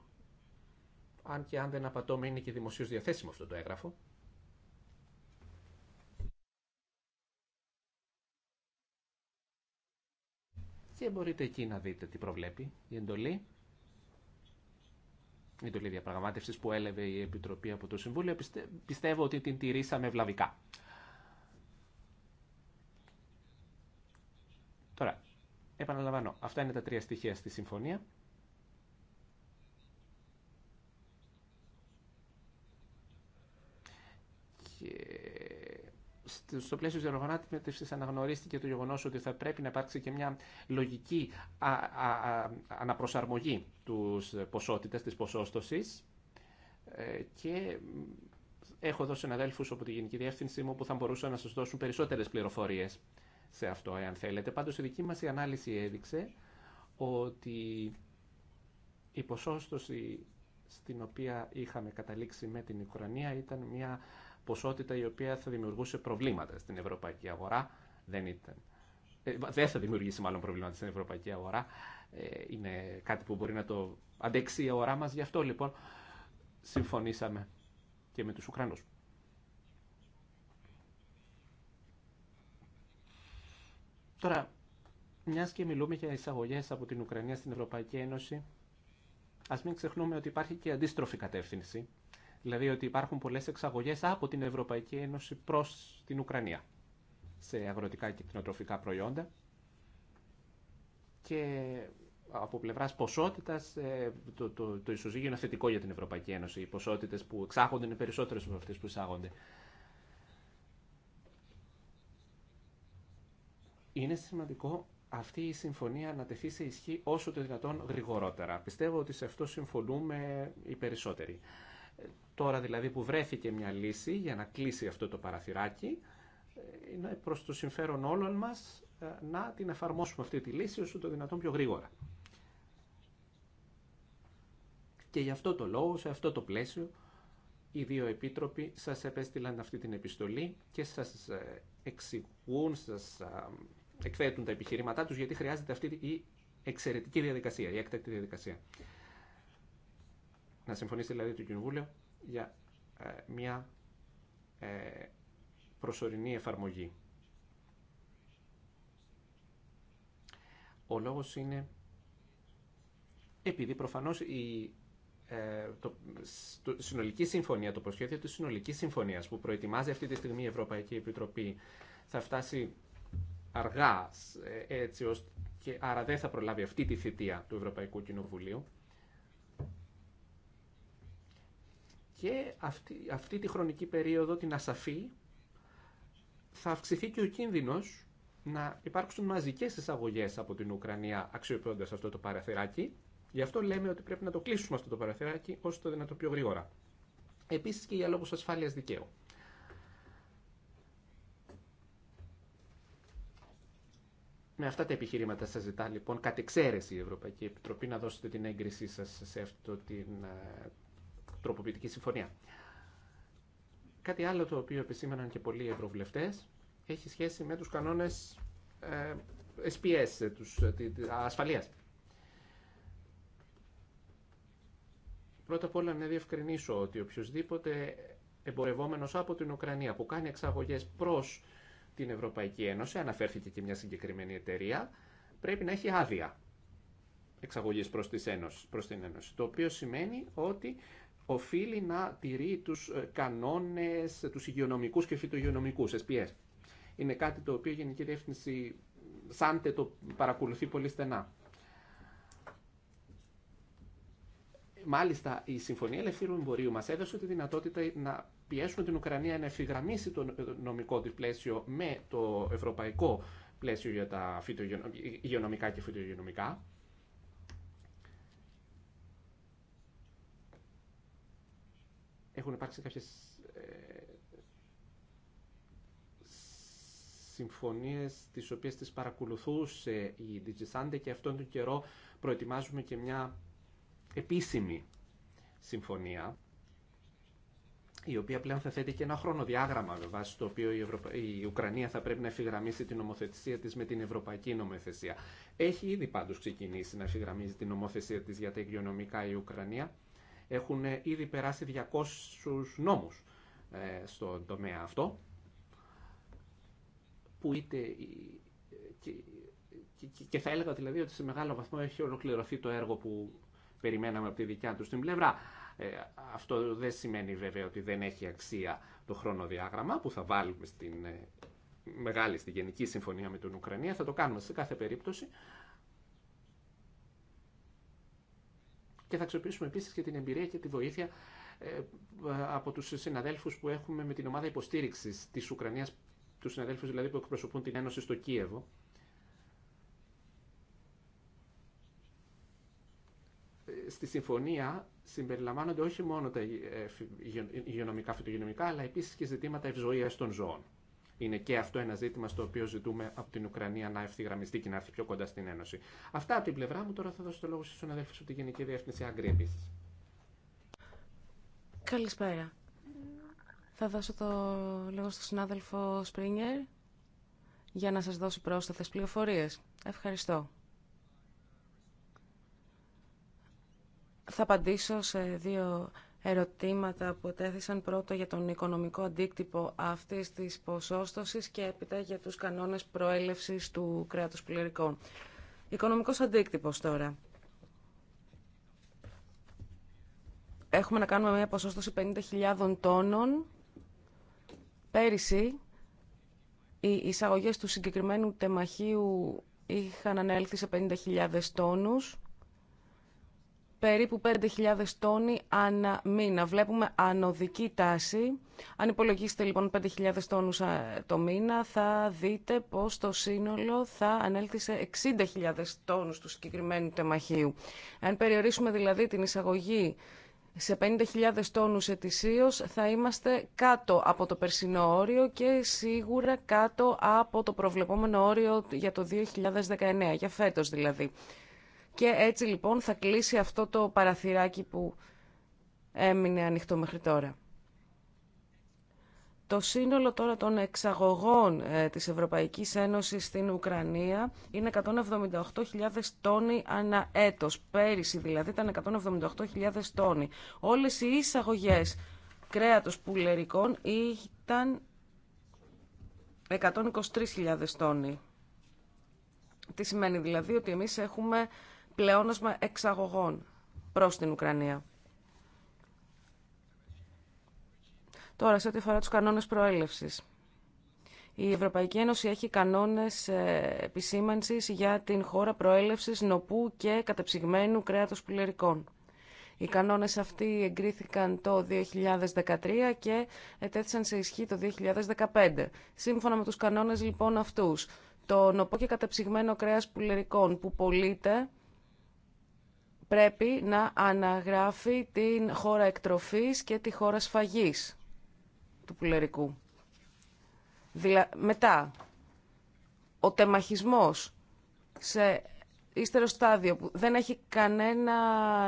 αν και αν δεν απατώμε είναι και δημοσίως διαθέσιμο αυτό το έγγραφο. Και μπορείτε εκεί να δείτε τι προβλέπει η εντολή. Η εντολή διαπραγμάτευσης που έλεγε η Επιτροπή από το Συμβούλιο πιστεύω ότι την τηρήσαμε βλαβικά. Τώρα, επαναλαμβάνω, αυτά είναι τα τρία στοιχεία στη συμφωνία. στο πλαίσιο τη διοργανάτευση αναγνωρίστηκε το γεγονό ότι θα πρέπει να υπάρξει και μια λογική αναπροσαρμογή τους ποσότητας, της ποσόστοσης ε, και έχω δώσει συναδέλφου από τη Γενική Διεύθυνση μου που θα μπορούσαν να σα δώσουν περισσότερε πληροφορίε σε αυτό, εάν θέλετε. Πάντω, η δική μα η ανάλυση έδειξε ότι η ποσόστοση στην οποία είχαμε καταλήξει με την Ουκρανία ήταν μια ποσότητα η οποία θα δημιουργούσε προβλήματα στην ευρωπαϊκή αγορά. Δεν ήταν. Ε, δεν θα δημιουργήσει μάλλον προβλήματα στην ευρωπαϊκή αγορά. Ε, είναι κάτι που μπορεί να το αντέξει η αγορά μας. Γι' αυτό λοιπόν συμφωνήσαμε και με τους Ουκρανούς. Τώρα, μια και μιλούμε για εισαγωγέ από την Ουκρανία στην Ευρωπαϊκή Ένωση, α μην ξεχνούμε ότι υπάρχει και αντίστροφη κατεύθυνση Δηλαδή ότι υπάρχουν πολλές εξαγωγές από την Ευρωπαϊκή Ένωση προς την Ουκρανία σε αγροτικά και κτηνοτροφικά προϊόντα και από πλευρά ποσότητα, ε, το, το, το ισοζύγιο είναι θετικό για την Ευρωπαϊκή Ένωση. Οι ποσότητε που εξάγονται είναι περισσότερε από αυτέ που εισάγονται. Είναι σημαντικό αυτή η συμφωνία να τεθεί σε ισχύ όσο το δυνατόν γρηγορότερα. Πιστεύω ότι σε αυτό συμφωνούμε οι περισσότεροι. Τώρα δηλαδή που βρέθηκε μια λύση για να κλείσει αυτό το παραθυράκι, είναι προς το συμφέρον όλων μας ε, να την εφαρμόσουμε αυτή τη λύση όσο το δυνατόν πιο γρήγορα. Και γι' αυτό το λόγο, σε αυτό το πλαίσιο, οι δύο επίτροποι σας επέστειλαν αυτή την επιστολή και σας ε, εξηγούν, σας ε, εκθέτουν τα επιχειρήματά τους γιατί χρειάζεται αυτή η εξαιρετική διαδικασία, η έκτακτη διαδικασία να συμφωνήσει δηλαδή το Κοινοβούλιο για ε, μια ε, προσωρινή εφαρμογή. Ο λόγος είναι επειδή προφανώς η ε, το, συνολική συμφωνία, το προσχέδιο της συνολικής συμφωνίας που προετοιμάζει αυτή τη στιγμή η Ευρωπαϊκή Επιτροπή θα φτάσει αργά έτσι ώστε και άρα δεν θα προλάβει αυτή τη θητεία του Ευρωπαϊκού Κοινοβουλίου και αυτή, αυτή τη χρονική περίοδο, την ασαφή, θα αυξηθεί και ο κίνδυνος να υπάρξουν μαζικές εισαγωγές από την Ουκρανία αξιοποιώντας αυτό το παραθυράκι. Γι' αυτό λέμε ότι πρέπει να το κλείσουμε αυτό το παραθυράκι όσο το δυνατό πιο γρήγορα. Επίσης και για λόγους ασφάλειας δικαίου. Με αυτά τα επιχειρήματα σας ζητά λοιπόν κατ' η Ευρωπαϊκή Επιτροπή να δώσετε την έγκρισή σας σε αυτό την ε, τροποποιητική συμφωνία. Κάτι άλλο το οποίο επισήμαναν και πολλοί ευρωβουλευτέ έχει σχέση με τους κανόνες ε, SPS, ε, τους, ε, ασφαλείας. Πρώτα απ' όλα να διευκρινίσω ότι οποιοδήποτε εμπορευόμενος από την Ουκρανία που κάνει εξαγωγές προς την Ευρωπαϊκή Ένωση, αναφέρθηκε και μια συγκεκριμένη εταιρεία, πρέπει να έχει άδεια εξαγωγής προς, προς την Ένωση. Το οποίο σημαίνει ότι οφείλει να τηρεί τους ε, κανόνες, ε, τους υγειονομικούς και φυτογειονομικούς, SPS. Είναι κάτι το οποίο η Γενική Διεύθυνση Σάντε το παρακολουθεί πολύ στενά. Μάλιστα, η Συμφωνία λεφύρων Εμπορίου μα έδωσε τη δυνατότητα να πιέσουμε την Ουκρανία να ευθυγραμμίσει το νομικό τη πλαίσιο με το ευρωπαϊκό πλαίσιο για τα υγειονομικά και φυτογειονομικά. Έχουν υπάρξει κάποιες ε, συμφωνίες τις οποίες τις παρακολουθούσε η DigiSante και αυτόν τον καιρό προετοιμάζουμε και μια επίσημη συμφωνία η οποία πλέον θα θέτει και ένα χρονοδιάγραμμα με βάση το οποίο η, η Ουκρανία θα πρέπει να εφηγραμμίσει την νομοθεσία της με την ευρωπαϊκή νομοθεσία. Έχει ήδη πάντως ξεκινήσει να εφηγραμμίζει την νομοθεσία της για τα υγειονομικά η Ουκρανία έχουν ήδη περάσει 200 νόμους ε, στον τομέα αυτό, που είτε και θα έλεγα δηλαδή ότι σε μεγάλο βαθμό έχει ολοκληρωθεί το έργο που περιμέναμε από τη δικιά του στην πλευρά. Ε, αυτό δεν σημαίνει βέβαια ότι δεν έχει αξία το χρονοδιάγραμμα που θα βάλουμε στην ε, μεγάλη, στη Γενική Συμφωνία με την Ουκρανία. Θα το κάνουμε σε κάθε περίπτωση. και θα αξιοποιήσουμε επίση και την εμπειρία και τη βοήθεια ε, από τους συναδέλφου που έχουμε με την ομάδα υποστήριξης της Ουκρανίας, του συναδέλφου, δηλαδή που εκπροσωπούν την Ένωση στο Κίεβο. Ε, στη συμφωνία συμπεριλαμβάνονται όχι μόνο τα ε, υγειονομικά, φυτογειονομικά, αλλά επίση και ζητήματα ευζοία των ζώων είναι και αυτό ένα ζήτημα στο οποίο ζητούμε από την Ουκρανία να ευθυγραμμιστεί και να έρθει πιο κοντά στην Ένωση. Αυτά από την πλευρά μου. Τώρα θα δώσω το λόγο στου συναδέλφου από τη Γενική Διεύθυνση Άγκρη επίση. Καλησπέρα. Θα δώσω το λόγο στον συνάδελφο Σπρίνιερ για να σας δώσει πρόσθετες πληροφορίες. Ευχαριστώ. Θα απαντήσω σε δύο ερωτήματα που τέθησαν πρώτο για τον οικονομικό αντίκτυπο αυτής της ποσόστοσης και έπειτα για τους κανόνες προέλευσης του κράτους πληρικών. Οικονομικός αντίκτυπος τώρα. Έχουμε να κάνουμε μια ποσόστοση 50.000 τόνων. Πέρυσι οι εισαγωγές του συγκεκριμένου τεμαχίου είχαν ανέλθει σε 50.000 τόνους περίπου 5.000 τόνοι ανά μήνα. Βλέπουμε ανωδική τάση. Αν υπολογίσετε λοιπόν 5.000 τόνους το μήνα θα δείτε πως το σύνολο θα ανέλθει σε 60.000 τόνους του συγκεκριμένου τεμαχίου. Αν περιορίσουμε δηλαδή την εισαγωγή σε 50.000 τόνους ετησίως θα είμαστε κάτω από το περσινό όριο και σίγουρα κάτω από το προβλεπόμενο όριο για το 2019, για φέτος δηλαδή. Και έτσι λοιπόν θα κλείσει αυτό το παραθυράκι που έμεινε ανοιχτό μέχρι τώρα. Το σύνολο τώρα των εξαγωγών ε, της Ευρωπαϊκής Ένωσης στην Ουκρανία είναι 178.000 τόνοι ανά έτος. Πέρυσι δηλαδή ήταν 178.000 τόνοι. Όλες οι εισαγωγές κρέατος πουλερικών ήταν 123.000 τόνοι. Τι σημαίνει δηλαδή ότι εμείς έχουμε πλεόνασμα εξαγωγών προς την Ουκρανία. Τώρα, σε ό,τι αφορά τους κανόνες προέλευσης. Η Ευρωπαϊκή Ένωση έχει κανόνες ε, επισήμανσης για την χώρα προέλευσης νοπού και κατεψυγμένου κρέατος πουλερικών. Οι κανόνες αυτοί εγκρίθηκαν το 2013 και ετέθησαν σε ισχύ το 2015. Σύμφωνα με τους κανόνες λοιπόν αυτούς, το νοπό και κατεψυγμένο κρέας πουλερικών που πωλείται πρέπει να αναγράφει την χώρα εκτροφής και τη χώρα σφαγής του πουλερικού. Μετά, ο τεμαχισμός σε ύστερο στάδιο που δεν έχει κανένα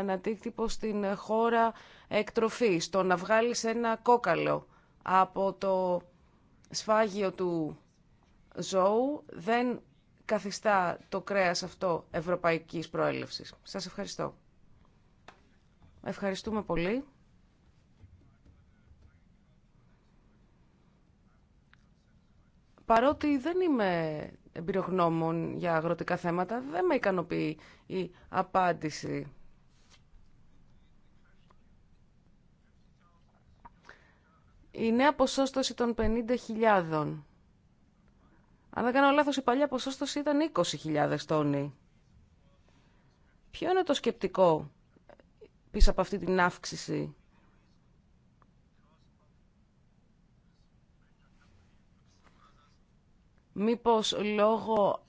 αντίκτυπο στην χώρα εκτροφής. Το να βγάλεις ένα κόκαλο από το σφάγιο του ζώου δεν καθιστά το κρέας αυτό ευρωπαϊκής προέλευσης. Σας ευχαριστώ. Ευχαριστούμε πολύ. Παρότι δεν είμαι εμπειρογνώμων για αγροτικά θέματα, δεν με ικανοποιεί η απάντηση. Η νέα ποσόστοση των 50.000 αν δεν κάνω λάθος, η παλιά ποσόστοση ήταν 20.000 τόνοι. Ποιο είναι το σκεπτικό πίσω από αυτή την αύξηση. Μήπως λόγω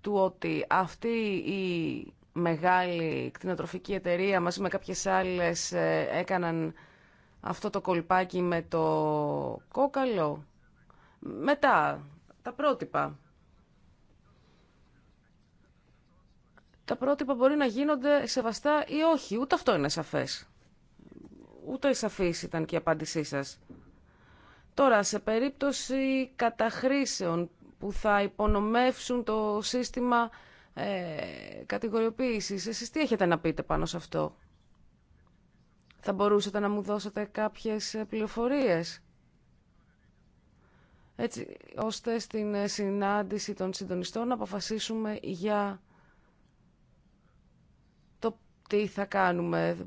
του ότι αυτή η μεγάλη κτηνοτροφική εταιρεία μαζί με κάποιες άλλες ε, έκαναν αυτό το κολπάκι με το κόκαλο. Μετά τα πρότυπα. Τα πρότυπα μπορεί να γίνονται σεβαστά ή όχι. Ούτε αυτό είναι σαφές. Ούτε σαφής ήταν και η απάντησή σας. Τώρα, σε περίπτωση καταχρήσεων που θα υπονομεύσουν το σύστημα ε, κατηγοριοποίησης, εσείς τι έχετε να πείτε πάνω σε αυτό. Θα μπορούσατε να μου δώσετε κάποιες πληροφορίες έτσι ώστε στην ε, συνάντηση των συντονιστών να αποφασίσουμε για το τι θα κάνουμε.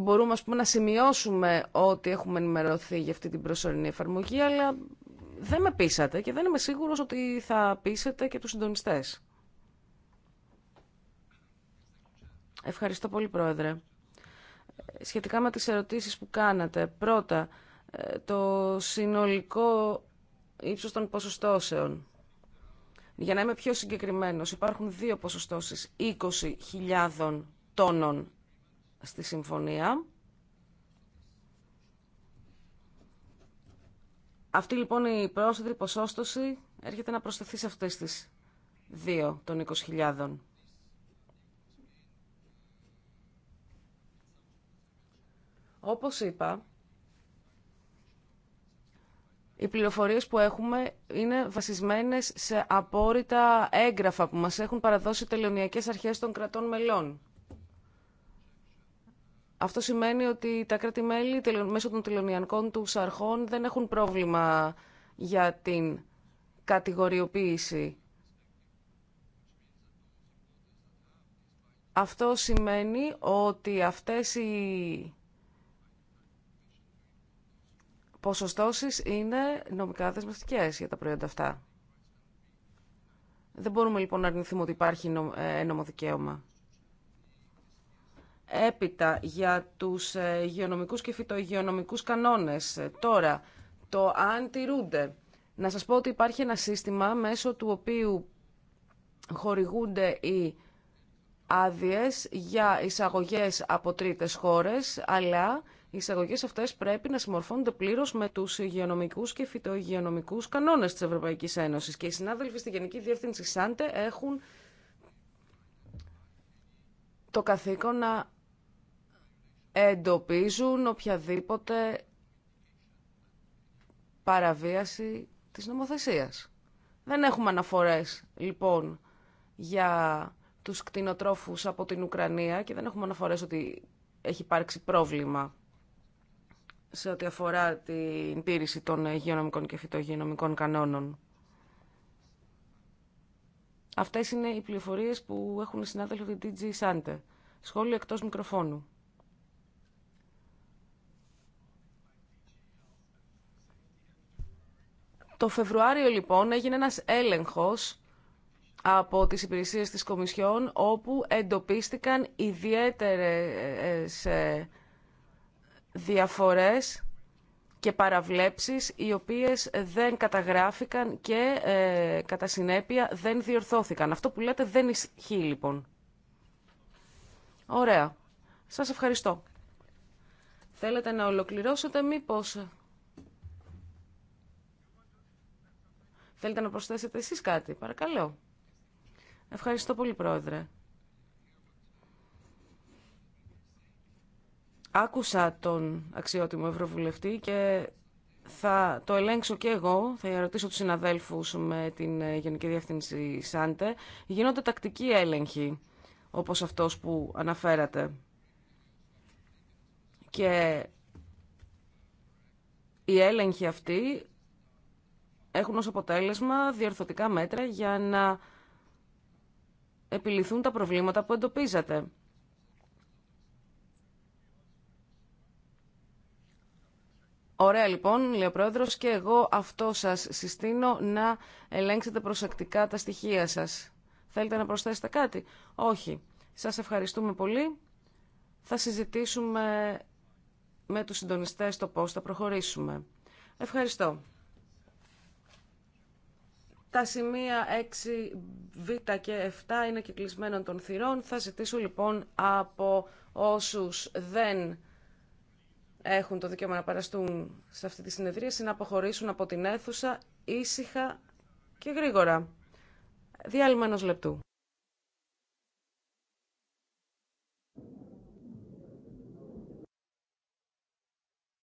Μπορούμε να σημειώσουμε ότι έχουμε ενημερωθεί για αυτή την προσωρινή εφαρμογή, αλλά δεν με πείσατε και δεν είμαι σίγουρος ότι θα πείσετε και τους συντονιστές. Ευχαριστώ πολύ, Πρόεδρε. Ε, σχετικά με τις ερωτήσεις που κάνατε, πρώτα, ε, το συνολικό ύψος των ποσοστώσεων. Για να είμαι πιο συγκεκριμένος, υπάρχουν δύο ποσοστώσεις 20.000 τόνων στη συμφωνία. Αυτή λοιπόν η πρόσθετη ποσόστοση έρχεται να προσθεθεί σε αυτές τις δύο των 20.000. Όπως είπα, οι πληροφορίες που έχουμε είναι βασισμένες σε απόρριτα έγγραφα που μας έχουν παραδώσει τελωνιακές αρχές των κρατών μελών. Αυτό σημαίνει ότι τα κράτη-μέλη μέσω των τελωνιακών του αρχών δεν έχουν πρόβλημα για την κατηγοριοποίηση. Αυτό σημαίνει ότι αυτές οι ποσοστώσεις είναι νομικά δεσμευτικές για τα προϊόντα αυτά. Δεν μπορούμε λοιπόν να αρνηθούμε ότι υπάρχει ε, νομοδικαίωμα. Έπειτα για τους ε, υγειονομικούς και φυτοϊγειονομικούς κανόνες. Ε, τώρα, το αν τηρούνται. Να σας πω ότι υπάρχει ένα σύστημα μέσω του οποίου χορηγούνται οι άδειες για εισαγωγές από τρίτες χώρες, αλλά οι εισαγωγέ αυτέ πρέπει να συμμορφώνονται πλήρω με του υγειονομικού και φυτοϊγειονομικού κανόνε τη Ευρωπαϊκή Ένωση. Και οι συνάδελφοι στη Γενική Διεύθυνση ΣΑΝΤΕ έχουν το καθήκον να εντοπίζουν οποιαδήποτε παραβίαση της νομοθεσίας. Δεν έχουμε αναφορές, λοιπόν, για τους κτηνοτρόφους από την Ουκρανία και δεν έχουμε αναφορές ότι έχει υπάρξει πρόβλημα σε ό,τι αφορά την τήρηση των υγειονομικών και φυτογειονομικών κανόνων. Αυτές είναι οι πληροφορίες που έχουν οι συνάδελφοι του DG Sante. Σχόλιο εκτός μικροφώνου. Το Φεβρουάριο λοιπόν έγινε ένας έλεγχος από τις υπηρεσίες της Κομισιόν όπου εντοπίστηκαν ιδιαίτερες ε, ε, διαφορές και παραβλέψεις οι οποίες δεν καταγράφηκαν και ε, κατά συνέπεια δεν διορθώθηκαν. Αυτό που λέτε δεν ισχύει λοιπόν. Ωραία. Σας ευχαριστώ. Θέλετε να ολοκληρώσετε μήπως... Θέλετε να προσθέσετε εσείς κάτι, παρακαλώ. Ευχαριστώ πολύ, Πρόεδρε. Άκουσα τον αξιότιμο Ευρωβουλευτή και θα το ελέγξω και εγώ, θα ρωτήσω τους συναδέλφους με την ε, Γενική Διεύθυνση ΣΑΝΤΕ. Γίνονται τακτικοί έλεγχοι, όπως αυτός που αναφέρατε. Και οι έλεγχοι αυτοί έχουν ως αποτέλεσμα διορθωτικά μέτρα για να επιληθούν τα προβλήματα που εντοπίζατε. Ωραία λοιπόν, λέει ο και εγώ αυτό σα συστήνω να ελέγξετε προσεκτικά τα στοιχεία σα. Θέλετε να προσθέσετε κάτι? Όχι. Σα ευχαριστούμε πολύ. Θα συζητήσουμε με τους συντονιστέ το πώ θα προχωρήσουμε. Ευχαριστώ. Τα σημεία 6β και 7 είναι κυκλισμένων των θυρών. Θα ζητήσω λοιπόν από όσους δεν έχουν το δικαίωμα να παραστούν σε αυτή τη συνεδρία να αποχωρήσουν από την αίθουσα ήσυχα και γρήγορα. Διάλειμμα ενός λεπτού.